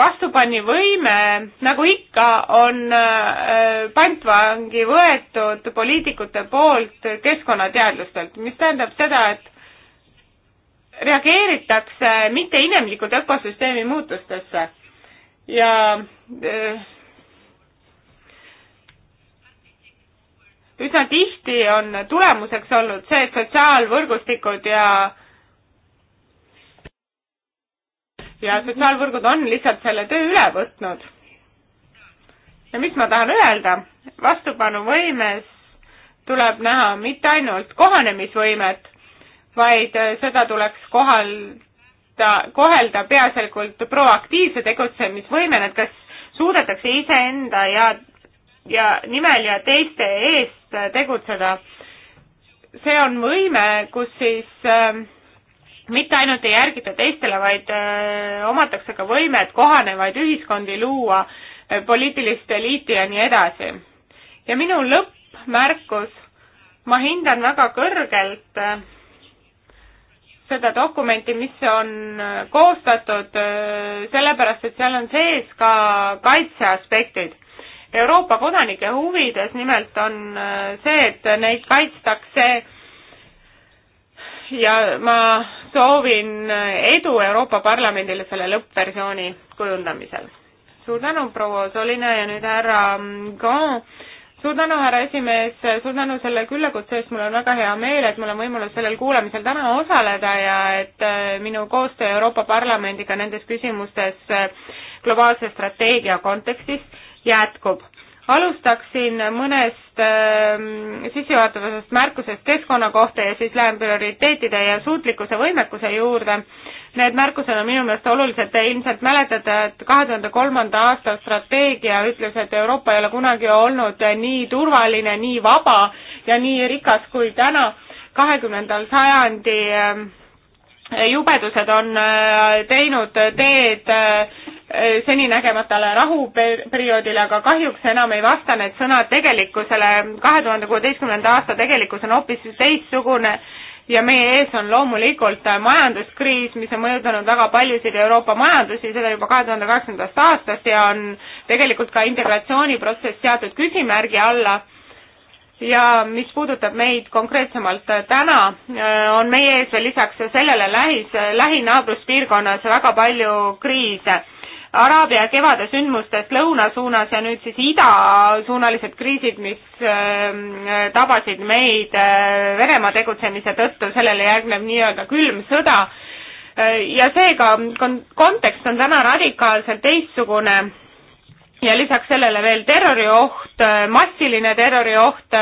vastupanivõime, nagu ikka, on äh, pantvangi võetud poliitikute poolt keskkonnateadlastelt, mis tähendab seda, et reageeritakse mitteinimlikult ökosüsteemi muutustesse ja eh, üsna tihti on tulemuseks olnud see, et sotsiaalvõrgustikud ja ja sotsiaalvõrgud on lihtsalt selle töö üle võtnud. ja mis ma tahan öelda, vastupanuvõimes tuleb näha mitte ainult kohanemisvõimet, vaid äh, seda tuleks kohalda, kohelda peaasjalikult proaktiivse tegutsemisvõimena, et kas suudetakse iseenda ja, ja nimel ja teiste eest äh, tegutseda. see on võime, kus siis äh, mitte ainult ei järgita teistele, vaid äh, omatakse ka võimet kohanevaid ühiskondi luua äh,, poliitilist eliiti ja nii edasi. ja minu lõppmärkus, ma hindan väga kõrgelt äh, seda dokumenti, mis on äh, koostatud, äh, sellepärast et seal on sees ka kaitseaspektid. Euroopa kodanike huvides nimelt on äh, see, et neid kaitstakse ja ma soovin edu Euroopa Parlamendile selle lõppversiooni kujundamisel. suur tänu, proua Solina ja nüüd härra Gon suur tänu, härra esimees, suur tänu selle küllakutse eest, mul on väga hea meel, et mul on võimalus sellel kuulamisel täna osaleda ja et äh, minu koostöö Euroopa Parlamendiga nendes küsimustes äh, globaalse strateegia kontekstis jätkub. alustaksin mõnest äh, sissejuhatavast märkusest keskkonna kohta ja siis lähen prioriteetide ja suutlikkuse võimekuse juurde Need märkused on minu meelest olulised, te ilmselt mäletate, et kahe tuhande kolmanda aasta strateegia ütles, et Euroopa ei ole kunagi olnud nii turvaline, nii vaba ja nii rikas kui täna, kahekümnendal sajandi ähm, jubedused on äh, teinud teed äh, seninägematale rahuperioodile, aga kahjuks enam ei vasta need sõnad tegelikkusele. kahe tuhande kuueteistkümnenda aasta tegelikkus on hoopis teistsugune ja meie ees on loomulikult majanduskriis, mis on mõjutanud väga paljusid Euroopa majandusi, seda juba kahe tuhande kaheksandast aastast ja on tegelikult ka integratsiooniprotsess seatud küsimärgi alla ja mis puudutab meid konkreetsemalt täna, äh, on meie ees veel lisaks sellele lähis, lähinaabruspiirkonnas väga palju kriise Araabia kevade sündmustest lõuna suunas ja nüüd siis idasuunalised kriisid, mis ähm, tabasid meid äh, Venemaa tegutsemise tõttu, sellele järgneb nii-öelda külm sõda äh, ja seega kon-, kontekst on täna radikaalselt teistsugune ja lisaks sellele veel terrorioht, äh, massiline terrorioht,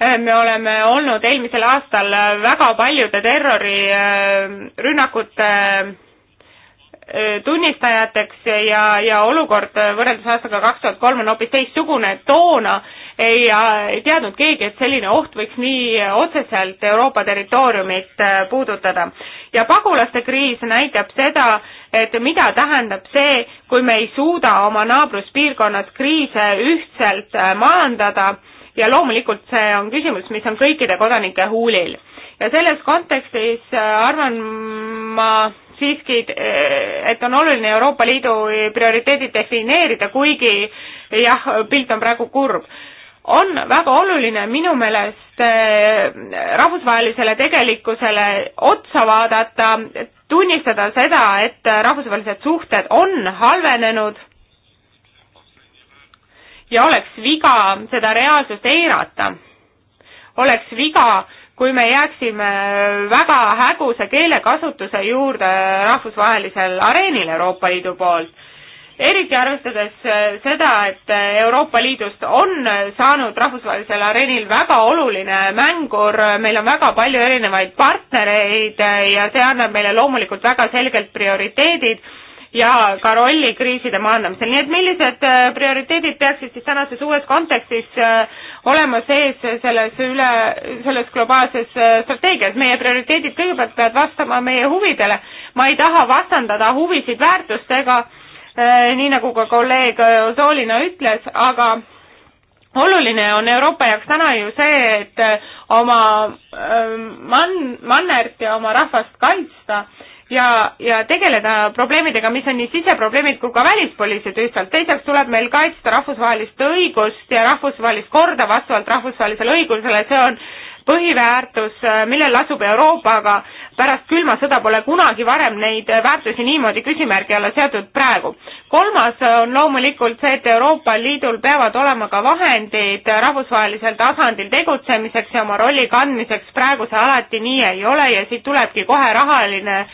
me oleme olnud eelmisel aastal väga paljude terrorirünnakute Äh, tunnistajateks ja, ja olukord võrreldes aastaga kaks tuhat kolm on hoopis teistsugune, toona ei, äh, ei teadnud keegi, et selline oht võiks nii otseselt Euroopa territooriumit äh, puudutada. ja pagulaste kriis näitab seda, et mida tähendab see, kui me ei suuda oma naabruspiirkonnas kriise ühtselt maandada ja loomulikult see on küsimus, mis on kõikide kodanike huulil. ja selles kontekstis arvan ma, siiski, et on oluline Euroopa Liidu prioriteedid defineerida, kuigi jah, pilt on praegu kurb on väga oluline minu meelest eh, rahvusvahelisele tegelikkusele otsa vaadata, tunnistada seda, et rahvusvahelised suhted on halvenenud ja oleks viga seda reaalsust eirata. oleks viga kui me jääksime väga häguse keelekasutuse juurde rahvusvahelisel areenil Euroopa Liidu poolt, eriti arvestades äh, seda, et äh, Euroopa Liidust on saanud rahvusvahelisel areenil väga oluline mängur, meil on väga palju erinevaid partnereid äh, ja see annab meile loomulikult väga selgelt prioriteedid ja ka rolli kriiside maandamisel, nii et millised äh, prioriteedid peaksid siis tänases uues kontekstis äh, olema sees selles üle, selles globaalses äh, strateegias, meie prioriteedid kõigepealt peavad vastama meie huvidele, ma ei taha vastandada huvisid väärtustega, nii nagu ka kolleeg Zoolina ütles, aga oluline on Euroopa jaoks täna ju see, et oma man-, mannert ja oma rahvast kaitsta ja, ja tegeleda probleemidega, mis on nii siseprobleemid kui ka välispoliitilised ühtsalt. teiseks tuleb meil kaitsta rahvusvahelist õigust ja rahvusvahelist korda vastavalt rahvusvahelisele õigusele, see on põhiväärtus, millel asub Euroopa, aga pärast külma sõda pole kunagi varem neid väärtusi niimoodi küsimärgi alla seatud praegu. kolmas on loomulikult see, et Euroopa Liidul peavad olema ka vahendid rahvusvahelisel tasandil tegutsemiseks ja oma rolli kandmiseks, praegu see alati nii ei ole ja siit tulebki kohe rahaline äh,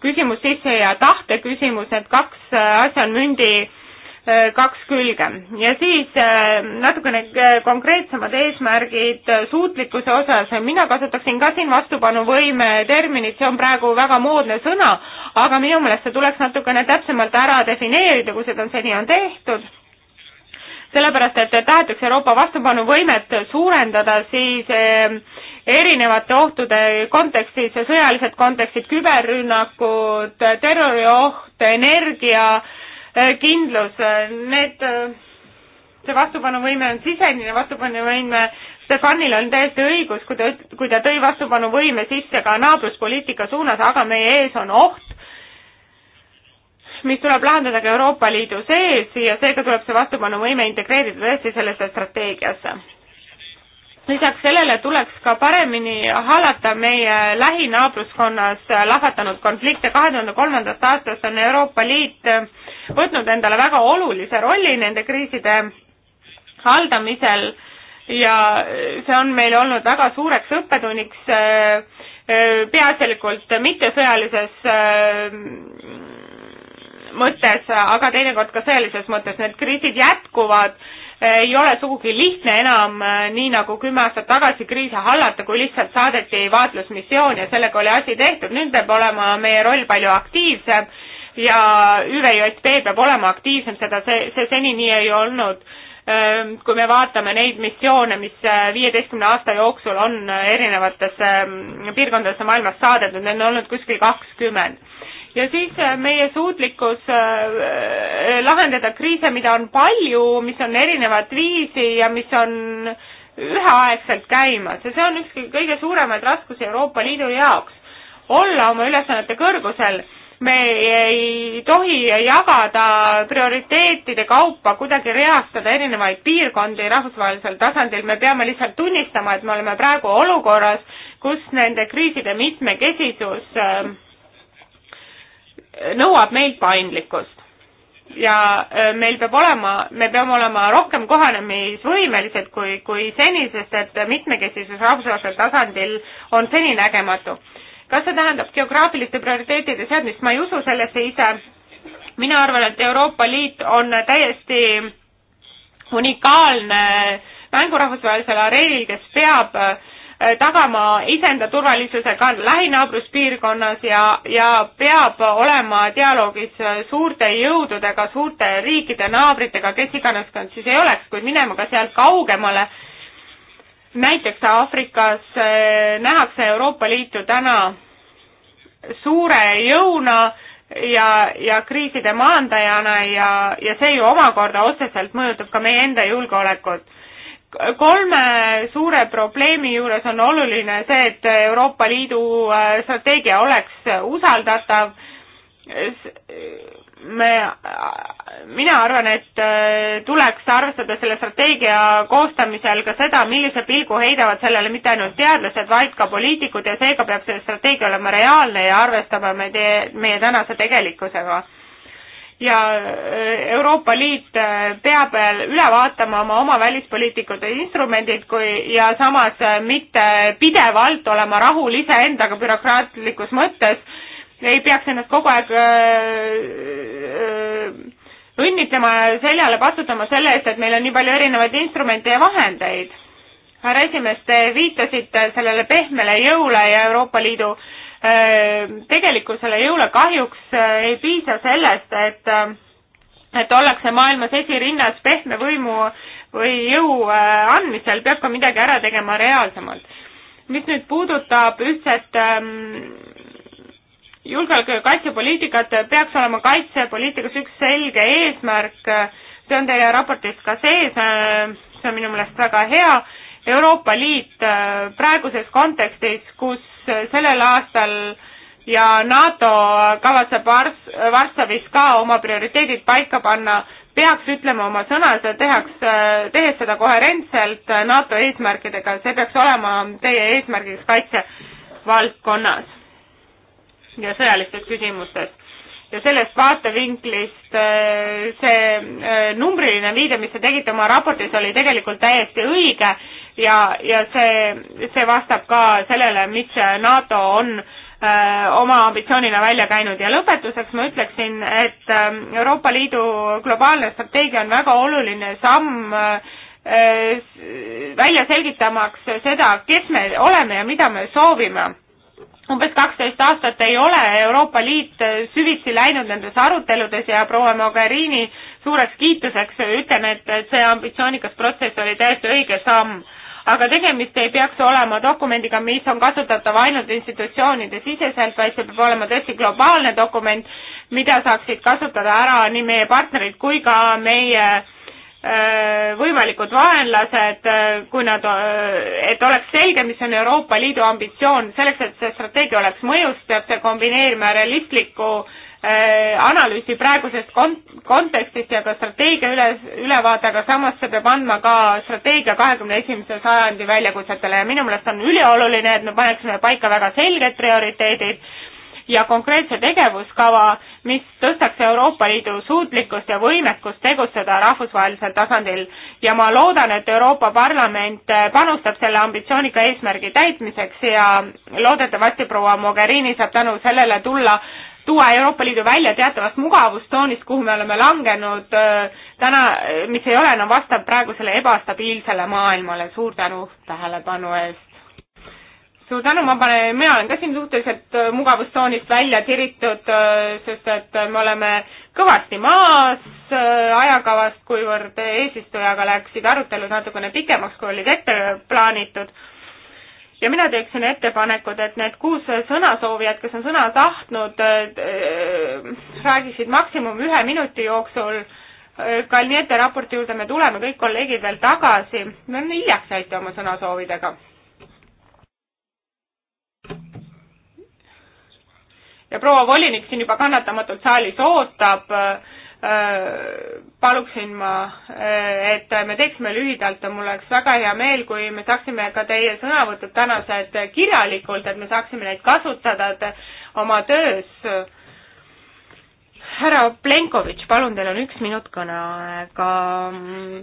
küsimus sisse ja tahte küsimus, need kaks äh, asja on mündi äh, kaks külge. ja siis äh, natukene konkreetsemad eesmärgid suutlikkuse osas, mina kasutaksin ka siin vastupanuvõime terminit, see on praegu väga moodne sõna, aga minu meelest see tuleks natukene täpsemalt ära defineerida, kui seda seni on tehtud sellepärast, et tahetakse Euroopa vastupanuvõimet suurendada, siis erinevate ohtude kontekstis, sõjalised kontekstid, küberrünnakud, terrorioht, energia, eh, kindlus, eh, need, eh, see vastupanuvõime on sisendine vastupanuvõime, Stefanil on täiesti õigus, kui ta, kui ta tõi vastupanuvõime sisse ka naabruspoliitika suunas, aga meie ees on oht, mis tuleb lahendada ka Euroopa Liidu sees ja seega tuleb see vastupanuvõime integreerida tõesti sellesse strateegiasse lisaks sellele tuleks ka paremini hallata meie lähinaabruskonnas lahvatanud konflikte. kahe tuhande kolmandast aastast on Euroopa Liit võtnud endale väga olulise rolli nende kriiside haldamisel ja see on meil olnud väga suureks õppetunniks äh, peaasjalikult mittesõjalises äh, mõttes, aga teinekord ka sõjalises mõttes. Need kriisid jätkuvad ei ole sugugi lihtne enam, äh, nii nagu kümme aastat tagasi kriise hallata, kui lihtsalt saadeti vaatlusmissioon ja sellega oli asi tehtud, nüüd peab olema meie roll palju aktiivsem ja ÜVJSP peab olema aktiivsem, seda see, see seni nii ei olnud. Ähm, kui me vaatame neid missioone, mis äh, viieteistkümne aasta jooksul on äh, erinevatesse ähm, piirkondadesse maailmas saadetud, neid on olnud kuskil kakskümmend ja siis äh, meie suutlikkus äh, äh, lahendada kriise, mida on palju, mis on erinevat viisi ja mis on üheaegselt käimas ja see on üks kõige suuremaid raskusi Euroopa Liidu jaoks, olla oma ülesannete kõrgusel me ei tohi jagada prioriteetide kaupa, kuidagi reastada erinevaid piirkondi rahvusvahelisel tasandil, me peame lihtsalt tunnistama, et me oleme praegu olukorras, kus nende kriiside mitmekesisus äh, nõuab meilt paindlikkust ja äh, meil peab olema, me peame olema rohkem kohanemisvõimelised kui, kui seni, sest et mitmekesisus rahvusvahelisel tasandil on seninägematu. kas see tähendab geograafiliste prioriteetide seadmist, ma ei usu sellesse ise, mina arvan, et Euroopa Liit on täiesti unikaalne mängu rahvusvahelisel areenil, kes peab äh, Äh, tagama iseenda turvalisuse ka lähinaabruspiirkonnas ja, ja peab olema dialoogis äh, suurte jõududega, suurte riikide naabritega, kes iganes ka siis ei oleks, kuid minema ka sealt kaugemale. näiteks Aafrikas äh, nähakse Euroopa Liitu täna suure jõuna ja, ja kriiside maandajana ja, ja see ju omakorda otseselt mõjutab ka meie enda julgeolekut kolme suure probleemi juures on oluline see, et Euroopa Liidu äh, strateegia oleks usaldatav. me, mina arvan, et äh, tuleks arvestada selle strateegia koostamisel ka seda, millise pilgu heidavad sellele mitte ainult teadlased, vaid ka poliitikud ja seega peab see strateegia olema reaalne ja arvestama meie, meie tänase tegelikkusega ja äh, Euroopa Liit äh, peab äh, üle vaatama oma oma välispoliitikute instrumendid kui ja samas mitte pidevalt olema rahul iseendaga bürokraatlikus mõttes, ei peaks ennast kogu aeg õnnitlema ja seljale patsutama selle eest, et meil on nii palju erinevaid instrumente ja vahendeid. härra esimees, te viitasite sellele pehmele jõule ja Euroopa Liidu äh, Ehm, tegelikkusele jõule kahjuks eh, ei piisa sellest, et eh, et ollakse maailmas esirinnas pehme võimu või jõu eh, andmisel, peab ka midagi ära tegema reaalsemalt. mis nüüd puudutab ühtset ehm, julgeoleku- ja kaitsepoliitikat, peaks olema kaitsepoliitikas üks selge eesmärk, see on teie raportis ka sees, ehm, see on minu meelest väga hea, Euroopa Liit praeguses kontekstis, kus sellel aastal ja NATO kavatseb Vars-, Varssavis ka oma prioriteedid paika panna, peaks ütlema oma sõna, seda tehakse, tehes seda koherentselt NATO eesmärkidega, see peaks olema teie eesmärgiks kaitsevaldkonnas ja sõjalistes küsimustes ja sellest vaatevinklist äh, see äh, numbriline viide, mis te tegite oma raportis, oli tegelikult täiesti õige ja, ja see, see vastab ka sellele, mis NATO on äh, oma ambitsioonina välja käinud ja lõpetuseks ma ütleksin, et ähm, Euroopa Liidu globaalne strateegia on väga oluline samm välja selgitamaks seda, kes me oleme ja mida me soovime umbes kaksteist aastat ei ole Euroopa Liit süvitsi läinud nendes aruteludes ja proua Mogherini suureks kiituseks ütlen, et, et see ambitsioonikas protsess oli täiesti õige samm. aga tegemist ei peaks olema dokumendiga, mis on kasutatav ainult institutsioonide siseselt, vaid see peab olema tõesti globaalne dokument, mida saaksid kasutada ära nii meie partnerid kui ka meie äh, Äh, võimalikud vaenlased, äh, kui nad, äh, et oleks selge, mis on Euroopa Liidu ambitsioon, selleks, et see strateegia oleks mõjus, peab see kombineerima realistliku analüüsi praegusest kont-, kontekstist ja ka strateegia üle, ülevaate, aga samas see peab andma ka strateegia kahekümne esimese sajandi väljakutsetele ja minu meelest on ülioluline, et me paneksime paika väga selged prioriteedid, ja konkreetse tegevuskava, mis tõstaks Euroopa Liidu suutlikkust ja võimekust tegutseda rahvusvahelisel tasandil. ja ma loodan, et Euroopa Parlament panustab selle ambitsioonika eesmärgi täitmiseks ja loodetavasti proua Mogherini saab tänu sellele tulla tuua Euroopa Liidu välja teatavast mugavustsoonist, kuhu me oleme langenud äh, täna, äh, mis ei ole enam vastav praegusele ebastabiilsele maailmale. suur tänu tähelepanu eest! suur tänu, ma panen, mina olen ka siin suhteliselt äh, mugavustsoonist välja tiritud, äh, sest et äh, me oleme kõvasti maas ajakavast, kuivõrd eesistujaga läksid arutelud natukene pikemaks, kui olid ette plaanitud. ja mina teeksin ettepanekud, et need kuus sõnasoovijat, kes on sõna tahtnud, räägiksid maksimum ühe minuti jooksul Kalniete raporti juurde me tuleme, kõik kolleegid veel tagasi, me oleme hiljaks jäite oma sõnasoovidega ja proua volinik siin juba kannatamatult saalis ootab, äh, paluksin ma, äh, et me teeksime lühidalt, mul oleks väga hea meel, kui me saaksime ka teie sõnavõtud tänased kirjalikult, et me saaksime neid kasutada oma töös. härra Plenkovitš, palun, teil on üks minut kõneaega.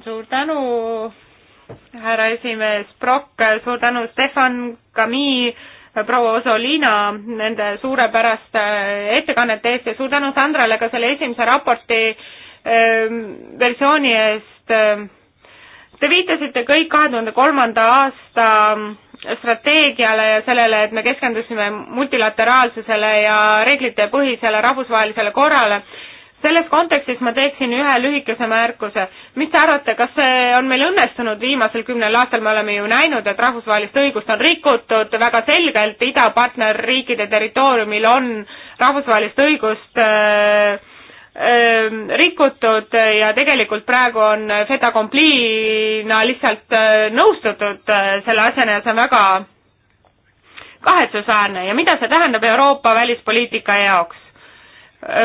suur tänu, härra esimees Prokk, suur tänu, Stefan Kami proua Osolina nende suurepäraste äh, ettekannete eest ja suur tänu Sandrale ka selle esimese raporti ähm, versiooni eest. Ähm, te viitasite kõik kahe tuhande kolmanda aasta strateegiale ja sellele, et me keskendusime multilateraalsusele ja reeglitepõhisele rahvusvahelisele korrale selles kontekstis ma teeksin ühe lühikese märkuse. mis te arvate, kas see on meil õnnestunud viimasel kümnel aastal, me oleme ju näinud, et rahvusvahelist õigust on rikutud väga selgelt, idapartnerriikide territooriumil on rahvusvahelist õigust äh, äh, rikutud ja tegelikult praegu on fait accompli'na lihtsalt äh, nõustutud äh, selle asjana ja see on väga kahetsusväärne ja mida see tähendab Euroopa välispoliitika jaoks?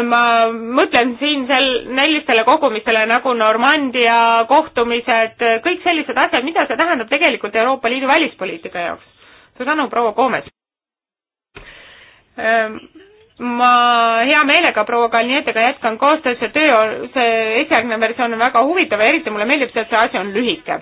ma mõtlen siin sel-, sellistele kogumistele nagu Normandia kohtumised, kõik sellised asjad, mida see tähendab tegelikult Euroopa Liidu välispoliitika jaoks? suur tänu, proua Koomes! Ehm, ma hea meelega proua Kalnietega jätkan koostöös, see töö, see esialgne versioon on väga huvitav ja eriti mulle meeldib see, et see asi on lühike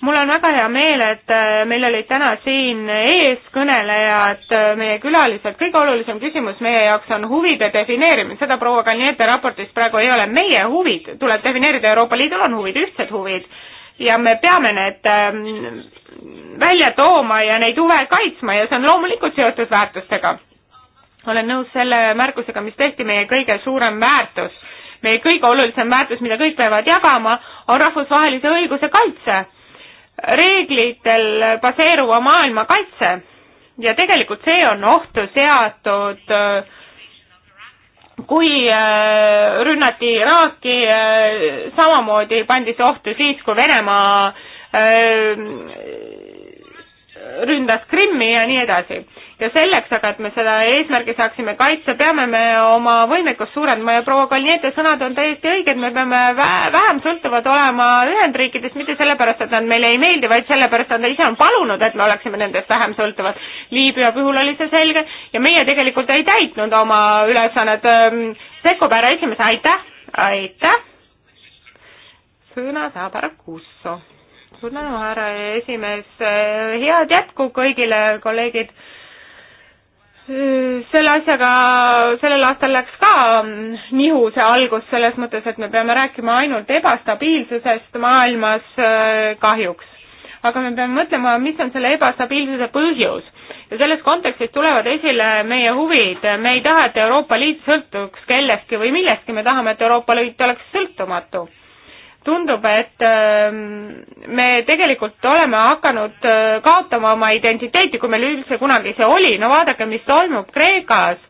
mul on väga hea meel, et äh, meil olid täna siin eeskõnelejad, äh, meie külalised, kõige olulisem küsimus meie jaoks on huvide defineerimine, seda proua Kalniete raportis praegu ei ole, meie huvid tuleb defineerida, Euroopa Liidul on huvid, ühtsed huvid, ja me peame need ähm, välja tooma ja neid huve kaitsma ja see on loomulikult seotud väärtustega. olen nõus selle märkusega, mis tehti, meie kõige suurem väärtus, meie kõige olulisem väärtus, mida kõik peavad jagama, on rahvusvahelise õiguse kaitse reeglitel baseeruva maailma kaitse ja tegelikult see on ohtu seatud kui äh, rünnati Iraaki, äh, samamoodi pandi see ohtu siis, kui Venemaa äh, ründas Krimmi ja nii edasi ja selleks aga, et me seda eesmärgi saaksime kaitsta, peame me oma võimekust suurendama ja proua Kalniete sõnad on täiesti õiged, me peame vähem sõltuvad olema Ühendriikidest, mitte sellepärast, et nad meile ei meeldi, vaid sellepärast, et nad ise on palunud, et me oleksime nendest vähem sõltuvad. Liibüa puhul oli see selge ja meie tegelikult ei täitnud oma ülesannet. Ehm, sekkub härra esimees, aitäh, aitäh. sõna saab härra Kusso. suur tänu, härra esimees, head jätku kõigile, kolleegid selle asjaga, sellel aastal läks ka mm, nihu see algus, selles mõttes, et me peame rääkima ainult ebastabiilsusest maailmas äh, kahjuks. aga me peame mõtlema, mis on selle ebastabiilsuse põhjus. ja selles kontekstis tulevad esile meie huvid, me ei taha, et Euroopa Liit sõltuks kellestki või millestki, me tahame, et Euroopa Liit oleks sõltumatu tundub, et ähm, me tegelikult oleme hakanud äh, kaotama oma identiteeti, kui meil üldse kunagi see oli, no vaadake, mis toimub Kreekas,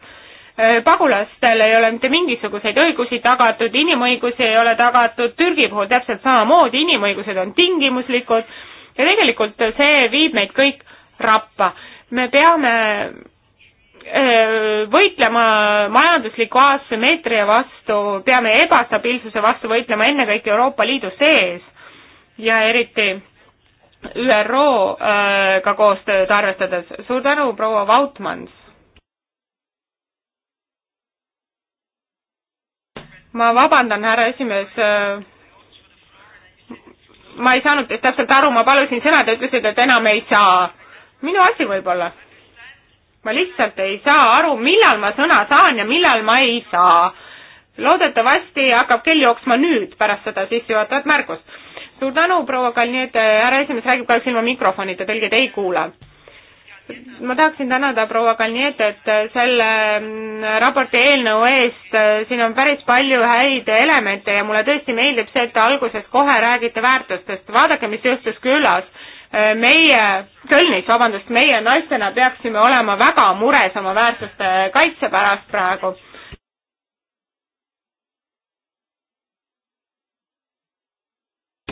äh, pagulastel ei ole mitte mingisuguseid õigusi tagatud, inimõigusi ei ole tagatud, Türgi puhul täpselt samamoodi, inimõigused on tingimuslikud ja tegelikult see viib meid kõik rappa. me peame Äh, võitlema majandusliku asümmeetria vastu, peame ebastabiilsuse vastu võitlema ennekõike Euroopa Liidu sees ja eriti ÜRO-ga äh, koostööd arvestades. suur tänu, proua Vautmans! ma vabandan, härra esimees, äh, ma ei saanud täpselt aru, ma palusin sõna, te ütlesite, et enam ei saa. minu asi võib-olla ma lihtsalt ei saa aru, millal ma sõna saan ja millal ma ei saa. loodetavasti hakkab kell jooksma nüüd pärast seda sissejuhatavat märkust. suur tänu, proua Kalniete, härra esimees räägib kahjuks ilma mikrofonita, tõlgid ei kuule ma tahaksin tänada proua Kalnietet selle mm, raporti eelnõu eest, äh, siin on päris palju häid elemente ja mulle tõesti meeldib see, et te alguses kohe räägite väärtustest, vaadake, mis juhtus külas meie, Kölnis, vabandust, meie naistena peaksime olema väga mures oma väärtuste kaitse pärast praegu.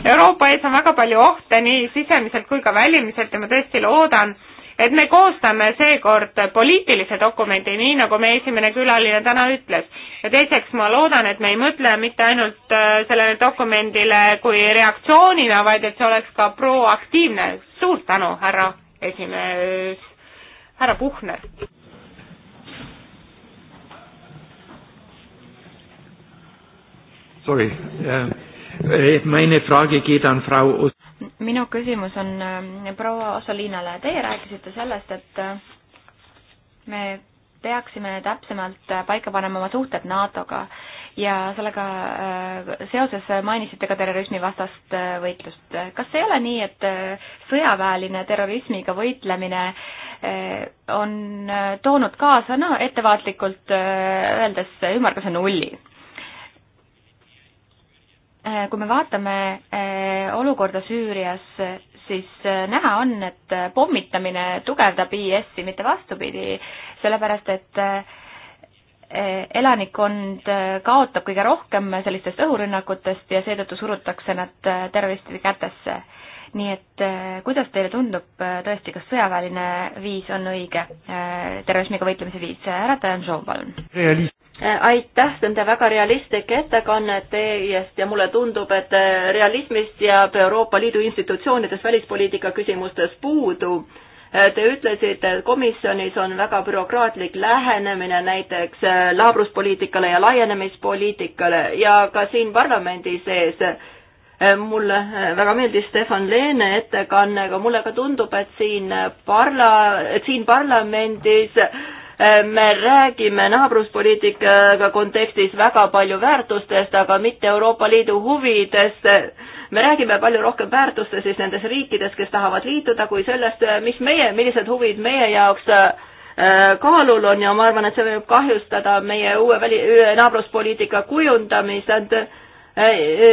Euroopa ees on väga palju ohte nii sisemiselt kui ka välimiselt ja ma tõesti loodan, et me koostame seekord poliitilise dokumendi, nii nagu meie esimene külaline täna ütles. ja teiseks ma loodan, et me ei mõtle mitte ainult äh, sellele dokumendile kui reaktsioonina, vaid et see oleks ka proaktiivne. suur tänu, härra esimees, härra Puhner. Sorry, äh, äh, meine Frage geht an Frau Ost- minu küsimus on äh, proua Ossolinale, teie rääkisite sellest, et äh, me peaksime täpsemalt äh, paika panema oma suhted NATO-ga ja sellega seoses mainisite ka terrorismivastast võitlust. kas ei ole nii, et sõjaväeline terrorismiga võitlemine on toonud kaasa, no ettevaatlikult öeldes, ümmarguse nulli? Äh, kui me vaatame äh, olukorda Süürias, siis äh, näha on, et pommitamine tugevdab IS-i, mitte vastupidi, sellepärast et elanikkond kaotab kõige rohkem sellistest õhurünnakutest ja seetõttu surutakse nad terroristide kätesse. nii et kuidas teile tundub tõesti, kas sõjaväeline viis on õige terrorismiga võitlemise viis? härra Tõnšov, palun. Äh, aitäh nende väga realistlike ettekannete eest ja mulle tundub, et äh, realismist jääb Euroopa Liidu institutsioonides välispoliitika küsimustes puudu. Äh, te ütlesite, et komisjonis on väga bürokraatlik lähenemine näiteks laabruspoliitikale ja laienemispoliitikale ja ka siin parlamendi sees mulle väga meeldis Stefan Leene ettekanne, aga mulle ka tundub, et siin parla, et siin parlamendis äh, me räägime naabruspoliitikaga kontekstis väga palju väärtustest, aga mitte Euroopa Liidu huvidest. me räägime palju rohkem väärtustest siis nendes riikides, kes tahavad liituda, kui sellest, mis meie, millised huvid meie jaoks äh, kaalul on ja ma arvan, et see võib kahjustada meie uue väli, naabruspoliitika kujundamist, et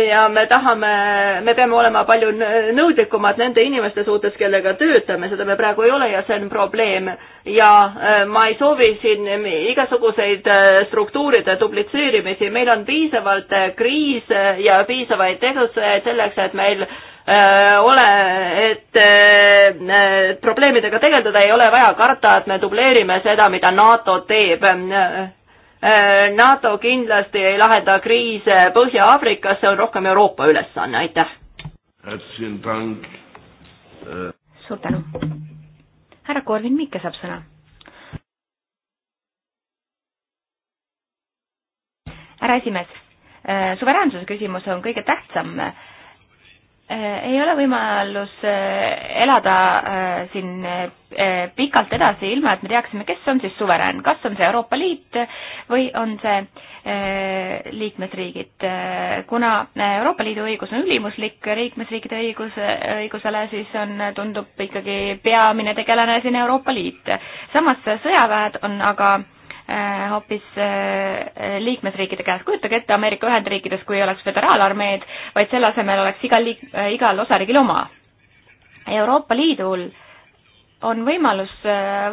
ja me tahame, me peame olema palju nõudlikumad nende inimeste suhtes, kellega töötame, seda me praegu ei ole ja see on probleem. ja äh, ma ei soovi siin igasuguseid äh, struktuuride duplitseerimisi, meil on piisavalt äh, kriise ja piisavaid tegutsejaid selleks, et meil ole, et probleemidega tegeldada, ei ole vaja karta, et me dubleerime seda, mida NATO teeb Äh, NATO kindlasti ei lahenda kriise Põhja-Aafrikas, see on rohkem Euroopa ülesanne, aitäh. Äh. suur tänu. härra Korvin Mikke saab sõna. härra esimees, äh, suveräänsuse küsimus on kõige tähtsam Äh, ei ole võimalus äh, elada äh, siin pikalt edasi, ilma et me teaksime, kes on siis suverään, kas on see Euroopa Liit või on see liikmesriigid. kuna Euroopa Liidu õigus on ülimuslik liikmesriikide õigus, õigusele, siis on, tundub ikkagi peamine tegelane siin Euroopa Liit. samas sõjaväed on aga Eh, hoopis eh, liikmesriikide käes. kujutage ette Ameerika Ühendriikides, kui ei oleks föderaalarmeed, vaid selle asemel oleks igal liik-, eh, igal osariigil oma. Euroopa Liidul on võimalus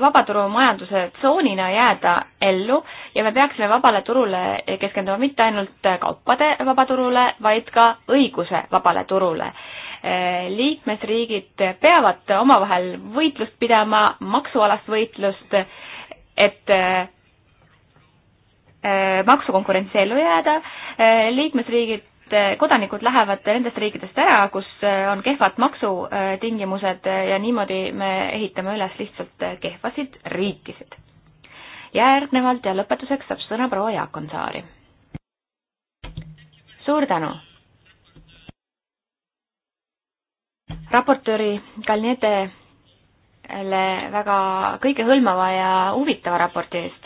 vabaturumajanduse tsoonina jääda ellu ja me peaksime vabale turule keskenduma mitte ainult kaupade vabaturule, vaid ka õiguse vabale turule liikmesriigid peavad omavahel võitlust pidama, maksualast võitlust, et Äh, maksukonkurentsi ellu jääda, äh, liikmesriigid äh, kodanikud lähevad nendest riikidest ära, kus on kehvad maksutingimused ja niimoodi me ehitame üles lihtsalt kehvasid riikisid. järgnevalt ja lõpetuseks saab sõna proua Jaakonsaari. suur tänu! raportööri Kalnietele väga kõigehõlmava ja huvitava raporti eest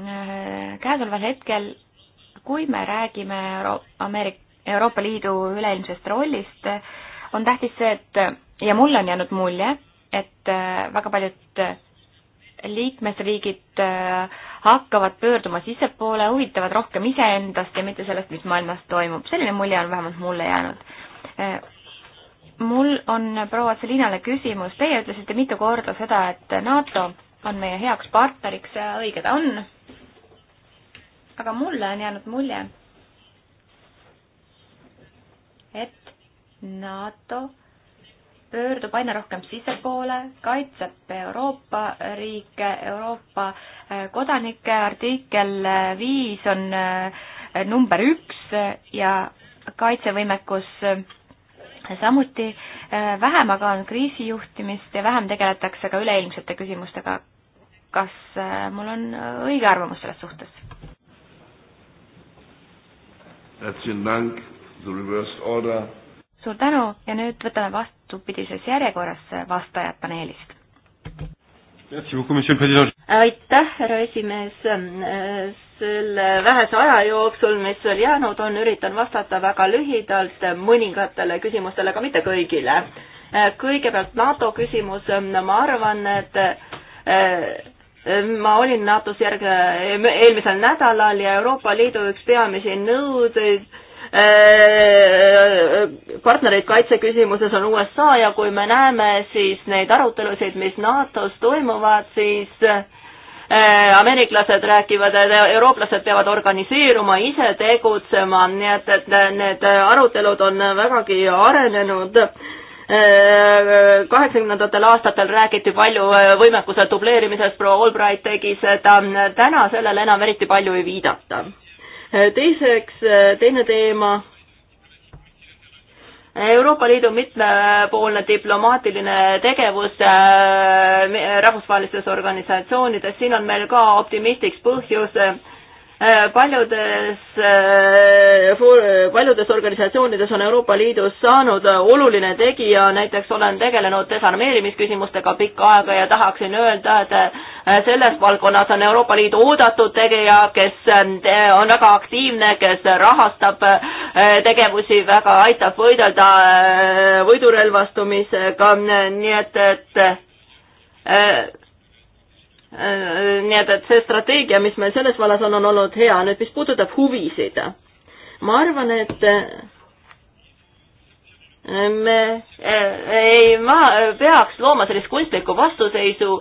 Äh, käesoleval hetkel, kui me räägime Euro-, Ameerik-, Euroopa Liidu üleilmsest rollist, on tähtis see, et ja mulle on jäänud mulje, et äh, väga paljud liikmesriigid äh, hakkavad pöörduma sissepoole, huvitavad rohkem iseendast ja mitte sellest, mis maailmas toimub. selline mulje on vähemalt mulle jäänud. mul on proua Selinale küsimus, teie ütlesite mitu korda seda, et NATO on meie heaks partneriks ja õige ta on, aga mulle on jäänud mulje, et NATO pöördub aina rohkem sisepoole, kaitseb Euroopa riike, Euroopa äh, kodanikke, artikkel viis on äh, number üks ja kaitsevõimekus äh, samuti vähem, aga on kriisijuhtimist ja vähem tegeletakse ka üleilmsete küsimustega. kas mul on õige arvamus selles suhtes? suur tänu ja nüüd võtame vastupidises järjekorras vastajad paneelist. aitäh, härra esimees. selle vähese aja jooksul, mis veel jäänud on, üritan vastata väga lühidalt mõningatele küsimustele, aga mitte kõigile. kõigepealt NATO küsimus, ma arvan, et ma olin NATO-s järg-, eelmisel nädalal ja Euroopa Liidu üks peamisi nõudeid äh, partnereid kaitseküsimuses on USA ja kui me näeme siis neid arutelusid, mis NATO-s toimuvad, siis äh, ameeriklased räägivad, et eurooplased peavad organiseeruma, ise tegutsema, nii et, et need arutelud on vägagi arenenud kaheksakümnendatel aastatel räägiti palju äh, võimekuse dubleerimisest, proua Albright tegi seda, täna sellele enam eriti palju ei viidata. Äh, teiseks, äh, teine teema Euroopa Liidu mitmepoolne diplomaatiline tegevus rahvusvahelistes organisatsioonides, siin on meil ka optimistiks põhjus, Äh, paljudes, äh, paljudes organisatsioonides on Euroopa Liidus saanud äh, oluline tegija, näiteks olen tegelenud desarmeerimisküsimustega pikka aega ja tahaksin öelda, et selles valdkonnas on Euroopa Liit oodatud tegija, kes on väga aktiivne, kes rahastab tegevusi, väga aitab võidelda võidurelvastumisega, nii et, et Äh, nii et, et see strateegia, mis meil selles vallas on, on olnud hea. nüüd, mis puudutab huvisid, ma arvan, et äh, me äh, ei ma, peaks looma sellist kunstlikku vastuseisu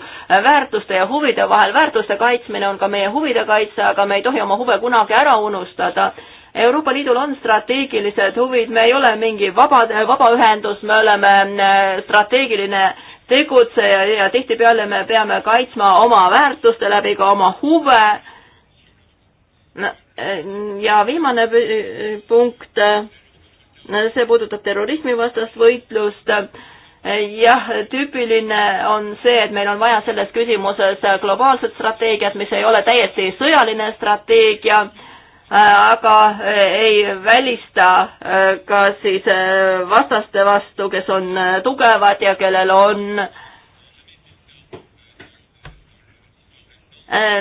väärtuste ja huvide vahel. väärtuste kaitsmine on ka meie huvide kaitse, aga me ei tohi oma huve kunagi ära unustada. Euroopa Liidul on strateegilised huvid, me ei ole mingi vaba, vabaühendus, me oleme strateegiline tegutseja ja tihtipeale me peame kaitsma oma väärtuste läbi ka oma huve. Eh, ja viimane punkt, eh, see puudutab terrorismivastast võitlust eh, jah, tüüpiline on see, et meil on vaja selles küsimuses globaalset strateegiat, mis ei ole täiesti sõjaline strateegia Äh, aga äh, ei välista äh, ka siis vastaste vastu, kes on tugevad ja kellel on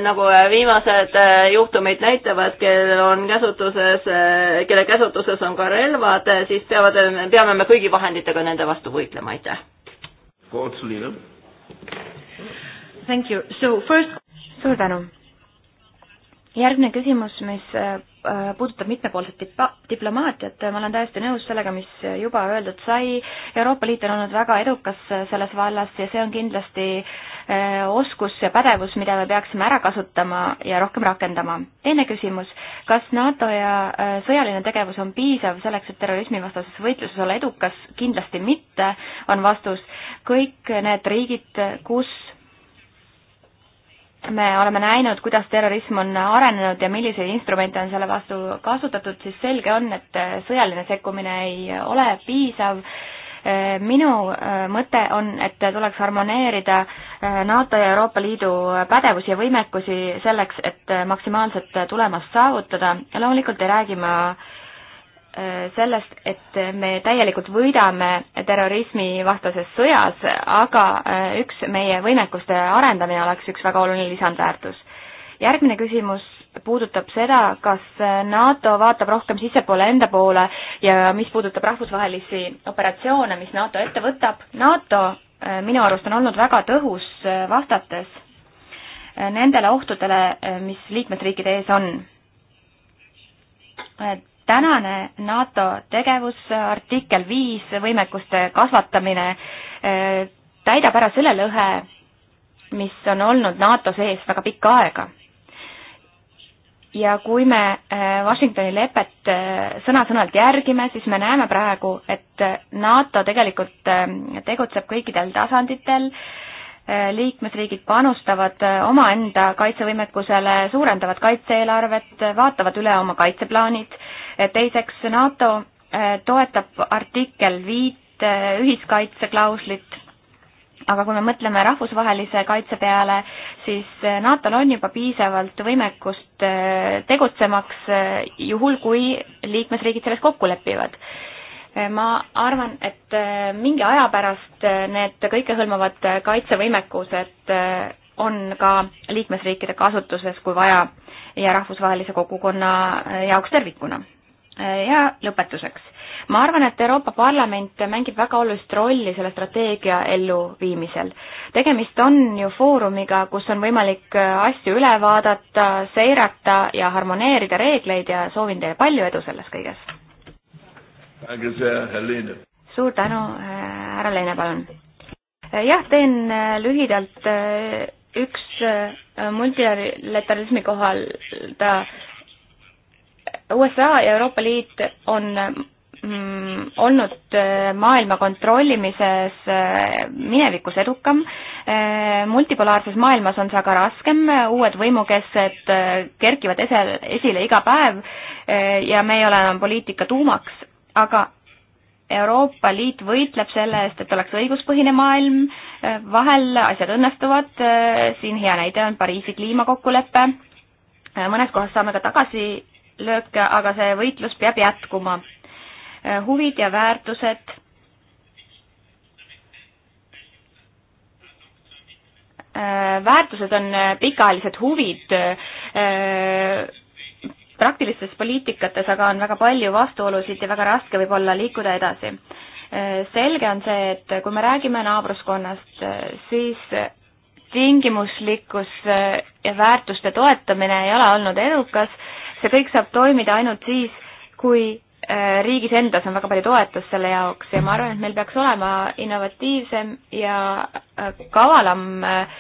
nagu viimased juhtumid näitavad, kellel on käsutuses, kelle käsutuses on ka relvad, siis peavad, peame me kõigi vahenditega nende vastu võitlema, aitäh. Thank you, so first. suur tänu järgmine küsimus, mis äh, äh, puudutab mitmepoolset dip-, diplomaatiat, ma olen täiesti nõus sellega, mis juba öeldud sai, Euroopa Liit on olnud väga edukas äh, selles vallas ja see on kindlasti oskus ja pädevus, mida me peaksime ära kasutama ja rohkem rakendama. teine küsimus, kas NATO ja sõjaline tegevus on piisav selleks, et terrorismivastases võitluses olla edukas, kindlasti mitte, on vastus. kõik need riigid, kus me oleme näinud, kuidas terrorism on arenenud ja milliseid instrumente on selle vastu kasutatud, siis selge on, et äh, sõjaline sekkumine ei ole piisav. Äh, minu äh, mõte on, et tuleks harmoneerida NATO ja Euroopa Liidu pädevusi ja võimekusi selleks, et maksimaalset tulemust saavutada ja loomulikult ei räägi ma Äh, sellest, et me täielikult võidame terrorismivastases sõjas, aga äh, üks meie võimekuste arendamine oleks üks väga oluline lisandväärtus. järgmine küsimus puudutab seda, kas NATO vaatab rohkem sissepoole enda poole ja mis puudutab rahvusvahelisi operatsioone, mis NATO ette võtab. NATO äh, minu arust on olnud väga tõhus vastates nendele ohtudele, mis liikmesriikide ees on tänane NATO tegevus, artikkel viis, võimekuste kasvatamine, äh, täidab ära selle lõhe, mis on olnud NATO sees väga pikka aega. ja kui me äh, Washingtoni lepet äh, sõna-sõnalt järgime, siis me näeme praegu, et NATO tegelikult ähm, tegutseb kõikidel tasanditel äh, liikmesriigid panustavad äh, omaenda kaitsevõimekusele, suurendavad kaitse-eelarvet, vaatavad üle oma kaitseplaanid, äh, teiseks NATO äh, toetab artikkel viit ühiskaitseklauslit, aga kui me mõtleme rahvusvahelise kaitse peale, siis NATO-l on juba piisavalt võimekust tegutsemaks, juhul kui liikmesriigid selles kokku lepivad Eh, ma arvan, et eh, mingi aja pärast eh, need kõikehõlmavad kaitsevõimekused on ka liikmesriikide kasutuses, kui vaja, ja rahvusvahelise kogukonna jaoks tervikuna. ja lõpetuseks. ma arvan, et Euroopa Parlament mängib väga olulist rolli selle strateegia elluviimisel. tegemist on ju foorumiga, kus on võimalik asju üle vaadata, seirata ja harmoneerida reegleid ja soovin teile palju edu selles kõiges! suur tänu, härra Leene, palun. jah, teen äh, lühidalt äh, üks äh, multilateralismi kohal ta USA ja Euroopa Liit on mm, olnud maailma kontrollimises minevikus edukam. multipolaarses maailmas on see aga raskem, uued võimukesed kerkivad esel, esile iga päev ja me ei ole enam poliitika tuumaks, aga Euroopa Liit võitleb selle eest, et oleks õiguspõhine maailm, vahel asjad õnnestuvad, siin hea näide on Pariisi kliimakokkulepe, mõnes kohas saame ka tagasilööke, aga see võitlus peab jätkuma. huvid ja väärtused väärtused on pikaajalised huvid praktilistes poliitikates aga on väga palju vastuolusid ja väga raske võib-olla liikuda edasi. selge on see, et kui me räägime naabruskonnast, siis tingimuslikkus ja väärtuste toetamine ei ole olnud edukas, see kõik saab toimida ainult siis, kui äh, riigis endas on väga palju toetust selle jaoks ja ma arvan, et meil peaks olema innovatiivsem ja äh, kavalam äh,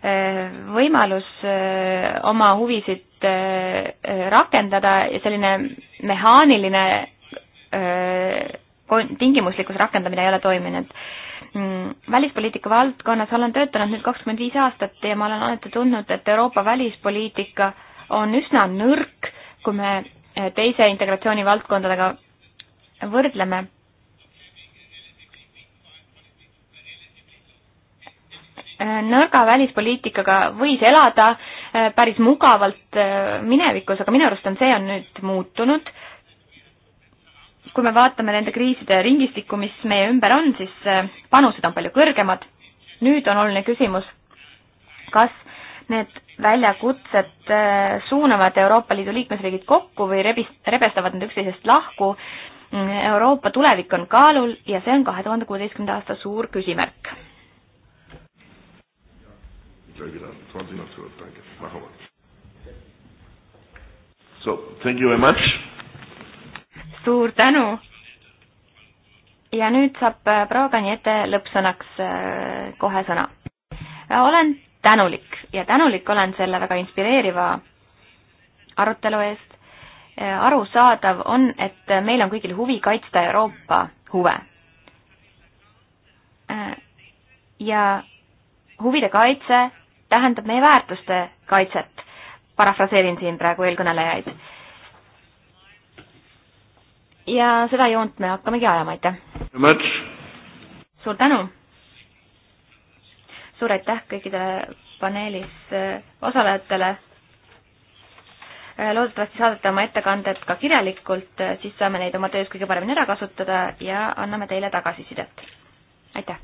Eh, võimalus eh, oma huvisid eh, rakendada ja selline mehaaniline tingimuslikkus rakendamine ei ole toiminud. Mm, välispoliitika valdkonnas olen töötanud nüüd kakskümmend viis aastat ja ma olen alati tundnud, et Euroopa välispoliitika on üsna nõrk, kui me teise integratsiooni valdkondadega võrdleme Äh, nõrga välispoliitikaga võis elada äh, päris mugavalt äh, minevikus, aga minu arust on see on nüüd muutunud. kui me vaatame nende kriiside ringistikku, mis meie ümber on, siis panused on palju kõrgemad. nüüd on oluline küsimus, kas need väljakutsed suunavad Euroopa Liidu liikmesriigid kokku või rebis-, rebestavad nad üksteisest lahku. Mm, Euroopa tulevik on kaalul ja see on kahe tuhande kuueteistkümnenda aasta suur küsimärk Ja, genau. 20 nach 12. Danke. Machen wir. So, thank you very much. suur tänu. ja nüüd saab Braagani äh, ette lõppsõnaks äh, kohe sõna. Äh, olen tänulik ja tänulik olen selle väga inspireeriva arutelu eest. arusaadav on, et meil on kõigil huvi kaitsta Euroopa huve. ja huvide kaitse tähendab meie väärtuste kaitset. parafraseerin siin praegu eelkõnelejaid. ja seda joont me hakkamegi ajama, aitäh! suur tänu! suur aitäh kõikidele paneelis äh, osalejatele. Äh, loodetavasti saadate oma ettekanded ka kirjalikult, äh, siis saame neid oma töös kõige paremini ära kasutada ja anname teile tagasisidet. aitäh!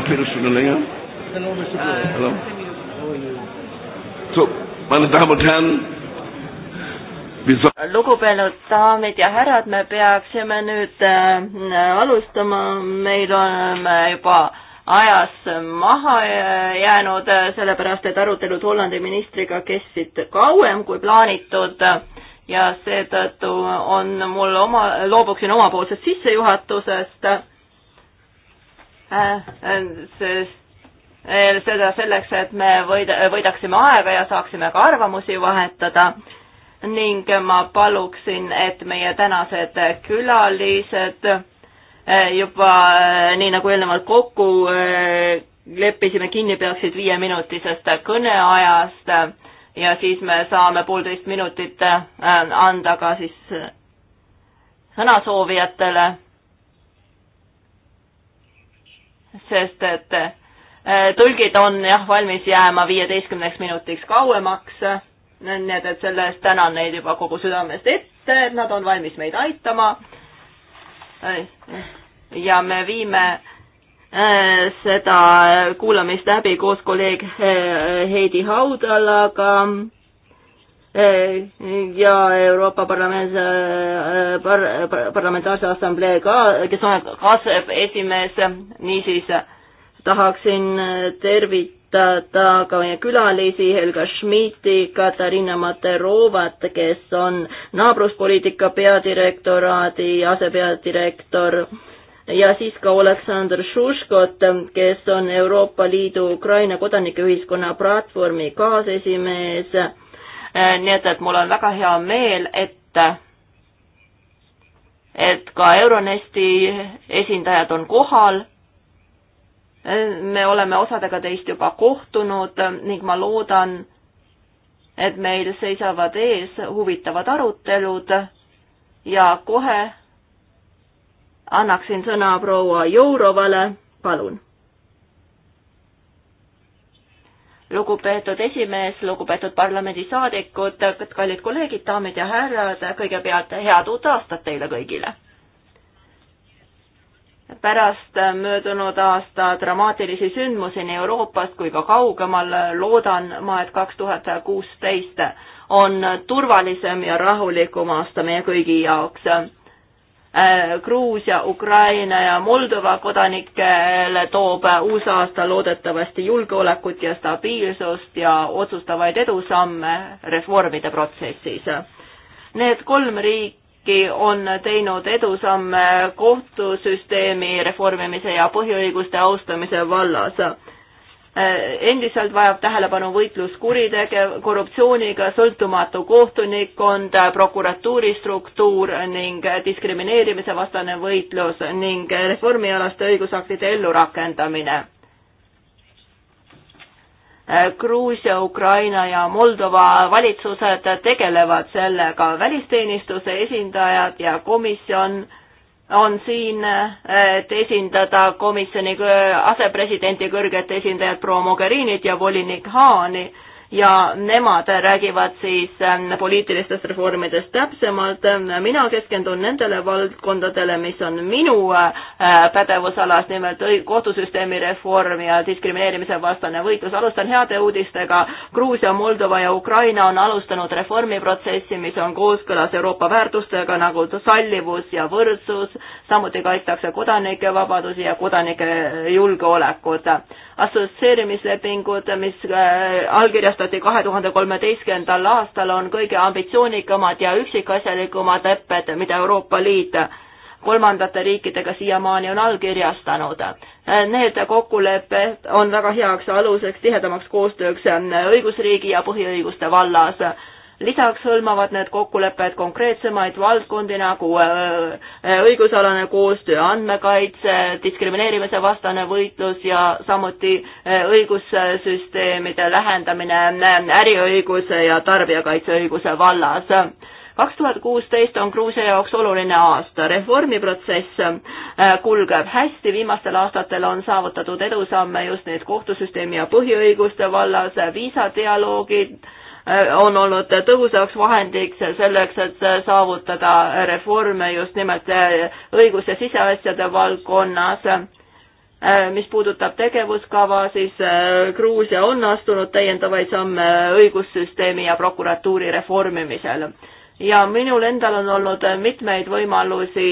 Viertelstunde länger? Hallo? So, meine Damen und Herren, lugupeetud daamid ja härrad, me peaksime nüüd äh, alustama, meil oleme äh, juba ajas maha äh, jäänud, äh, sellepärast et arutelud Hollandi ministriga kestsid kauem kui plaanitud ja seetõttu on mul oma, loobuksin omapoolsest sissejuhatusest Äh, äh, sest äh, seda selleks, et me võida, võidaksime aega ja saaksime ka arvamusi vahetada ning ma paluksin, et meie tänased külalised juba nii nagu eelnevalt kokku leppisime kinni, peaksid viieminutisest kõneajast ja siis me saame poolteist minutit anda ka siis sõnasoovijatele sest et äh, tõlgid on jah valmis jääma viieteistkümneks minutiks kauemaks. nii et, et selle eest tänan neid juba kogu südamest ette, et nad on valmis meid aitama. ja me viime äh, seda kuulamist läbi koos kolleeg äh, Heidi Haudalaga Äh, ja Euroopa Parlament äh, par,, Parlamentaarse Assamblee ka, kes on aseesimees, niisiis tahaksin äh, tervitada ka meie külalisi Helga Schmidti, Katariina Materovat, kes on naabruspoliitika peadirektoraadi asepeadirektor ja siis ka Oleksandr Šuškot, kes on Euroopa Liidu Ukraina kodanikeühiskonna platvormi kaasesimees Eh, nii et, et mul on väga hea meel, et et ka Euronesti esindajad on kohal. Eh, me oleme osadega teist juba kohtunud ning ma loodan, et meil seisavad ees huvitavad arutelud ja kohe annaksin sõna proua Jourovale, palun lugupeetud esimees, lugupeetud parlamendisaadikud, kallid kolleegid, daamid ja härrad, kõigepealt head uut aastat teile kõigile! pärast möödunud aasta dramaatilisi sündmusi nii Euroopast kui ka kaugemal loodan ma, et kaks tuhat kuusteist on turvalisem ja rahulikum aasta meie kõigi jaoks Äh, Gruusia, Ukraina ja Moldova kodanikele toob uus aasta loodetavasti julgeolekut ja stabiilsust ja otsustavaid edusamme reformide protsessis. Need kolm riiki on teinud edusamme kohtusüsteemi reformimise ja põhiõiguste austamise vallas Äh, endiselt vajab tähelepanu võitlus kuritegev, korruptsiooniga, sõltumatu kohtunikkond, prokuratuuri struktuur ning diskrimineerimise vastane võitlus ning reformialaste õigusaktide ellurakendamine. Äh, Gruusia, Ukraina ja Moldova valitsused tegelevad sellega, välisteenistuse esindajad ja komisjon on siin, et esindada komisjoni asepresidenti kõrget esindajat proua Mogherinit ja volinik Haani ja nemad räägivad siis ähm, poliitilistest reformidest täpsemalt. mina keskendun nendele valdkondadele, mis on minu äh, pädevusalas, nimelt kohtusüsteemi reform ja diskrimineerimise vastane võitlus. alustan heade uudistega. Gruusia, Moldova ja Ukraina on alustanud reformiprotsessi, mis on kooskõlas Euroopa väärtustega nagu sallivus ja võrdsus, samuti kaitstakse kodanike vabadusi ja kodanike julgeolekut assotsieerimislepingud, mis äh, allkirjastati kahe tuhande kolmeteistkümnendal aastal, on kõige ambitsioonikamad ja üksikasjalikumad lepped, mida Euroopa Liit kolmandate riikidega siiamaani on allkirjastanud. Need kokkulepped on väga heaks aluseks tihedamaks koostööks õigusriigi ja põhiõiguste vallas lisaks hõlmavad need kokkulepped konkreetsemaid valdkondi nagu äh, äh, õigusalane koostöö, andmekaitse, diskrimineerimise vastane võitlus ja samuti äh, õigussüsteemide lähendamine äriõiguse ja tarbijakaitseõiguse vallas kaks tuhat kuusteist on Gruusia jaoks oluline aasta, reformiprotsess kulgeb hästi, viimastel aastatel on saavutatud edusamme just nüüd kohtusüsteemi ja põhiõiguste vallas, viisadialoogid Äh, on olnud tõhusaks vahendiks selleks, et saavutada reforme just nimelt äh, õigus- ja siseasjade valdkonnas. Äh, mis puudutab tegevuskava, siis Gruusia on astunud täiendavaid samme õigussüsteemi ja prokuratuuri reformimisel ja minul endal on olnud mitmeid võimalusi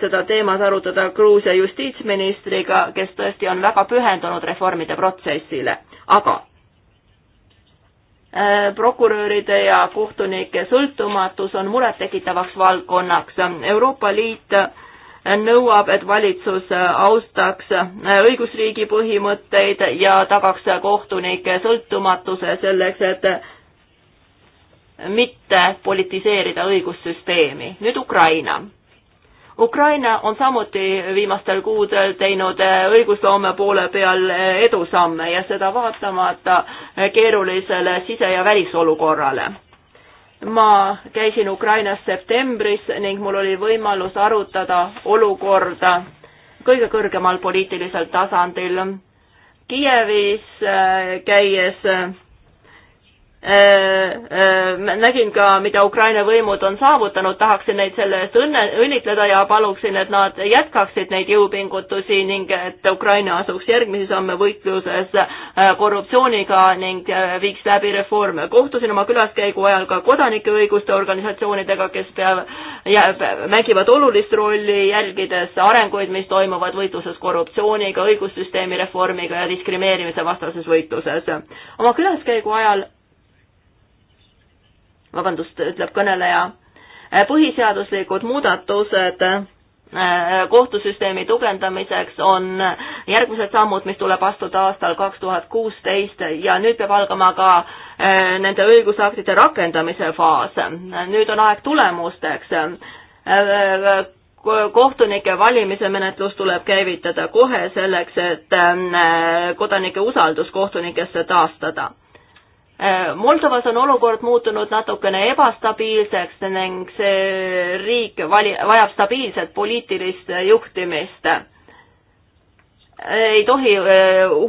seda teemat arutada Gruusia justiitsministriga, kes tõesti on väga pühendunud reformide protsessile, aga Äh, prokuröride ja kohtunike sõltumatus on murettekitavaks valdkonnaks. Euroopa Liit äh, nõuab, et valitsus äh, austaks õigusriigi põhimõtteid ja tagaks kohtunike sõltumatuse selleks, et mitte politiseerida õigussüsteemi. nüüd Ukraina Ukraina on samuti viimastel kuudel teinud eh, õigusloome poole peal eh, edusamme ja seda vaatamata eh, keerulisele sise- ja välisolukorrale. ma käisin Ukrainas septembris ning mul oli võimalus arutada olukorda kõige kõrgemal poliitilisel tasandil. Kiievis käies Äh, äh, nägin ka, mida Ukraina võimud on saavutanud, tahaksin neid selle eest õnne, õnnitleda ja paluksin, et nad jätkaksid neid jõupingutusi ning et Ukraina asuks järgmisi samme võitluses äh, korruptsiooniga ning viiks läbi reforme. kohtusin oma külaskäigu ajal ka kodanikeõiguste organisatsioonidega, kes peab, mängivad olulist rolli, jälgides arenguid, mis toimuvad võitluses korruptsiooniga, õigussüsteemi reformiga ja diskrimineerimise vastases võitluses. oma külaskäigu ajal vabandust, ütleb kõneleja, äh, põhiseaduslikud muudatused äh, kohtusüsteemi tugevdamiseks on järgmised sammud, mis tuleb astuda aastal kaks tuhat kuusteist ja nüüd peab algama ka äh, nende õigusaktide rakendamise faas. nüüd on aeg tulemusteks. kohtunike valimise menetlus tuleb käivitada kohe selleks, et kodanike usaldus kohtunikesse taastada Äh, Moldovas on olukord muutunud natukene ebastabiilseks ning see riik vali, vajab stabiilset poliitilist juhtimist. Äh, ei tohi äh,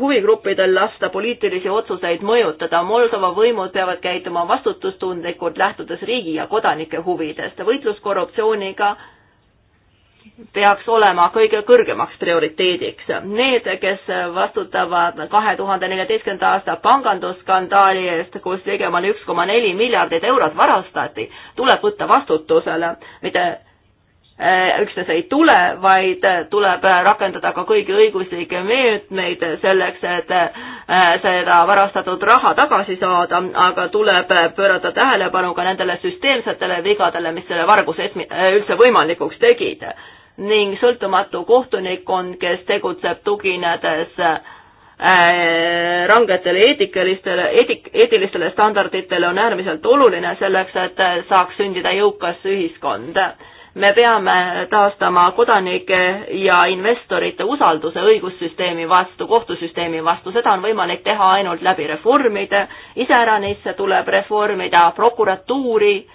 huvigruppidel lasta poliitilisi otsuseid mõjutada, Moldova võimud peavad käituma vastutustundlikult, lähtudes riigi ja kodanike huvidest. võitlus korruptsiooniga äh, peaks olema kõige kõrgemaks prioriteediks. Need, kes vastutavad kahe tuhande neljateistkümnenda aasta pangandusskandaali eest, kus ligemale üks koma neli miljardit eurot varastati, tuleb võtta vastutusele, mitte eh, üksnes ei tule, vaid tuleb rakendada ka kõigi õiguslikke meetmeid selleks, et eh, seda varastatud raha tagasi saada, aga tuleb pöörata tähelepanu ka nendele süsteemsetele vigadele, mis selle varguse üldse võimalikuks tegid ning sõltumatu kohtunikkond, kes tegutseb tuginedes äh, rangetele eetikalistele, eetik-, eetilistele standarditele on äärmiselt oluline selleks, et saaks sündida jõukas ühiskond. me peame taastama kodanike ja investorite usalduse õigussüsteemi vastu, kohtusüsteemi vastu, seda on võimalik teha ainult läbi reformide, iseäranis tuleb reformida prokuratuuri,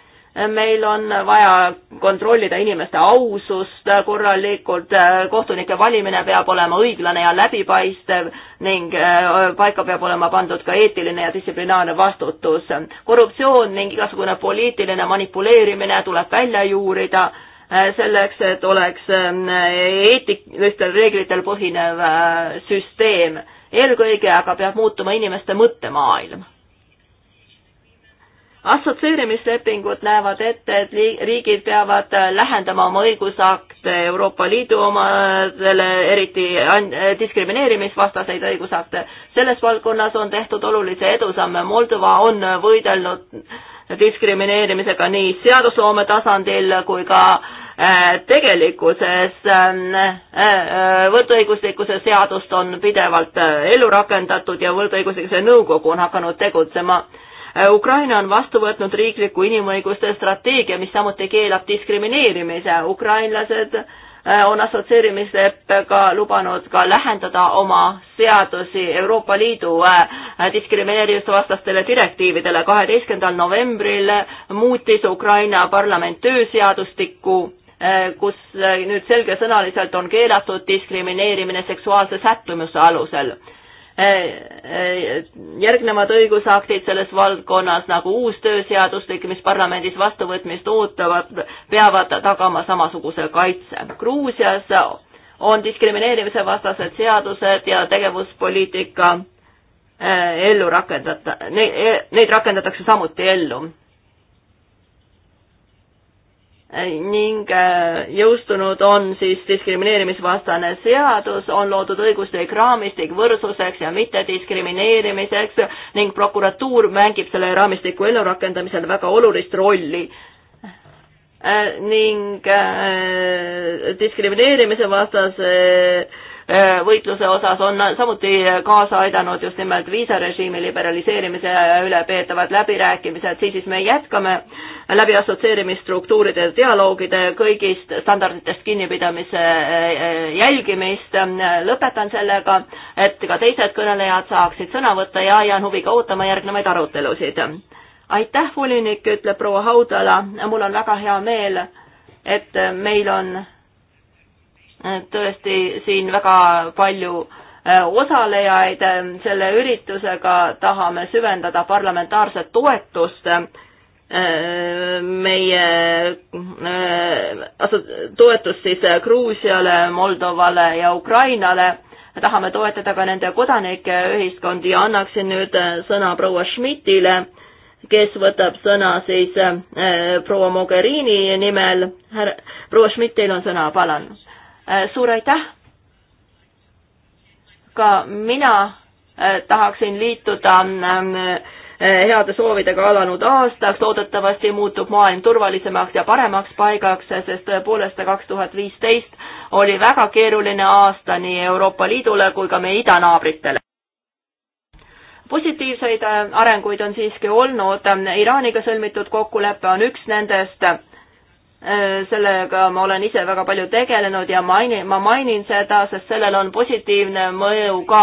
meil on vaja kontrollida inimeste ausust korralikult, kohtunike valimine peab olema õiglane ja läbipaistev ning paika peab olema pandud ka eetiline ja distsiplinaarne vastutus. korruptsioon ning igasugune poliitiline manipuleerimine tuleb välja juurida selleks, et oleks eetilistel reeglitel põhinev süsteem. eelkõige aga peab muutuma inimeste mõttemaailm assotsieerimislepingud näevad ette, et riigid peavad äh, lähendama oma õigusakte Euroopa Liidu omadele, eriti äh, diskrimineerimisvastaseid õigusakte. selles valdkonnas on tehtud olulisi edusamme, Moldova on võidelnud diskrimineerimisega nii seadusloome tasandil kui ka äh, tegelikkuses ähm, võrdõiguslikkuse seadust on pidevalt ellu rakendatud ja võrdõiguslikkuse nõukogu on hakanud tegutsema Äh, Ukraina on vastu võtnud riikliku inimõiguste strateegia, mis samuti keelab diskrimineerimise. ukrainlased äh, on assotsieerimisleppega lubanud ka lähendada oma seadusi Euroopa Liidu äh, diskrimineerimisvastastele direktiividele. kaheteistkümnendal novembril muutis Ukraina parlament tööseadustikku kus nüüd selgesõnaliselt on keelatud diskrimineerimine seksuaalse sättumuse alusel Äh, äh, järgnevad õigusaktid selles valdkonnas nagu uus tööseadustik, mis parlamendis vastuvõtmist ootavad, peavad tagama samasuguse kaitse. Gruusias on diskrimineerimise vastased seadused ja tegevuspoliitika äh, ellu rakendata, e-, neid rakendatakse samuti ellu ning äh, jõustunud on siis diskrimineerimisvastane seadus, on loodud õiguslik raamistik võrdsuseks ja mittediskrimineerimiseks ning prokuratuur mängib selle raamistiku ellurakendamisel väga olulist rolli äh, ning äh, diskrimineerimise vastase võitluse osas on samuti kaasa aidanud just nimelt viisarežiimi liberaliseerimise üle peetavad läbirääkimised, siis me jätkame läbi assotsieerimisstruktuuride dialoogide kõigist standarditest kinnipidamise eh, eh, jälgimist. lõpetan sellega, et ka teised kõnelejad saaksid sõna võtta ja jään huviga ootama järgnevaid arutelusid. aitäh, volinik, ütleb proua Haudala, mul on väga hea meel, et meil on eh, tõesti siin väga palju osalejaid selle üritusega tahame süvendada parlamentaarset toetust meie äh, toetust siis äh, Gruusiale, Moldovale ja Ukrainale. tahame toetada ka nende kodanike ühiskondi ja annaksin nüüd äh, sõna proua Schmidtile, kes võtab sõna siis proua Mogherini nimel. härra, proua Schmidt, teil on sõna, palun. suur aitäh. ka mina tahaksin liituda äh, Eh, heade soovidega alanud aastaks, loodetavasti muutub maailm turvalisemaks ja paremaks paigaks, sest tõepoolest kaks tuhat viisteist oli väga keeruline aasta nii Euroopa Liidule kui ka meie idanaabritele. positiivseid eh, arenguid on siiski olnud, Iraaniga sõlmitud kokkulepe on üks nendest, eh, sellega ma olen ise väga palju tegelenud ja maini, ma mainin seda, sest sellel on positiivne mõju ka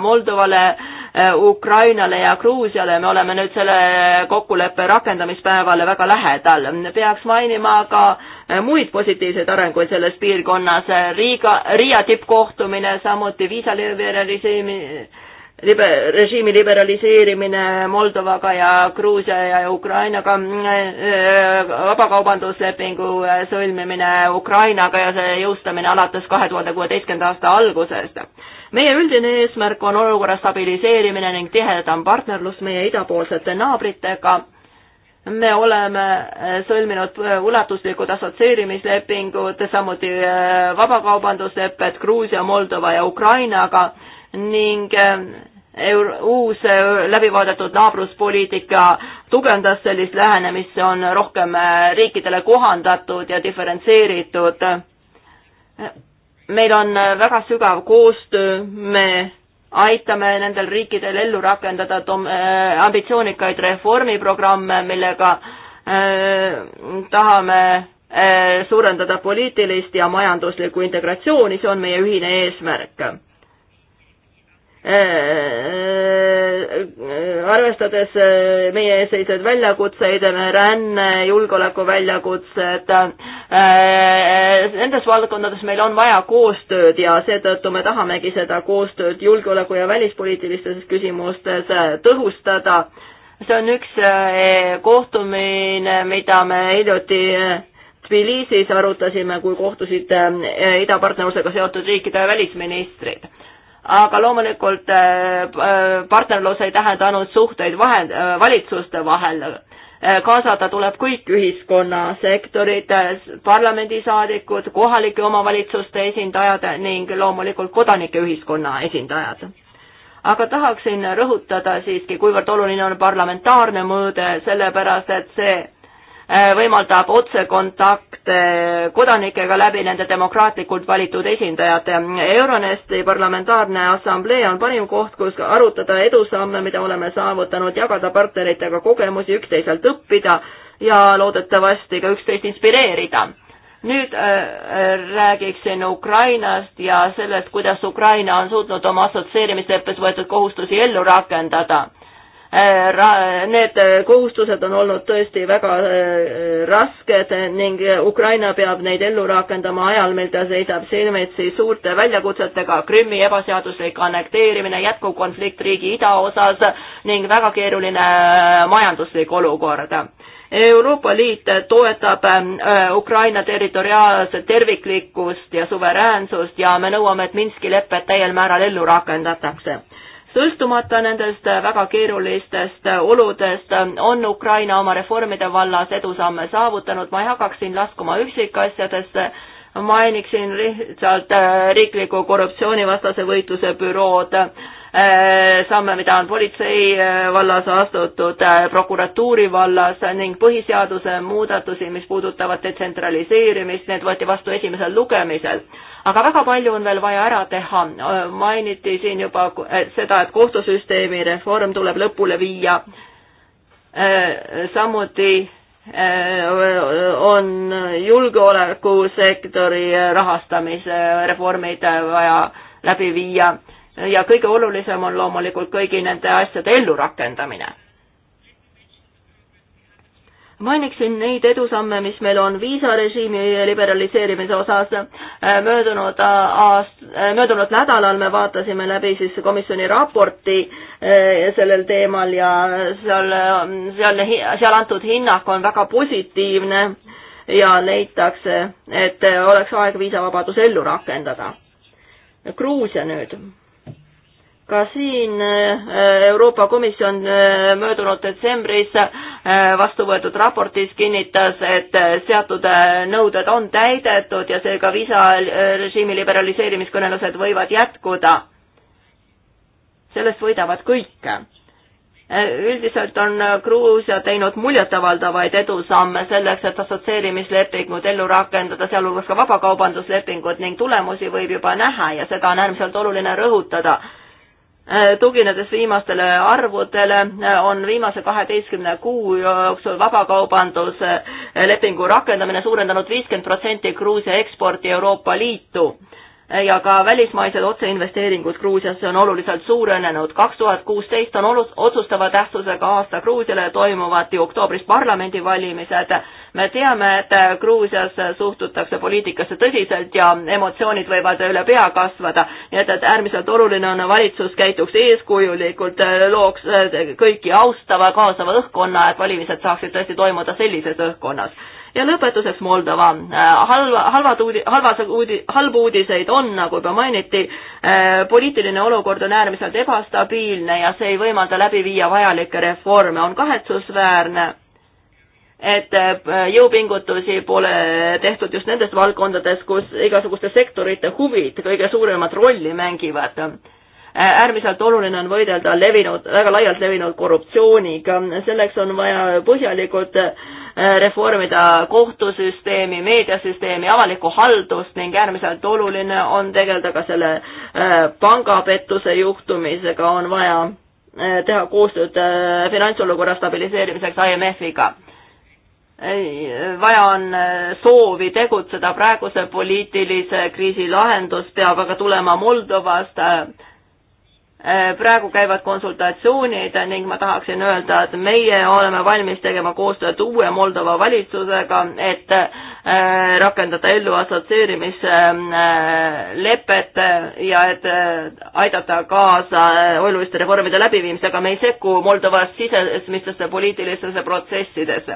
Moldovale äh, Äh, Ukrainale ja Gruusiale, me oleme nüüd selle kokkuleppe rakendamispäevale väga lähedal. peaks mainima ka äh, muid positiivseid arenguid selles piirkonnas, Riiga, Riia tippkohtumine, samuti viisaliberaliseerimine, liber, režiimi liberaliseerimine Moldovaga ja Gruusia ja Ukrainaga, äh, vabakaubanduslepingu sõlmimine Ukrainaga ja see jõustamine alates kahe tuhande kuueteistkümnenda aasta algusest meie üldine eesmärk on olukorra stabiliseerimine ning tihedam partnerlus meie idapoolsete naabritega me oleme eh, sõlminud eh, ulatuslikud assotsieerimislepingud, samuti eh, vabakaubanduslepped Gruusia, Moldova ja Ukrainaga ning euro, uus läbivaadatud naabruspoliitika tugevdas sellist lähenemist, see on rohkem riikidele kohandatud ja diferentseeritud meil on äh, väga sügav koostöö, me aitame nendel riikidel ellu rakendada äh, ambitsioonikaid reformiprogramme, millega äh, tahame äh, suurendada poliitilist ja majanduslikku integratsiooni, see on meie ühine eesmärk arvestades äh, meie ees seisvaid väljakutseid, ränne, julgeolekuväljakutsed, äh, nendes valdkondades meil on vaja koostööd ja seetõttu me tahamegi seda koostööd julgeoleku ja välispoliitilistes küsimustes äh, tõhustada. see on üks kohtumine, mida me hiljuti Tbilisis arutasime, kui kohtusid idapartnerlusega seotud riikide välisministrid aga loomulikult äh, äh, partnerlus ei tähenda ainult suhteid vahel, äh, valitsuste vahel. kaasata tuleb kõik ühiskonnasektorid, parlamendisaadikud, kohalike omavalitsuste esindajad ning loomulikult kodanike ühiskonna esindajad aga tahaksin rõhutada siiski, kuivõrd oluline on parlamentaarne mõõde, sellepärast et see Äh, võimaldab otsekontakte kodanikega läbi nende demokraatlikult valitud esindajate. Euronesti parlamentaarne assamblee on parim koht, kus arutada edusamme, mida oleme saavutanud, jagada partneritega kogemusi, üksteiselt õppida ja loodetavasti ka üksteist inspireerida. nüüd äh, räägiksin Ukrainast ja sellest, kuidas Ukraina on suutnud oma assotsieerimisleppes võetud kohustusi ellu rakendada Äh, need äh, kohustused on olnud tõesti väga äh, rasked ning Ukraina peab neid ellu rakendama ajal, mil ta seisab silmitsi suurte väljakutsetega Krimmi ebaseaduslik annekteerimine, jätkuv konflikt riigi idaosas ning väga keeruline majanduslik olukord Euroopa Liit toetab Ukraina territoriaalset terviklikkust ja suveräänsust ja me nõuame, et Minski lepet täiel määral ellu rakendatakse sõltumata nendest väga keerulistest oludest on Ukraina oma reformide vallas edusamme saavutanud, ma ei hakkaks siin laskuma üksikasjadesse, mainiksin lihtsalt äh, riikliku korruptsioonivastase võitluse bürood Äh, samme, mida on politsei äh, vallas astutud, äh, prokuratuuri vallas ning põhiseaduse muudatusi, mis puudutavad detsentraliseerimist, need võeti vastu esimesel lugemisel. aga väga palju on veel vaja ära teha, mainiti siin juba seda, et kohtusüsteemi reform tuleb lõpule viia, samuti on julgeolekusektori rahastamise reformid vaja läbi viia ja kõige olulisem on loomulikult kõigi nende asjade ellurakendamine. mainiksin neid edusamme, mis meil on viisarežiimi liberaliseerimise osas. möödunud aast-, möödunud nädalal me vaatasime läbi siis komisjoni raporti eh, sellel teemal ja seal, seal, seal antud hinnang on väga positiivne ja leitakse, et oleks aeg viisavabadus ellu rakendada. Gruusia nüüd ka siin äh, Euroopa Komisjon äh, möödunud detsembris äh, vastu võetud raportis kinnitas, et seatud nõuded on täidetud ja seega viisarežiimi liberaliseerimiskõnelused võivad jätkuda. sellest võidavad kõik. üldiselt on Gruusia teinud muljetavaldavaid edusamme selleks, et assotsieerimislepingud ellu rakendada, sealhulgas ka vabakaubanduslepingud ning tulemusi võib juba näha ja seda on äärmiselt oluline rõhutada Äh, tuginedes viimastele arvudele, äh, on viimase kaheteistkümne kuu jooksul vabakaubanduslepingu äh, rakendamine suurendanud viiskümmend protsenti Gruusia eksporti Euroopa Liitu ja ka välismaised otseinvesteeringud Gruusiasse on oluliselt suurenenud. kaks tuhat kuusteist on olus-, otsustava tähtsusega aasta Gruusiale, toimuvad ju oktoobris parlamendivalimised me teame, et Gruusias suhtutakse poliitikasse tõsiselt ja emotsioonid võivad üle pea kasvada, nii et, et äärmiselt oluline on, valitsus käituks eeskujulikult, looks eh, kõiki austava, kaasava õhkkonna, et valimised saaksid tõesti toimuda sellises õhkkonnas ja lõpetuseks Moldova. Eh, halva, halvad uudi-, halvas uudi-, halbu uudiseid on, nagu juba mainiti, eh, poliitiline olukord on äärmiselt ebastabiilne ja see ei võimalda läbi viia vajalikke reforme, on kahetsusväärne et äh, jõupingutusi pole tehtud just nendes valdkondades, kus igasuguste sektorite huvid kõige suuremat rolli mängivad. Äh, äärmiselt oluline on võidelda levinud, väga laialt levinud korruptsiooniga, selleks on vaja põhjalikult äh, reformida kohtusüsteemi, meediasüsteemi, avalikku haldust ning äärmiselt oluline on tegeleda ka selle pangapettuse juhtumisega, on vaja teha koostööd finantsolukorra stabiliseerimiseks IMF-iga vaja on äh, soovi tegutseda, praeguse poliitilise kriisi lahendus peab aga tulema Moldovast. Äh, äh, praegu käivad konsultatsioonid ning ma tahaksin öelda, et meie oleme valmis tegema koostööd uue Moldova valitsusega, et rakendada ellu assotsieerimislepet ja et aidata kaasa oluliste reformide läbiviimisega, me ei sekku Moldovas sisemistesse poliitilistesse protsessidesse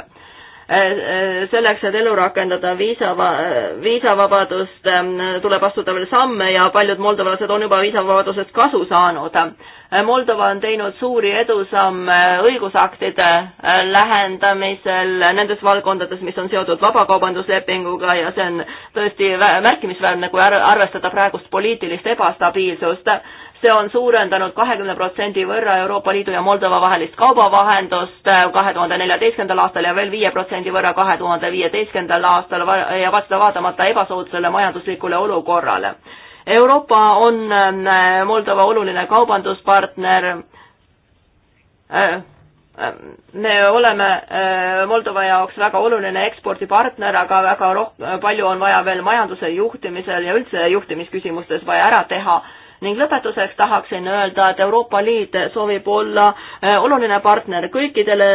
Eh, eh, selleks, et elu rakendada viisava, eh, viisavabadust, tuleb astuda veel samme ja paljud moldovlased on juba viisavabadusest kasu saanud. Moldova on teinud suuri edusamme õigusaktide lähendamisel nendes valdkondades, mis on seotud vabakaubanduslepinguga ja see on tõesti märkimisväärne, kui arvestada praegust poliitilist ebastabiilsust see on suurendanud kahekümne protsendi võrra Euroopa Liidu ja Moldova vahelist kaubavahendust äh, kahe tuhande neljateistkümnendal aastal ja veel viie protsendi võrra kahe tuhande viieteistkümnendal aastal ja vaata vaatamata ebasoodsale majanduslikule olukorrale. Euroopa on äh, Moldova oluline kaubanduspartner. Äh, me oleme Moldova jaoks väga oluline ekspordipartner, aga väga roh-, palju on vaja veel majanduse juhtimisel ja üldse juhtimisküsimustes vaja ära teha ning lõpetuseks tahaksin öelda, et Euroopa Liit soovib olla äh, oluline partner kõikidele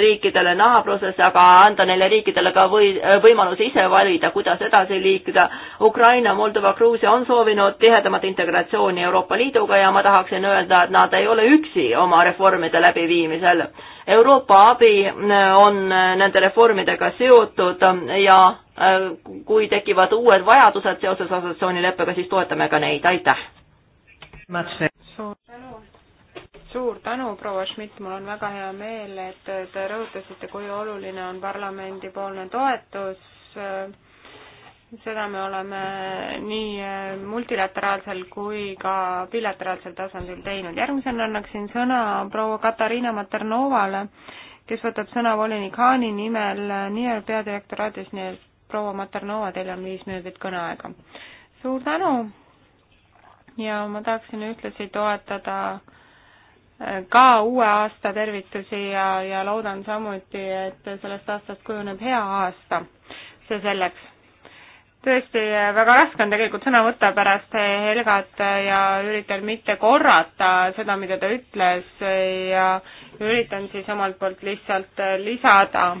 riikidele naabruses, aga anda neile riikidele ka või, äh, võimalus ise valida, kuidas edasi liikuda. Ukraina, Moldova, Gruusia on soovinud tihedamat integratsiooni Euroopa Liiduga ja ma tahaksin öelda, et nad ei ole üksi oma reformide läbiviimisel. Euroopa abi äh, on nende reformidega seotud ja Äh, kui tekivad uued vajadused seoses assotsiatsioonileppega, siis toetame ka neid, aitäh! suur tänu! suur tänu, proua Schmidt, mul on väga hea meel, et te rõhutasite, kui oluline on parlamendipoolne toetus. seda me oleme nii multilateraalsel kui ka bilateraalsel tasandil teinud. järgmisena annaksin sõna proua Katariina Maternovale, kes võtab sõna volinik Haani nimel Nier peadirektoraadis, nii et proua Matarnova, teil on viis minutit kõneaega. suur tänu ja ma tahaksin ühtlasi toetada äh, ka uue aasta tervitusi ja, ja loodan samuti, et sellest aastast kujuneb hea aasta. see selleks. tõesti, äh, väga raske on tegelikult sõna võtta pärast äh, Helgat ja üritan mitte korrata seda, mida ta ütles ja üritan siis omalt poolt lihtsalt lisada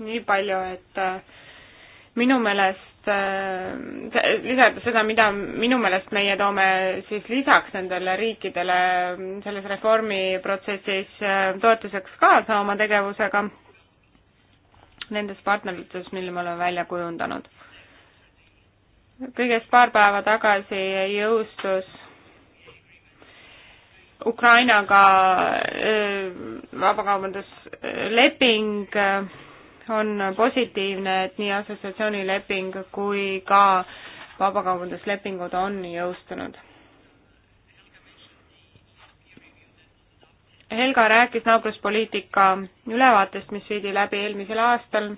nii palju, et minu meelest äh, lisada seda, mida minu meelest meie toome siis lisaks nendele riikidele selles reformiprotsessis äh, toetuseks kaasa oma tegevusega nendes partnerlustes, mille me oleme välja kujundanud. kõigest paar päeva tagasi jõustus Ukrainaga äh, vabakaubandusleping on positiivne, et nii assotsiatsioonileping kui ka vabakaubanduslepingud on jõustunud. Helga rääkis naabruspoliitika ülevaatest, mis viidi läbi eelmisel aastal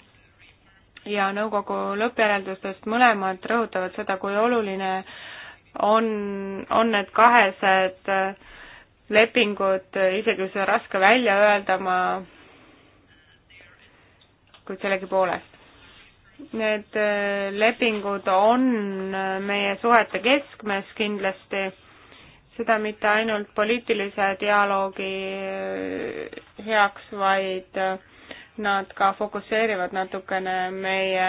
ja nõukogu lõppjäreldustest mõlemad rõhutavad seda, kui oluline on, on need kahesed lepingud, isegi kui see on raske välja öelda, ma kuid sellegipoolest. Need äh, lepingud on äh, meie suhete keskmes kindlasti, seda mitte ainult poliitilise dialoogi äh, heaks, vaid nad ka fokusseerivad natukene meie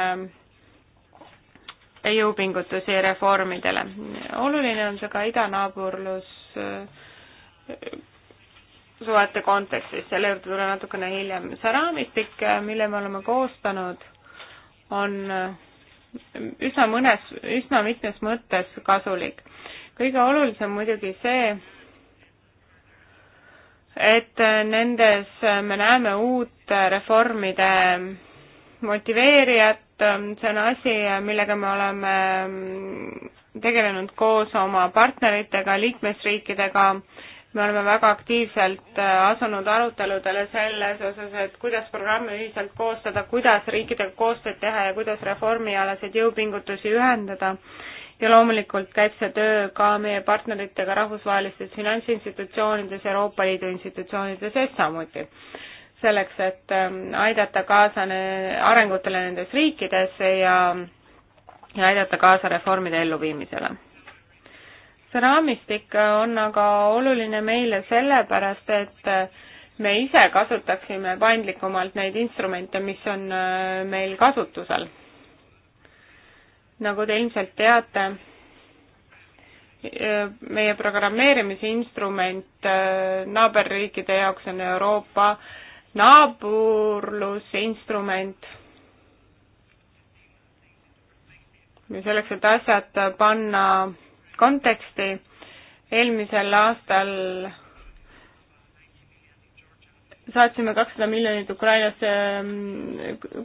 jõupingutusi reformidele. oluline on see ka idanaabrus suhete kontekstis, selle juurde tulen natukene hiljem. see raamistik, äh, mille me oleme koostanud, on äh, üsna mõnes, üsna mitmes mõttes kasulik. kõige olulisem muidugi see, et äh, nendes me näeme uut reformide motiveerijat, see on asi, millega me oleme mm, tegelenud koos oma partneritega, liikmesriikidega, me oleme väga aktiivselt äh, asunud aruteludele selles osas, et kuidas programme ühiselt koostada, kuidas riikidega koostööd teha ja kuidas reformialaseid jõupingutusi ühendada. ja loomulikult käib see töö ka meie partneritega rahvusvahelistes finantsinstitutsioonides, Euroopa Liidu institutsioonide sees samuti selleks, et ähm, aidata kaasa arengutele nendes riikides ja, ja aidata kaasa reformide elluviimisele see raamistik on aga oluline meile sellepärast, et me ise kasutaksime paindlikumalt neid instrumente, mis on äh, meil kasutusel. nagu te ilmselt teate, äh, meie programmeerimisinstrument äh, naaberriikide jaoks on Euroopa naaburlusinstrument. ja selleks, et asjad panna konteksti. eelmisel aastal saatsime kakssada miljonit Ukrainasse,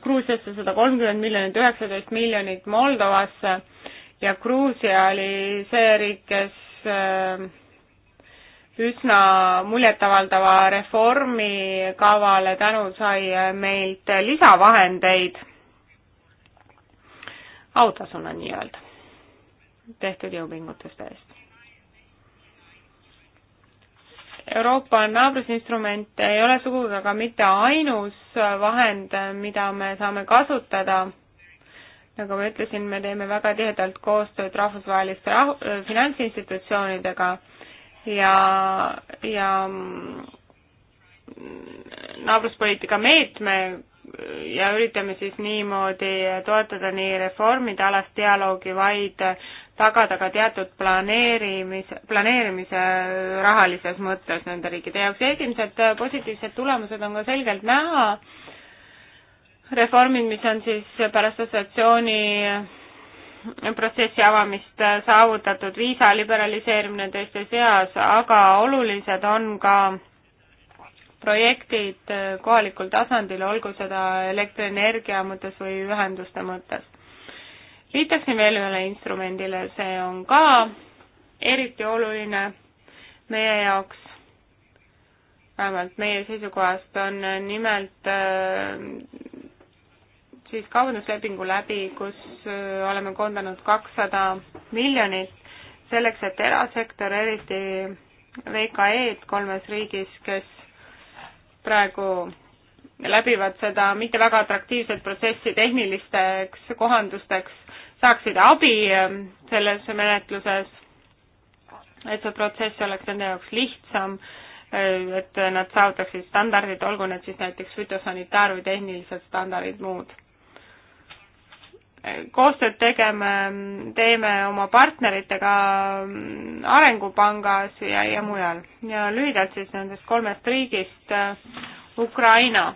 Gruusiasse sada kolmkümmend miljonit, üheksateist miljonit Moldovasse ja Gruusia oli see riik, kes äh, üsna muljetavaldava reformikavale tänu sai meilt lisavahendeid autasuna nii-öelda tehtud jõupingutuste eest. Euroopa naabrusinstrument ei ole sugugi aga mitte ainus vahend, mida me saame kasutada. nagu ma ütlesin, me teeme väga tihedalt koostööd rahvusvaheliste rahu-, finantsinstitutsioonidega ja, ja mm, naabruspoliitika meetme ja üritame siis niimoodi toetada nii reformide alast dialoogi, vaid tagada ka teatud planeerimis, planeerimise rahalises mõttes nende riikide jaoks ja esimesed äh, positiivsed tulemused on ka selgelt näha, reformid, mis on siis pärast assotsiatsiooni äh, protsessi avamist äh, saavutatud, viisa liberaliseerimine teiste seas, aga olulised on ka projektid kohalikul tasandil, olgu seda elektrienergia mõttes või ühenduste mõttes viitaksin veel ühele instrumendile, see on ka eriti oluline meie jaoks, vähemalt meie seisukohast on nimelt äh, siis kaubanduslepingu läbi, kus äh, oleme koondanud kakssada miljonit selleks, et erasektor, eriti VKE-d kolmes riigis, kes praegu läbivad seda mitte väga atraktiivset protsessi tehnilisteks kohandusteks, saaksid abi ähm, selles menetluses, et see protsess oleks nende jaoks lihtsam, äh, et nad saavutaksid standardid, olgu need siis näiteks fütosanitaar- või tehnilised standardid, muud. Äh, koostööd tegeme, teeme oma partneritega mm, Arengupangas ja, ja mujal ja lühidalt siis nendest kolmest riigist äh, Ukraina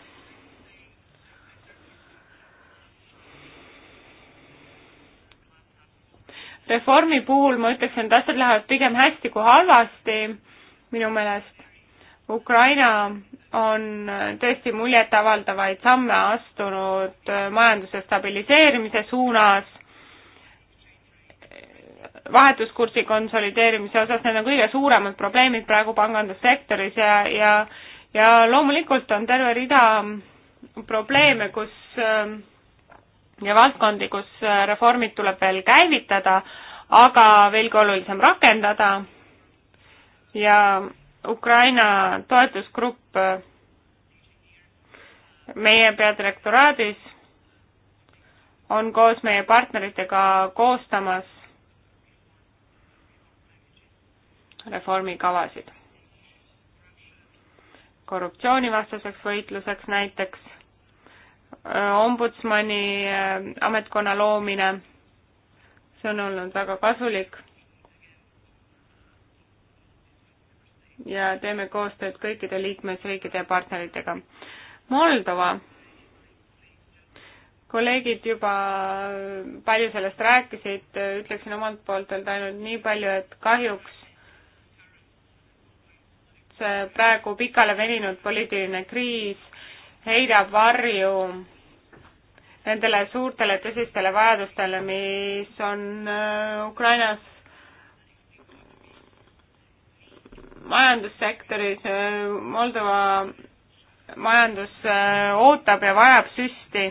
reformi puhul ma ütleksin, et asjad lähevad pigem hästi kui halvasti minu meelest. Ukraina on tõesti muljetavaldavaid samme astunud majanduse stabiliseerimise suunas, vahetuskursi konsolideerimise osas, need on kõige suuremad probleemid praegu pangandussektoris ja, ja ja loomulikult on terve rida probleeme, kus äh, ja valdkondi, kus äh, reformid tuleb veel käivitada, aga veelgi olulisem rakendada ja Ukraina toetusgrupp äh, meie peadirektoraadis on koos meie partneritega koostamas reformikavasid. korruptsioonivastaseks võitluseks näiteks Äh, ombudsmani äh, ametkonna loomine, see on olnud väga kasulik. ja teeme koostööd kõikide liikmesriikide ja partneritega. Moldova, kolleegid juba palju sellest rääkisid, ütleksin omalt poolt öelda ainult nii palju, et kahjuks see praegu pikale veninud poliitiline kriis heidab varju nendele suurtele tõsistele vajadustele, mis on äh, Ukrainas majandussektoris, äh, Moldova majandus äh, ootab ja vajab süsti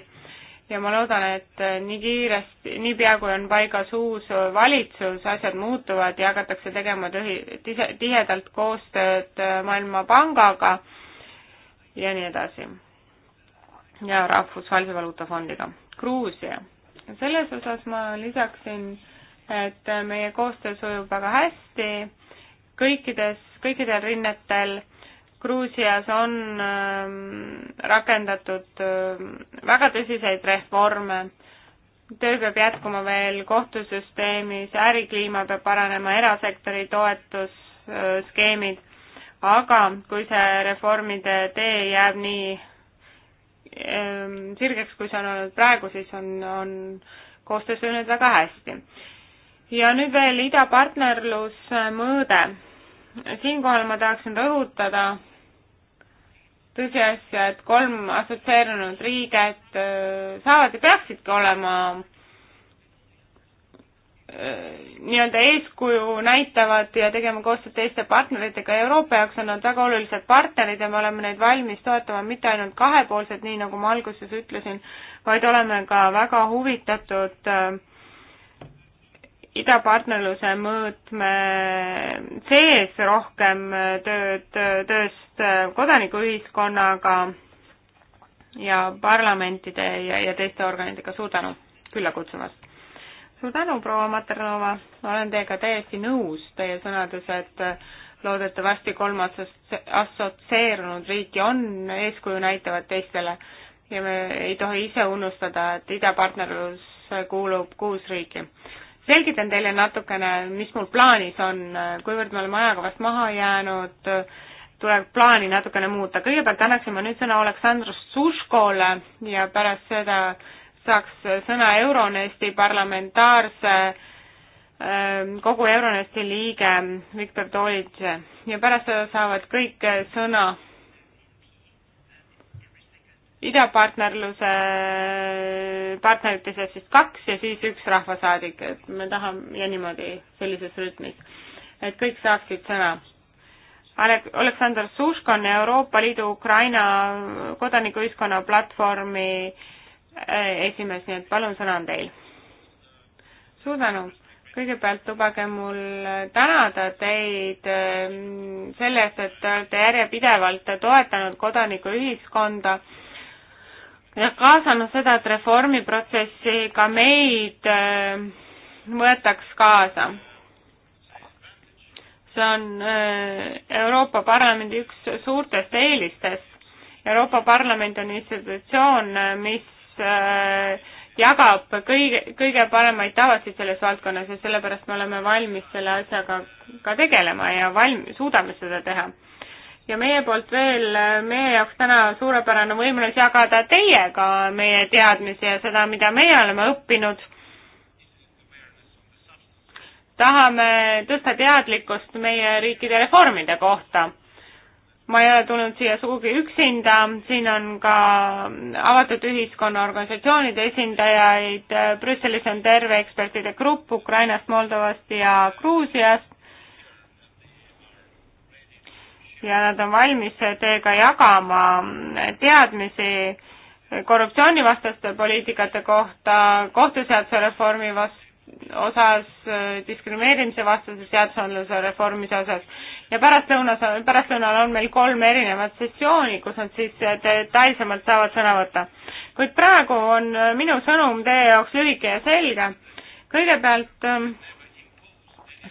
ja ma loodan, et nii kiiresti, niipea kui on paigas uus valitsus, asjad muutuvad ja hakatakse tegema tühi, tise, tihedalt koostööd Maailmapangaga ja nii edasi ja Rahvusvahelise Valuutafondiga. Gruusia, selles osas ma lisaksin, et meie koostöö sujub väga hästi kõikides, kõikidel rinnetel. Gruusias on ähm, rakendatud ähm, väga tõsiseid reforme, töö peab jätkuma veel kohtusüsteemis, ärikliima peab paranema, erasektori toetusskeemid, äh, aga kui see reformide tee jääb nii sirgeks, kui see on olnud praegu, siis on, on koostöös olnud väga hästi. ja nüüd veel idapartnerluse äh, mõõde. siinkohal ma tahaksin rõhutada tõsiasja, et kolm assotsieerunud riiget äh, saavad ja peaksidki olema Äh, nii-öelda eeskuju näitavad ja tegema koostööd teiste partneritega. Euroopa jaoks on nad väga olulised partnerid ja me oleme neid valmis toetama mitte ainult kahepoolselt, nii nagu ma alguses ütlesin, vaid oleme ka väga huvitatud äh, idapartnerluse mõõtme sees rohkem äh, tööd, äh, tööst kodanikuühiskonnaga ja parlamentide ja, ja teiste organitega. suur tänu külla kutsumast! suur tänu, proua Maternova, olen teiega täiesti nõus teie sõnades, et loodetavasti kolmas assotsieerunud riiki on eeskuju näitavad teistele ja me ei tohi ise unustada, et idapartnerlusse kuulub kuus riiki. selgitan teile natukene, mis mul plaanis on, kuivõrd me oleme ajaga vast maha jäänud, tuleb plaani natukene muuta. kõigepealt annaksin ma nüüd sõna Aleksandr Suškole ja pärast seda saaks sõna Euronesti parlamentaarse ähm, kogu Euronesti liige Viktor Toolitse ja pärast seda saavad kõik sõna idapartnerluse partnerite seas siis kaks ja siis üks rahvasaadik, et me tahame ja niimoodi sellises rütmis, et kõik saaksid sõna. Alek-, Aleksandr Suškon Euroopa Liidu Ukraina kodanikuühiskonna platvormi äh, Äh, esimees, nii et palun, sõna on teil. suur tänu. kõigepealt lubage mul tänada teid ähm, selle eest, et te olete järjepidevalt toetanud kodanikuühiskonda ja kaasanud seda, et reformiprotsessi ka meid ähm, võetaks kaasa. see on äh, Euroopa Parlamendi üks suurtest eelistest. Euroopa Parlament on institutsioon, mis Äh, jagab kõige, kõige paremaid tavasid selles valdkonnas ja sellepärast me oleme valmis selle asjaga ka tegelema ja valm-, suudame seda teha. ja meie poolt veel, meie jaoks täna suurepärane võimalus jagada teiega meie teadmisi ja seda, mida meie oleme õppinud. tahame tõsta teadlikkust meie riikide reformide kohta ma ei ole tulnud siia sugugi üksinda, siin on ka avatud ühiskonna organisatsioonide esindajaid, Brüsselis on terve ekspertide grupp Ukrainast, Moldovast ja Gruusiast. ja nad on valmis teiega jagama teadmisi korruptsioonivastaste poliitikate kohta, kohtuseaduse reformi vastu, osas diskrimineerimise vastase seadusandluse reformise osas ja pärastlõunas, pärastlõunal on meil kolm erinevat sessiooni, kus nad siis äh, detailsemalt saavad sõna võtta. kuid praegu on äh, minu sõnum teie jaoks lühike ja selge. kõigepealt ähm,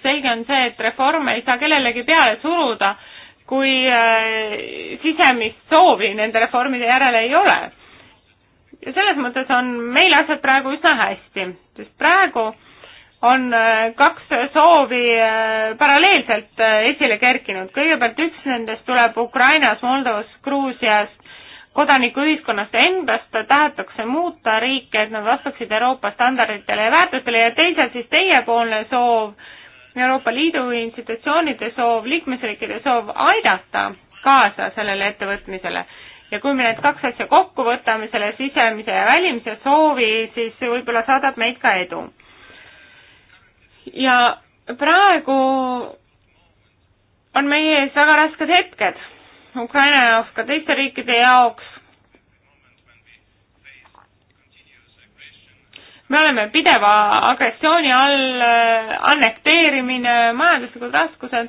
selge on see, et reforme ei saa kellelegi peale suruda, kui äh, sisemist soovi nende reformide järele ei ole. ja selles mõttes on meil asjad praegu üsna hästi, sest praegu äh, on äh, kaks soovi äh, paralleelselt äh, esile kerkinud. kõigepealt üks nendest tuleb Ukrainas, Moldovas, Gruusias kodanikuühiskonnast endast, tahetakse muuta riike, et nad vastaksid Euroopa standarditele ja väärtustele ja teisalt siis teiepoolne soov, Euroopa Liidu institutsioonide soov, liikmesriikide soov aidata kaasa sellele ettevõtmisele ja kui me need kaks asja kokku võtame, selle sisemise ja välimise soovi, siis võib-olla saadab meid ka edu ja praegu on meie ees väga rasked hetked Ukraina jaoks, ka teiste riikide jaoks. me oleme pideva agressiooni all, äh, annekteerimine, majanduslikud raskused,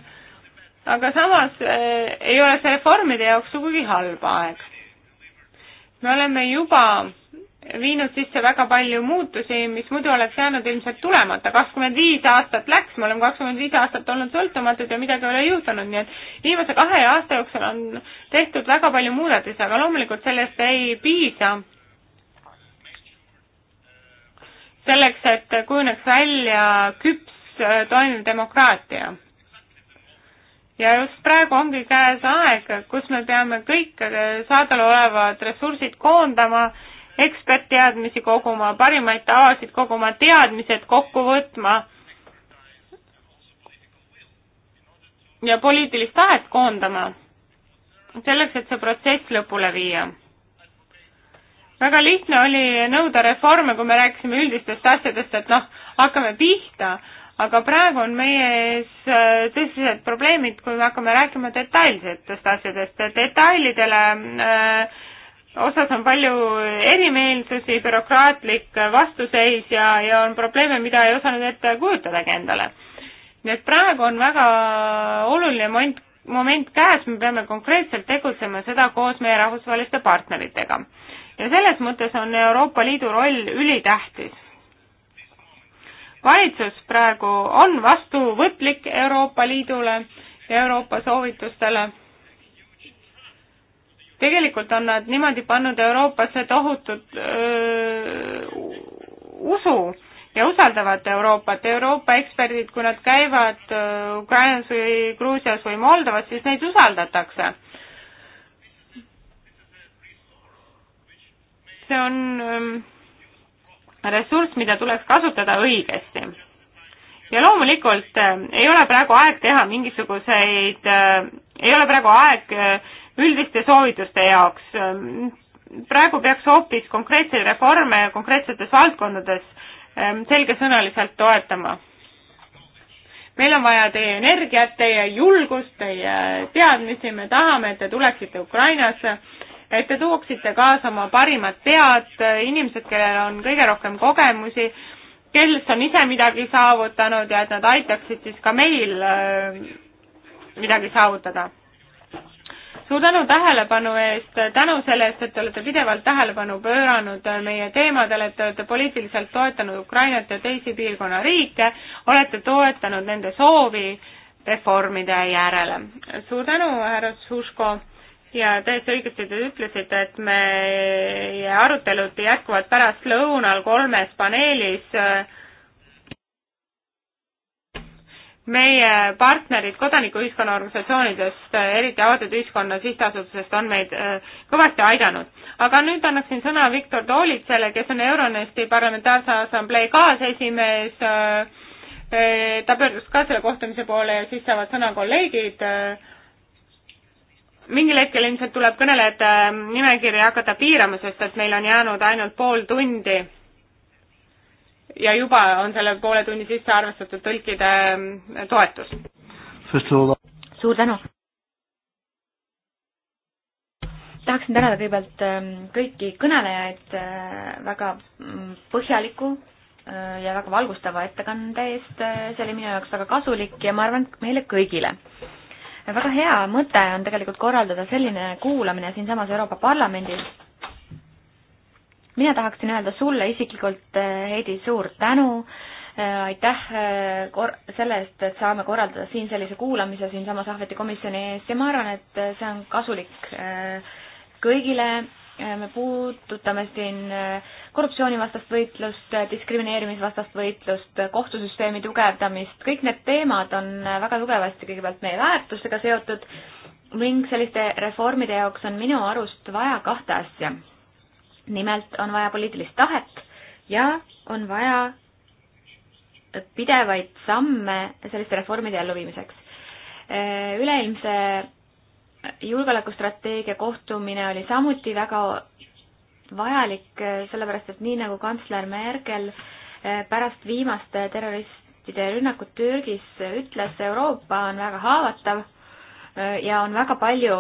aga samas äh, ei ole see reformide jaoks sugugi halb aeg. me oleme juba viinud sisse väga palju muutusi, mis muidu oleks jäänud ilmselt tulemata. kakskümmend viis aastat läks, me oleme kakskümmend viis aastat olnud sõltumatud ja midagi ei ole juhtunud, nii et viimase kahe aasta jooksul on tehtud väga palju muudatusi, aga loomulikult sellest ei piisa. selleks, et kujuneks välja küps äh, toimiv demokraatia ja just praegu ongi käes aeg, kus me peame kõik äh, saadaolevad ressursid koondama ekspertteadmisi koguma, parimaid tavasid koguma, teadmised kokku võtma ja poliitilist tahet koondama, selleks, et see protsess lõpule viia. väga lihtne oli nõuda reforme, kui me rääkisime üldistest asjadest, et noh, hakkame pihta, aga praegu on meie ees äh, tõsised probleemid, kui me hakkame rääkima detailsetest asjadest, detailidele äh, osas on palju erimeelsusi, bürokraatlik vastuseis ja, ja on probleeme, mida ei osanud ette kujutadagi endale. nii et praegu on väga oluline moment, moment käes, me peame konkreetselt tegutsema seda koos meie rahvusvaheliste partneritega. ja selles mõttes on Euroopa Liidu roll ülitähtis. valitsus praegu on vastuvõtlik Euroopa Liidule ja Euroopa soovitustele tegelikult on nad niimoodi pannud Euroopasse tohutut öö, usu ja usaldavad Euroopat. Euroopa eksperdid, kui nad käivad Ukrainas või Gruusias või Moldovas, siis neid usaldatakse. see on ressurss, mida tuleks kasutada õigesti. ja loomulikult ei ole praegu aeg teha mingisuguseid ei ole praegu aeg äh, üldiste soovituste jaoks. praegu peaks hoopis konkreetseid reforme konkreetsetes valdkondades ähm, selgesõnaliselt toetama. meil on vaja teie energiat, teie julgust, teie teadmisi, me tahame, et te tuleksite Ukrainasse, et te tooksite kaasa oma parimad pead, inimesed, kellel on kõige rohkem kogemusi, kes on ise midagi saavutanud ja et nad aitaksid siis ka meil äh, midagi saavutada. suur tänu tähelepanu eest, tänu selle eest, et te olete pidevalt tähelepanu pööranud meie teemadele, et te olete poliitiliselt toetanud Ukrainat ja teisi piirkonna riike, olete toetanud nende soovi reformide järele. suur tänu, härra Suško ja täiesti õigesti te ütlesite, et meie arutelud jätkuvad pärastlõunal kolmes paneelis äh, meie partnerid kodanikuühiskonna organisatsioonidest, eriti avatud ühiskonna sihtasutusest, on meid äh, kõvasti aidanud. aga nüüd annaksin sõna Viktor Toolitsele, kes on Euronesti Parlamentaarse Assamblee kaasesimees, äh, äh, ta pöördus ka selle kohtumise poole ja siis saavad sõna kolleegid, mingil hetkel ilmselt tuleb kõnelejate nimekirja hakata piirama, sest et meil on jäänud ainult pool tundi ja juba on selle poole tunni sisse arvestatud tõlkide mm, toetus. suur tänu! tahaksin tänada kõigepealt ähm, kõiki kõnelejaid äh, väga mm, põhjaliku äh, ja väga valgustava ettekande eest, äh, see oli minu jaoks väga kasulik ja ma arvan, et meile kõigile. väga hea mõte on tegelikult korraldada selline kuulamine siinsamas Euroopa Parlamendis mina tahaksin öelda sulle isiklikult, eh, Heidi, suur tänu, eh, aitäh eh, kor-, selle eest, et saame korraldada siin sellise kuulamise siinsamas Ahveti komisjoni ees ja ma arvan, et see on kasulik kõigile, me puudutame siin korruptsioonivastast võitlust, diskrimineerimisvastast võitlust, kohtusüsteemi tugevdamist, kõik need teemad on väga tugevasti kõigepealt meie väärtustega seotud ning selliste reformide jaoks on minu arust vaja kahte asja nimelt on vaja poliitilist tahet ja on vaja pidevaid samme selliste reformide elluviimiseks. Äh, üleilmse julgeolekustrateegia kohtumine oli samuti väga vajalik, äh, sellepärast et nii nagu kantsler Merkel äh, pärast viimaste terroristide rünnakut Türgis ütles, Euroopa on väga haavatav ja on väga palju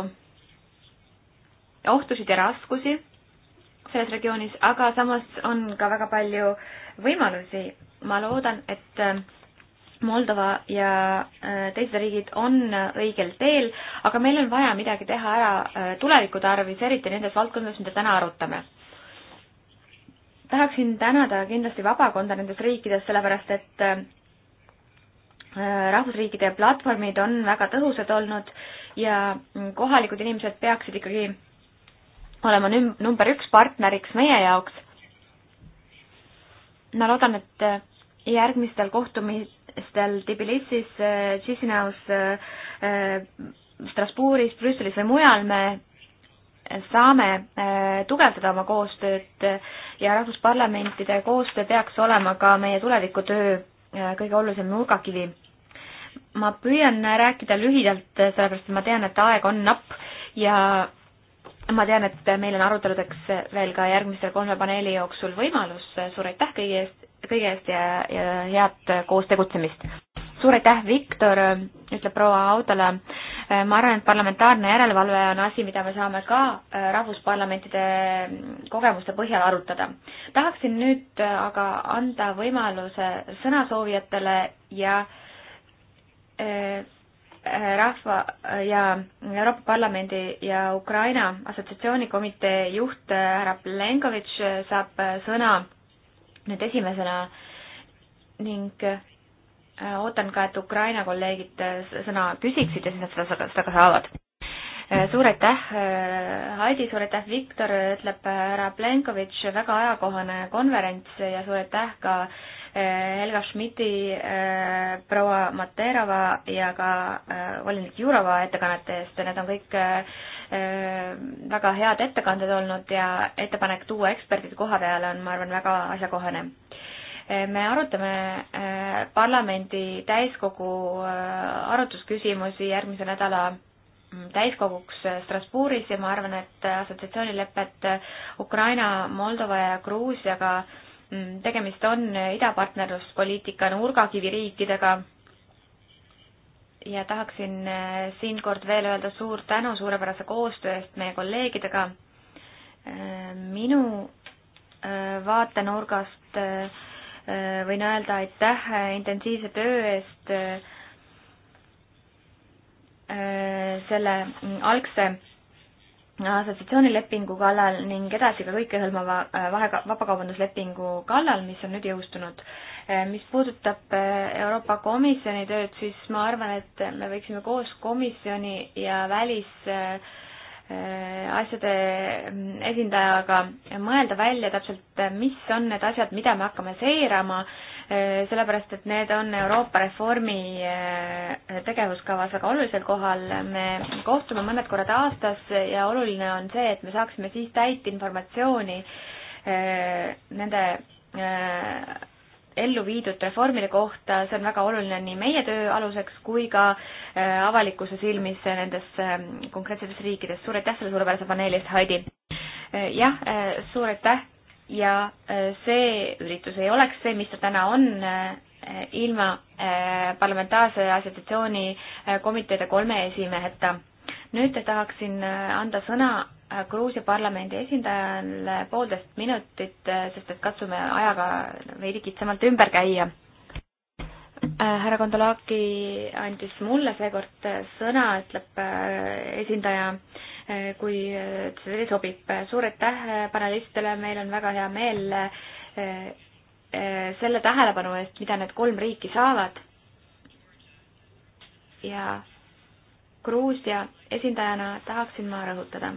ohtusid ja raskusi selles regioonis, aga samas on ka väga palju võimalusi. ma loodan, et äh, Moldova ja äh, teised riigid on äh, õigel teel, aga meil on vaja midagi teha ära tuleviku tarvis, eriti nendes valdkondades, mida täna arutame. tahaksin tänada kindlasti vabakonda nendes riikides, sellepärast et rahvusriikide platvormid on väga tõhusad olnud ja kohalikud inimesed peaksid ikkagi olema nüm-, number üks partneriks meie jaoks. ma loodan, et äh, järgmistel kohtumistel Tbilisis, äh, Chisinau's, äh, Strasbourgis, Brüsselis või mujal me saame tugevdada oma koostööd ja rahvusparlamentide koostöö peaks olema ka meie tulevikutöö kõige olulisem nurgakivi. ma püüan rääkida lühidalt, sellepärast et ma tean, et aeg on napp ja ma tean, et meil on aruteludeks veel ka järgmise kolme paneeli jooksul võimalus, suur aitäh kõigi eest, kõige eest ja, ja head koos tegutsemist! suur aitäh, Viktor, ütleb proua Autola. ma arvan, et parlamentaarne järelevalve on asi, mida me saame ka äh, rahvusparlamentide kogemuste põhjal arutada. tahaksin nüüd aga anda võimaluse sõnasoovijatele ja äh, rahva ja Euroopa Parlamendi ja Ukraina assotsiatsioonikomitee juht äh, härra Plenkovitš äh, saab äh, sõna nüüd esimesena ning ootan ka, et Ukraina kolleegid sõna küsiksid ja siis nad seda, seda ka saavad. suur aitäh, Heidi, suur aitäh, Viktor, ütleb härra Plenkovitš, väga ajakohane konverents ja suur aitäh ka äh, Eh, Helga Schmidti, eh, proua Materova ja ka eh, volinik Jurova ettekannete eest, need on kõik väga head ettekanded olnud ja ettepanek tuua eksperdid koha peale on, ma arvan, väga asjakohane. me arutame parlamendi täiskogu arutlusküsimusi järgmise nädala mm, täiskoguks Strasbourgis ja ma arvan, et assotsiatsioonilepet Ukraina, Moldova ja Gruusiaga Mm, tegemist on idapartnerluspoliitika nurgakiviriikidega ja tahaksin äh, siinkord veel öelda suur tänu suurepärase koostöö eest meie kolleegidega. Äh, minu äh, vaatenurgast võin öelda aitäh intensiivse töö eest selle mm, algse assotsiatsioonilepingu kallal ning edasi ka kõikehõlmava äh, vahe, vabakaubanduslepingu kallal, mis on nüüd jõustunud. Äh, mis puudutab äh, Euroopa Komisjoni tööd, siis ma arvan, et me võiksime koos komisjoni ja välisasjade mm, esindajaga mõelda välja täpselt, mis on need asjad, mida me hakkame seirama Äh, sellepärast et need on Euroopa reformi äh, tegevuskavas väga olulisel kohal. me kohtume mõned korrad aastas ja oluline on see, et me saaksime siis täit informatsiooni äh, nende ellu viidud reformide kohta, see on väga oluline nii meie töö aluseks kui ka avalikkuse silmis nendes ähm, konkreetsetes riikides. suur aitäh selle suurepärase paneeli eest, Heidi! jah, suur aitäh! ja äh, see üritus ei oleks see, mis ta täna on, äh, ilma äh, parlamentaarse assotsiatsiooni komiteede kolme esimeheta. nüüd tahaksin anda sõna Gruusia parlamendi esindajale poolteist minutit, sest et katsume ajaga veidi kitsamalt ümber käia härra Kondolaki andis mulle seekord sõna, ütleb esindaja. Eh, kui eh, see sobib. suur aitäh eh, panelistele, meil on väga hea meel selle tähelepanu eest, mida need kolm riiki saavad. ja Gruusia esindajana tahaksin ma rõhutada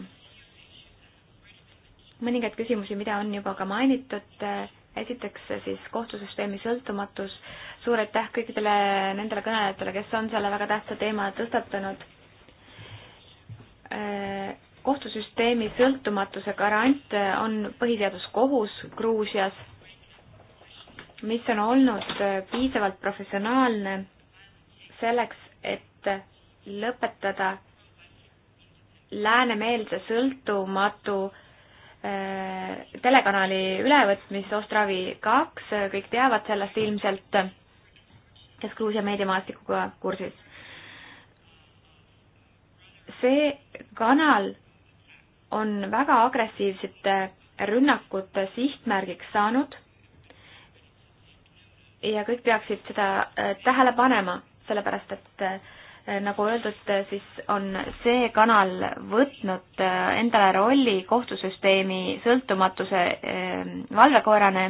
mõningaid küsimusi, mida on juba ka mainitud. esiteks siis kohtusüsteemi sõltumatus. suur aitäh kõikidele nendele kõnelejatele, kes on selle väga tähtsa teema tõstatanud kohtusüsteemi sõltumatuse garant on põhiseaduskohus Gruusias, mis on olnud piisavalt professionaalne selleks, et lõpetada läänemeelse sõltumatu äh, telekanali ülevõtmist Ostravi kaks, kõik teavad sellest ilmselt, kes Gruusia meediamaastikuga kursis see kanal on väga agressiivsete rünnakute sihtmärgiks saanud ja kõik peaksid seda äh, tähele panema, sellepärast et äh, nagu öeldud, äh, siis on see kanal võtnud endale rolli kohtusüsteemi sõltumatuse valvekoerane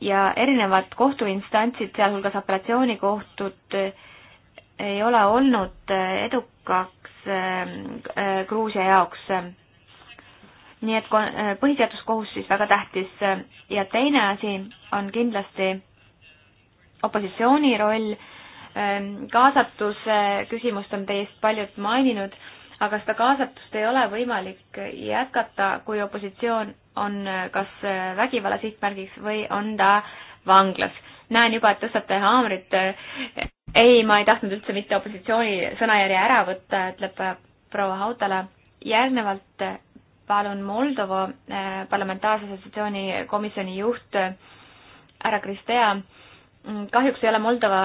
ja erinevad kohtuinstantsid, sealhulgas apellatsioonikohtud, ei ole olnud äh, edukaks ähm, äh, Gruusia jaoks. nii et äh, põhiseaduskohus siis väga tähtis ja teine asi on kindlasti opositsiooni roll, ähm, kaasatuse küsimust on teist paljud maininud, aga seda kaasatust ei ole võimalik jätkata, kui opositsioon on kas vägivalla sihtmärgiks või on ta vanglas. näen juba, et tõstate haamrit ei, ma ei tahtnud üldse mitte opositsiooni sõnajärje ära võtta, ütleb äh, proua Hautala. järgnevalt äh, palun Moldova äh, parlamentaarse assotsiatsiooni komisjoni juht härra Kristea mm, kahjuks ei ole Moldova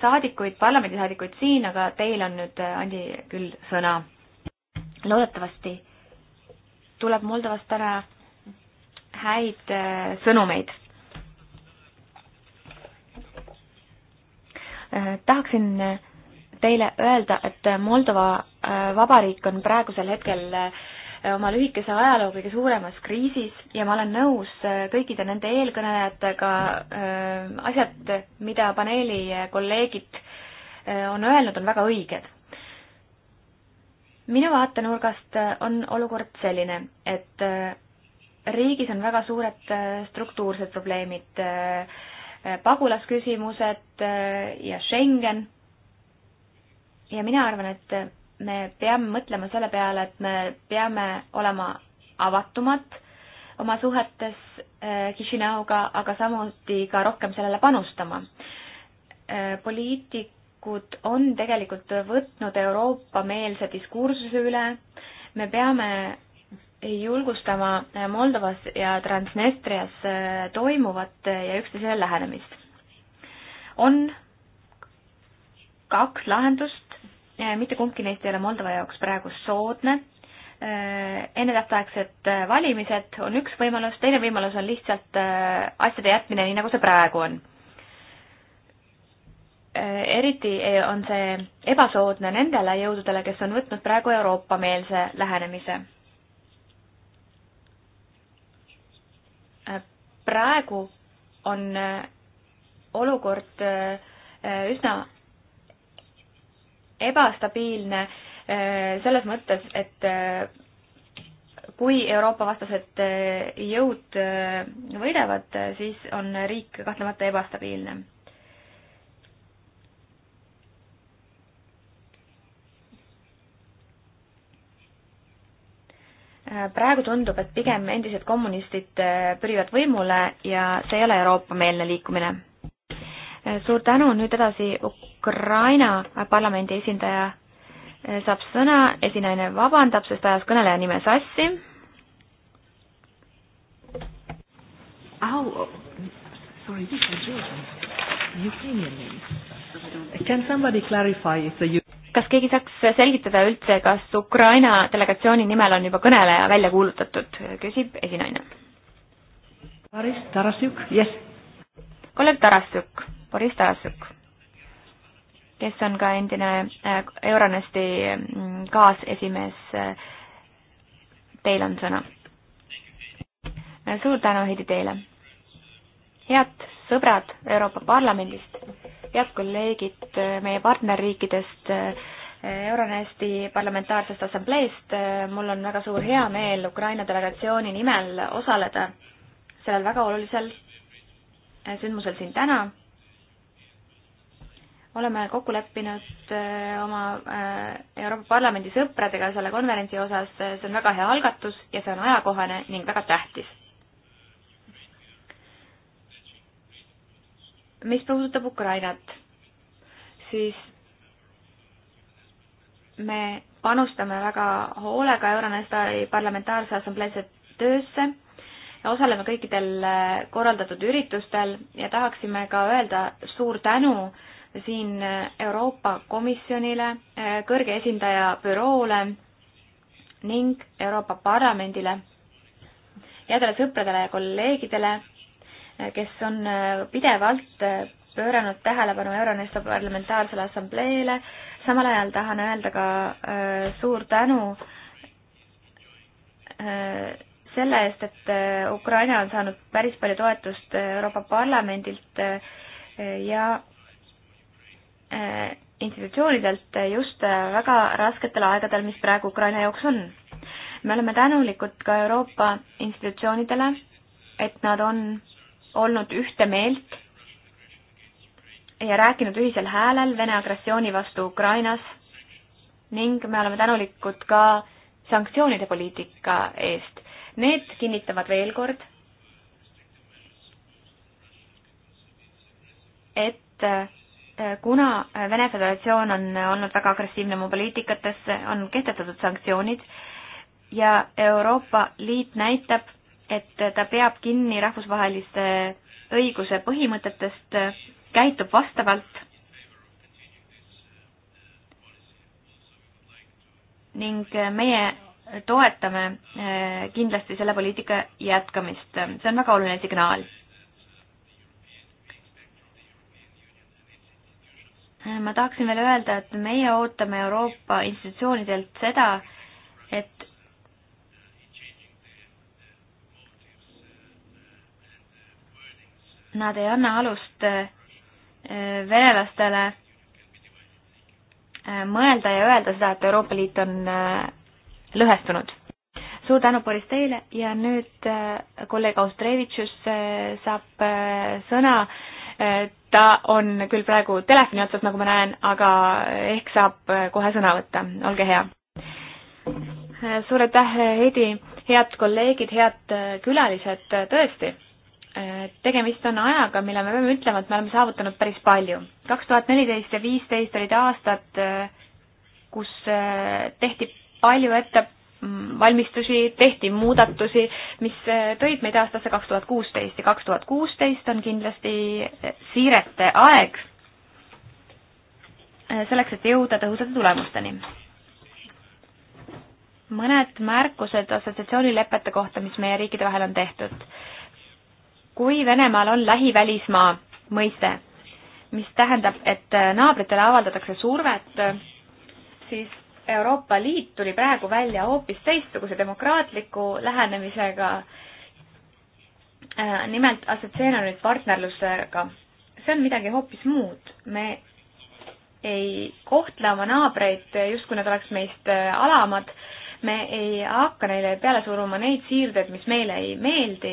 saadikuid, parlamendisaadikuid siin, aga teil on nüüd, Andi, küll sõna. loodetavasti tuleb Moldovast ära häid sõnumeid. Äh, tahaksin äh, teile öelda, et äh, Moldova Vabariik on praegusel hetkel oma lühikese ajaloo kõige suuremas kriisis ja ma olen nõus kõikide nende eelkõnelejatega asjad, mida paneeli kolleegid on öelnud, on väga õiged. minu vaatenurgast on olukord selline, et riigis on väga suured struktuursed probleemid Äh, pagulasküsimused äh, ja Schengen. ja mina arvan, et äh, me peame mõtlema selle peale, et me peame olema avatumad oma suhetes Kišinauga, aga samuti ka rohkem sellele panustama. poliitikud on tegelikult võtnud Euroopa-meelse diskursuse üle, me peame julgustama Moldovas ja Transnistrias äh, toimuvat ja üksteisele lähenemist. on kaks lahendust, äh, mitte kumbki neist ei ole Moldova jaoks praegu soodne. Äh, ennetähtaegsed valimised on üks võimalus, teine võimalus on lihtsalt asjade jätmine, nii nagu see praegu on eriti on see ebasoodne nendele jõududele, kes on võtnud praegu Euroopa-meelse lähenemise praegu on äh, olukord äh, üsna ebastabiilne äh, selles mõttes, et kui Euroopa vastased jõud võidavad, siis on riik kahtlemata ebastabiilne. Äh, praegu tundub, et pigem endised kommunistid äh, pürivad võimule ja see ei ole Euroopa-meelne liikumine. Äh, suur tänu, nüüd edasi Ukraina parlamendi esindaja saab sõna, esinaine vabandab, sest ajas kõneleja nime sassi. Au, sorry, this is Georgian, Ukrainian name. Can somebody clarify if the kas keegi saaks selgitada üldse, kas Ukraina delegatsiooni nimel on juba kõneleja välja kuulutatud, küsib esinaine. Boris Tarasjuk, jah yes.. kolleeg Tarasjuk, Boris Tarasjuk, kes on ka endine äh, Euronesti mm, kaasesimees. Äh, teil on sõna. suur tänu, Heidi, teile. head sõbrad Euroopa Parlamendist head kolleegid meie partnerriikidest eh, Euronesti parlamentaarsest assambleest, eh, mul on väga suur heameel Ukraina delegatsiooni nimel osaleda sellel väga olulisel eh, sündmusel siin täna. oleme kokku leppinud oma Euroopa Parlamendi sõpradega selle konverentsi osas, see on väga hea algatus ja see on ajakohane ning väga tähtis mis puudutab Ukrainat, siis me panustame väga hoolega Euronestari parlamentaarse assambleesse töösse ja osaleme kõikidel äh, korraldatud üritustel ja tahaksime ka öelda suur tänu siin äh, Euroopa Komisjonile, äh, kõrge esindaja büroole ning Euroopa Parlamendile, headele sõpradele ja kolleegidele Äh, kes on äh, pidevalt äh, pööranud tähelepanu Euronesta parlamentaarsele assambleele. samal ajal tahan öelda ka suur tänu selle eest, et Ukraina on saanud päris palju toetust Euroopa Parlamendilt ja institutsioonidelt just väga rasketel aegadel, mis praegu Ukraina jaoks on. me oleme tänulikud ka Euroopa institutsioonidele, et nad on olnud ühte meelt ja rääkinud ühisel häälel Vene agressiooni vastu Ukrainas ning me oleme tänulikud ka sanktsioonide poliitika eest. Need kinnitavad veel kord, et äh, kuna Vene Föderatsioon on olnud väga agressiivne oma poliitikates, on kehtestatud sanktsioonid ja Euroopa Liit näitab, et ta peab kinni rahvusvahelise õiguse põhimõtetest, käitub vastavalt ning meie toetame eh, kindlasti selle poliitika jätkamist, see on väga oluline signaal. ma tahaksin veel öelda, et meie ootame Euroopa institutsioonidelt seda, nad ei anna alust äh, äh, venelastele äh, mõelda ja öelda seda, et Euroopa Liit on lõhestunud. suur tänu, Boris, teile ja nüüd kolleeg Austrevitšus saab sõna. ta on küll praegu telefoni otsas, nagu ma näen, aga ehk saab kohe sõna võtta, olge hea. suur aitäh, Heidi, head kolleegid, head külalised, tõesti Äh, tegemist on ajaga, mille me peame ütlema, et me oleme saavutanud päris palju. kaks tuhat neliteist ja viisteist olid aastad, äh, kus äh, tehti palju ettevalmistusi, mm, tehti muudatusi, mis tõid meid aastasse kaks tuhat kuusteist ja kaks tuhat kuusteist on kindlasti siirete aeg selleks, et jõuda tõhusate tulemusteni. mõned märkused assotsiatsioonilepete kohta, mis meie riikide vahel on tehtud kui Venemaal on lähivälismaa mõiste, mis tähendab, et äh, naabritele avaldatakse survet, äh, siis Euroopa Liit tuli praegu välja hoopis teistsuguse demokraatliku lähenemisega, äh, nimelt assotsieerunud partnerlusega. see on midagi hoopis muud. me ei kohtle oma naabreid, justkui nad oleks meist alamad, me ei hakka neile peale suruma neid siirdeid, mis meile ei meeldi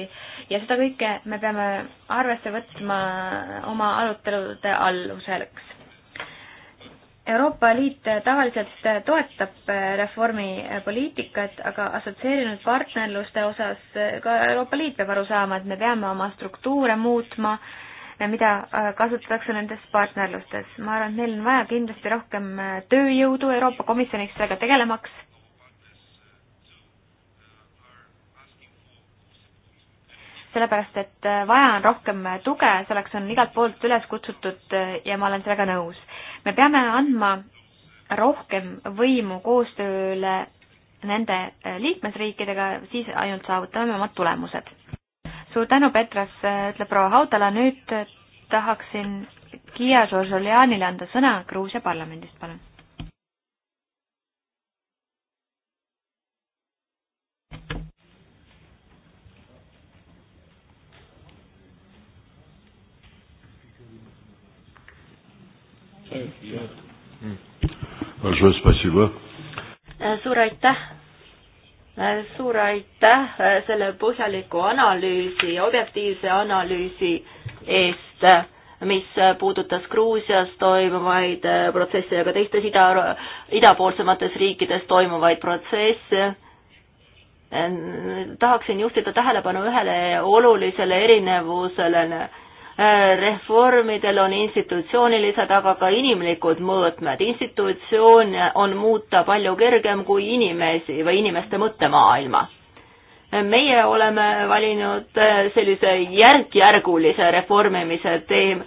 ja seda kõike me peame arvesse võtma oma arutelude alluseks. Euroopa Liit tavaliselt toetab reformipoliitikat, aga assotsieerinud partnerluste osas ka Euroopa Liit peab aru saama, et me peame oma struktuure muutma, mida kasutatakse nendes partnerlustes. ma arvan, et meil on vaja kindlasti rohkem tööjõudu Euroopa Komisjoniks sellega tegelemaks sellepärast et äh, vaja on rohkem äh, tuge, selleks on igalt poolt üles kutsutud äh, ja ma olen sellega nõus. me peame andma rohkem võimu koostööle nende liikmesriikidega, siis ainult saavutame omad tulemused. suur tänu, Petras, ütleb proua Haudala, nüüd tahaksin Kiia Žoržoljanile anda sõna Gruusia parlamendist, palun. Äh, suur aitäh! Äh, suur aitäh äh, selle põhjaliku analüüsi, objektiivse analüüsi eest, mis puudutas Gruusias toimuvaid protsesse ja ka teistes ida, idapoolsemates riikides toimuvaid protsesse tahaksin juhtida tähelepanu ühele olulisele erinevusele reformidel on institutsioonilised, aga ka inimlikud mõõtmed. institutsioon on muuta palju kergem kui inimesi või inimeste mõttemaailma meie oleme valinud sellise järk-järgulise reformimise teem,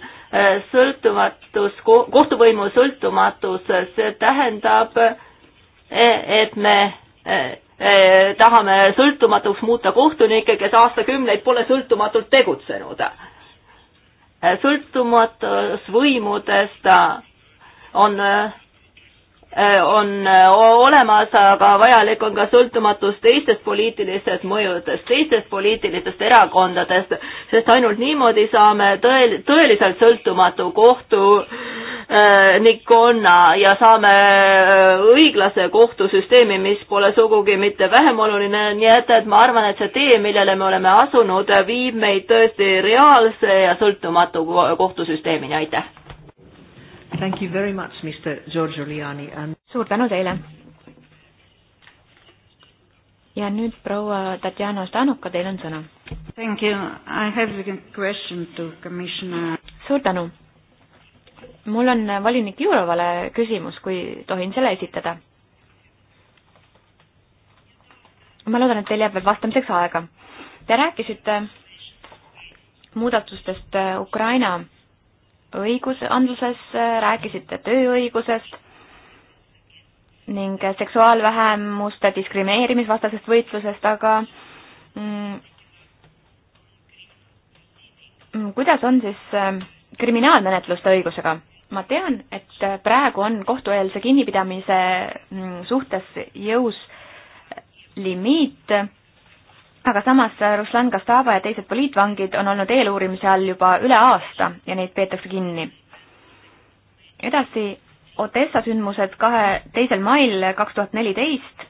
sõltumatus, kohtuvõimu sõltumatus, see tähendab, et me tahame sõltumatuks muuta kohtunikke, kes aastakümneid pole sõltumatult tegutsenud sõltumatus võimudest äh, on äh, Äh, on äh, olemas, aga vajalik on ka sõltumatus teistest poliitilistest mõjudest, teistest poliitilistest erakondadest, sest ainult niimoodi saame tõel-, tõeliselt sõltumatu kohtunikkonna äh, ja saame õiglase kohtusüsteemi, mis pole sugugi mitte vähem oluline, nii et, et ma arvan, et see tee, millele me oleme asunud, viib meid tõesti reaalse ja sõltumatu kohtusüsteemini, aitäh! Thank you very much, Mr Giorgio Liani and.... suur tänu teile. ja nüüd proua Tatjana Stanuka, teil on sõna. Thank you, I have a question to commissioner. suur tänu. mul on volinik Jurovale küsimus, kui tohin selle esitada. ma loodan, et teil jääb veel vastamiseks aega. Te rääkisite muudatustest Ukraina õigusandlusest, rääkisite tööõigusest ning seksuaalvähemuste diskrimineerimisvastasest võitlusest, aga mm, kuidas on siis ähm, kriminaalmenetluste õigusega? ma tean, et praegu on kohtueelse kinnipidamise mm, suhtes jõus limiit aga samas Ruslan Kastava ja teised poliitvangid on olnud eeluurimise all juba üle aasta ja neid peetakse kinni. edasi Odessa sündmused kahe, teisel mail kaks tuhat neliteist.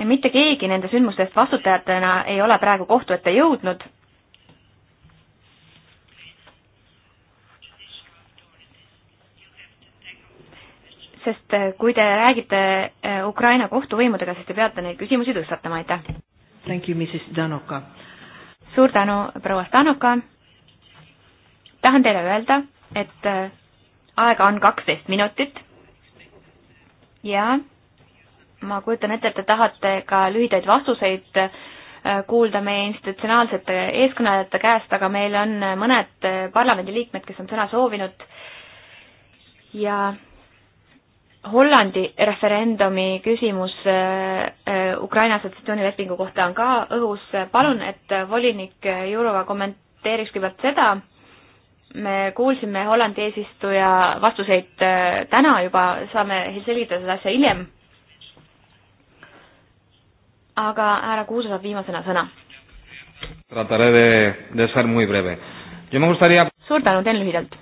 mitte keegi nende sündmuste eest vastutajatena ei ole praegu kohtu ette jõudnud sest eh, kui te räägite eh, Ukraina kohtuvõimudega, siis te peate neid küsimusi tõstatama, aitäh! Thank you, Mrs Danoka! suur tänu, proua Stanoka! tahan teile öelda, et eh, aega on kaksteist minutit ja ma kujutan ette, et te tahate ka lühidaid vastuseid kuulda meie institutsionaalsete eeskõnelejate käest, aga meil on mõned parlamendiliikmed, kes on sõna soovinud ja Hollandi referendumi küsimus äh, äh, Ukraina assotsiatsioonilepingu kohta on ka õhus. palun, et volinik Jurova kommenteeriks kõigepealt seda. me kuulsime Hollandi eesistuja vastuseid äh, täna juba, saame selgitada seda asja hiljem. aga härra Kuusa saab viimasena sõna. suur tänu, teen lühidalt.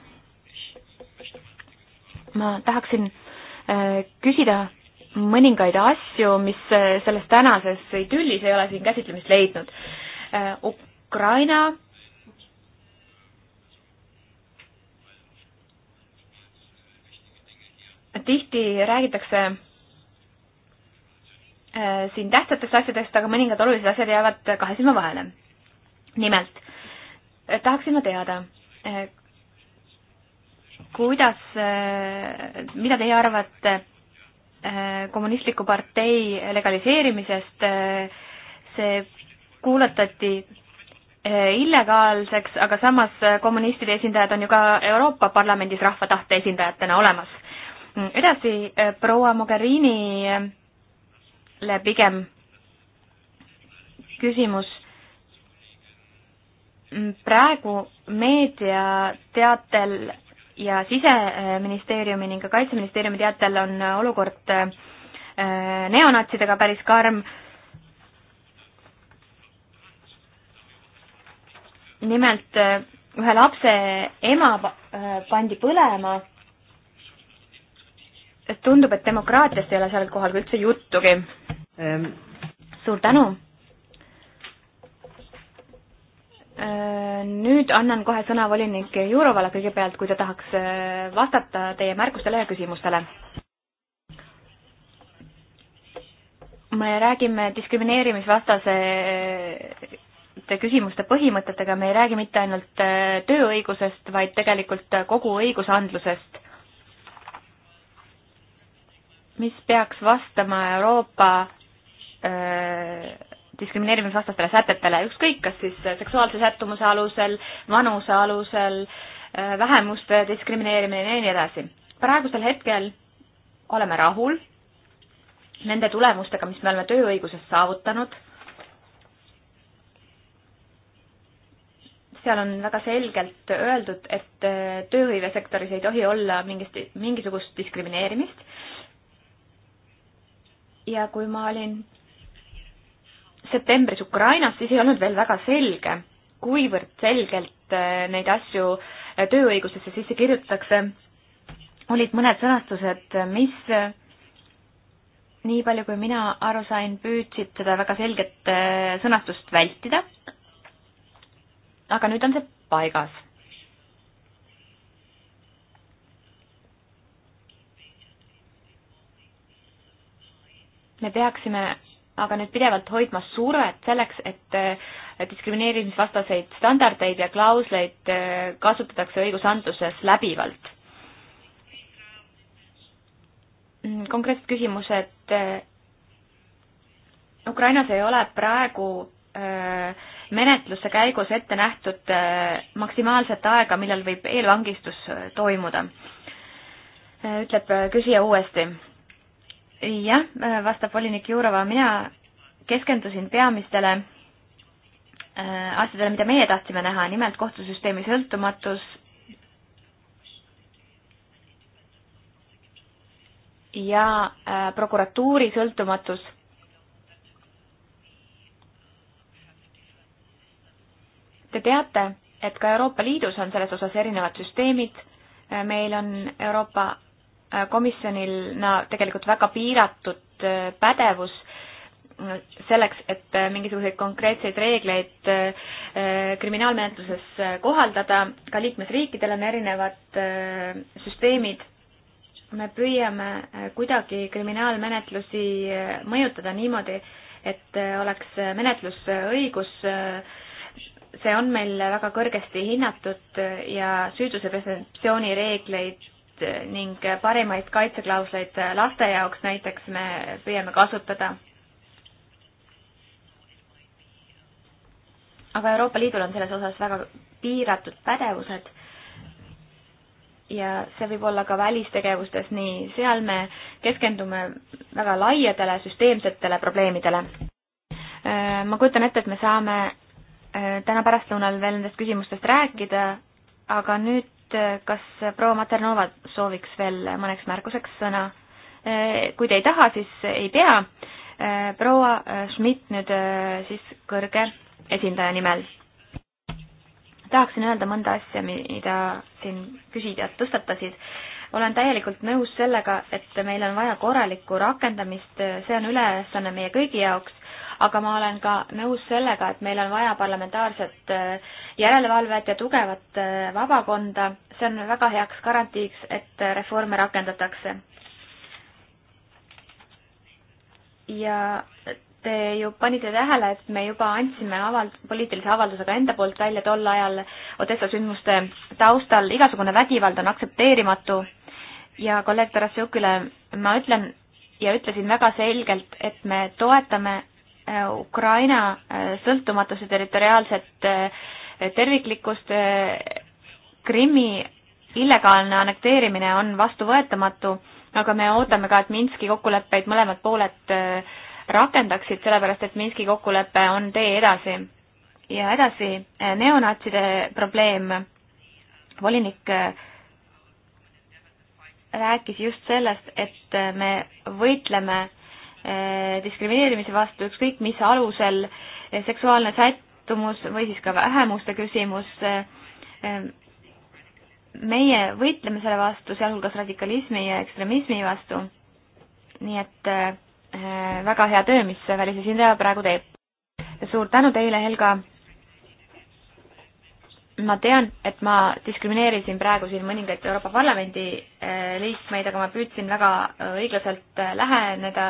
ma tahaksin Äh, küsida mõningaid asju, mis äh, selles tänases idüllis ei ole siin käsitlemist leidnud. Äh, Ukraina tihti räägitakse siin tähtsatest asjadest, aga mõningad olulised asjad jäävad kahe silma vahele. nimelt tahaksin ma teada, kuidas, mida teie arvate eh, kommunistliku partei legaliseerimisest, eh, see kuulutati eh, illegaalseks, aga samas kommunistide esindajad on ju ka Euroopa Parlamendis rahva tahte esindajatena olemas. edasi proua Mogherinile pigem küsimus. praegu meediateatel ja Siseministeeriumi ning ka Kaitseministeeriumi teatel on olukord äh, neonatsidega päris karm. nimelt äh, ühe lapse ema äh, pandi põlema. tundub, et demokraatiast ei ole sellel kohal ka üldse juttugi ähm.. suur tänu Äh, nüüd annan kohe sõna volinik Jurovale kõigepealt, kui ta tahaks äh, vastata teie märkustele ja küsimustele. me räägime diskrimineerimisvastase äh, küsimuste põhimõtetega, me ei räägi mitte ainult tööõigusest, vaid tegelikult kogu õigusandlusest, mis peaks vastama Euroopa öö, diskrimineerimisvastastele sätetele, ükskõik, kas siis seksuaalse sättumuse alusel, vanuse alusel, äh, vähemuste diskrimineerimine ja nii edasi. praegusel hetkel oleme rahul nende tulemustega, mis me oleme tööõiguses saavutanud. seal on väga selgelt öeldud, et äh, tööhõivesektoris ei tohi olla mingist, mingisugust diskrimineerimist. ja kui ma olin septembris Ukrainas, siis ei olnud veel väga selge, kuivõrd selgelt äh, neid asju äh, tööõigusesse sisse kirjutatakse, olid mõned sõnastused, äh, mis nii palju, kui mina aru sain, püüdsid seda väga selget sõnastust vältida. aga nüüd on see paigas. me peaksime aga nüüd pidevalt hoidma survet selleks, et äh, diskrimineerimisvastaseid standardeid ja klausleid äh, kasutatakse õigusandluses läbivalt. Mm, konkreetsed küsimused. Äh, Ukrainas ei ole praegu menetluse käigus ette nähtud maksimaalset aega, millal võib eelvangistus toimuda, ütleb küsija uuesti jah, vastab volinik Jurova, mina keskendusin peamistele äh, asjadele, mida meie tahtsime näha, nimelt kohtusüsteemi sõltumatus ja äh, prokuratuuri sõltumatus. Te teate, et ka Euroopa Liidus on selles osas erinevad süsteemid, äh, meil on Euroopa Äh, komisjonil no, tegelikult väga piiratud äh, pädevus äh, selleks, et mingisuguseid konkreetseid reegleid kriminaalmenetluses kohaldada, ka liikmesriikidel on erinevad süsteemid, me püüame kuidagi kriminaalmenetlusi mõjutada niimoodi, et oleks menetlusõigus, see on meil väga kõrgesti hinnatud ja süüduse presumptsiooni reegleid kaitset ning parimaid kaitseklausleid laste jaoks näiteks me püüame kasutada. aga Euroopa Liidul on selles osas väga piiratud pädevused ja see võib olla ka välistegevustes nii, seal me keskendume väga laiadele süsteemsetele probleemidele. Äh, ma kujutan ette, et me saame äh, täna pärastlõunal veel nendest küsimustest rääkida, aga nüüd nüüd, äh, kas proua Maternova sooviks veel mõneks märkuseks sõna? Äh, kui te ei taha, siis ei pea. Äh, proua Schmidt nüüd siis kõrge esindaja nimel. tahaksin öelda mõnda asja, mida siin küsijad tõstatasid olen täielikult nõus sellega, et meil on vaja korralikku rakendamist, see on ülesanne meie kõigi jaoks aga ma olen ka nõus sellega, et meil on vaja parlamentaarset äh, järelevalvet ja tugevat äh, vabakonda, see on väga heaks garantiiks, et äh, reforme rakendatakse. ja te ju panite tähele, et me juba andsime avald-, poliitilise avaldusega enda poolt välja tol ajal Odessa sündmuste taustal, igasugune vägivald on aktsepteerimatu ja kolleeg Tarasjukile ma ütlen ja ütlesin väga selgelt, et me toetame Ukraina eh, sõltumatuse territoriaalset eh, terviklikkust, eh, Krimmi illegaalne annekteerimine on vastuvõetamatu, aga me ootame ka, et Minski kokkuleppeid mõlemad pooled rakendaksid, sellepärast et Minski kokkulepe on tee edasi. ja edasi, neonatside probleem, volinik rääkis just sellest, et me võitleme Äh, diskrimineerimise vastu ükskõik mis alusel, äh, seksuaalne sättumus või siis ka vähemuste küsimus. Äh, meie võitleme selle vastu, sealhulgas radikalismi ja ekstremismi vastu. nii et väga hea töö, mis välisesindaja praegu teeb. suur tänu teile, Helga ma tean, et ma diskrimineerisin praegu siin mõningaid Euroopa Parlamendi eh, liikmeid, aga ma püüdsin väga eh, õiglaselt eh, läheneda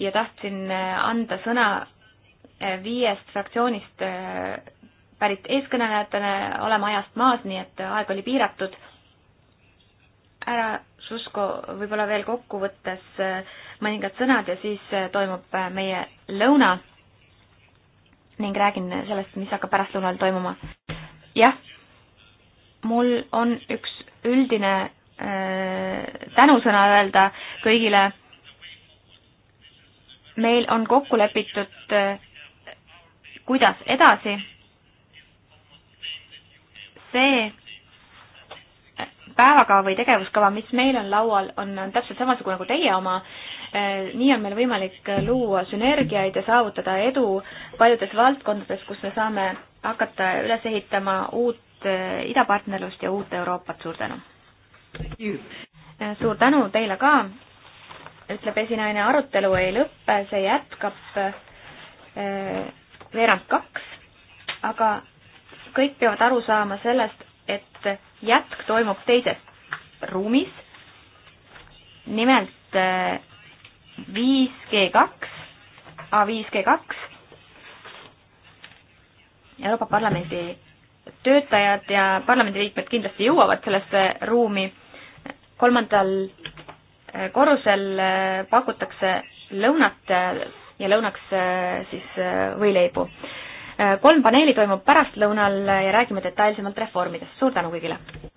ja tahtsin anda sõna viiest fraktsioonist pärit eeskõnelejatele, oleme ajast maas, nii et aeg oli piiratud. härra Šuško, võib-olla veel kokkuvõttes mõningad sõnad ja siis toimub meie lõuna ning räägin sellest, mis hakkab pärastlõunal toimuma jah, mul on üks üldine äh, tänusõna öelda kõigile. meil on kokku lepitud, äh, kuidas edasi. see äh, päevakava või tegevuskava, mis meil on laual, on, on täpselt samasugune kui nagu teie oma. nii on meil võimalik luua sünergiaid ja saavutada edu paljudes valdkondades, kus me saame hakata üles ehitama uut eh, idapartnerlust ja uut Euroopat, suur tänu! Eh, suur tänu teile ka, ütleb esinaine, arutelu ei lõppe, see jätkab eh, veerand kaks, aga kõik peavad aru saama sellest, et jätk toimub teises ruumis, nimelt 5G2, A5G2 Euroopa Parlamendi töötajad ja parlamendiliikmed kindlasti jõuavad sellesse ruumi. kolmandal eh, korrusel eh, pakutakse lõunat eh, ja lõunaks siis võileibu. kolm paneeli toimub pärastlõunal ja räägime detailsemalt reformidest. suur tänu kõigile!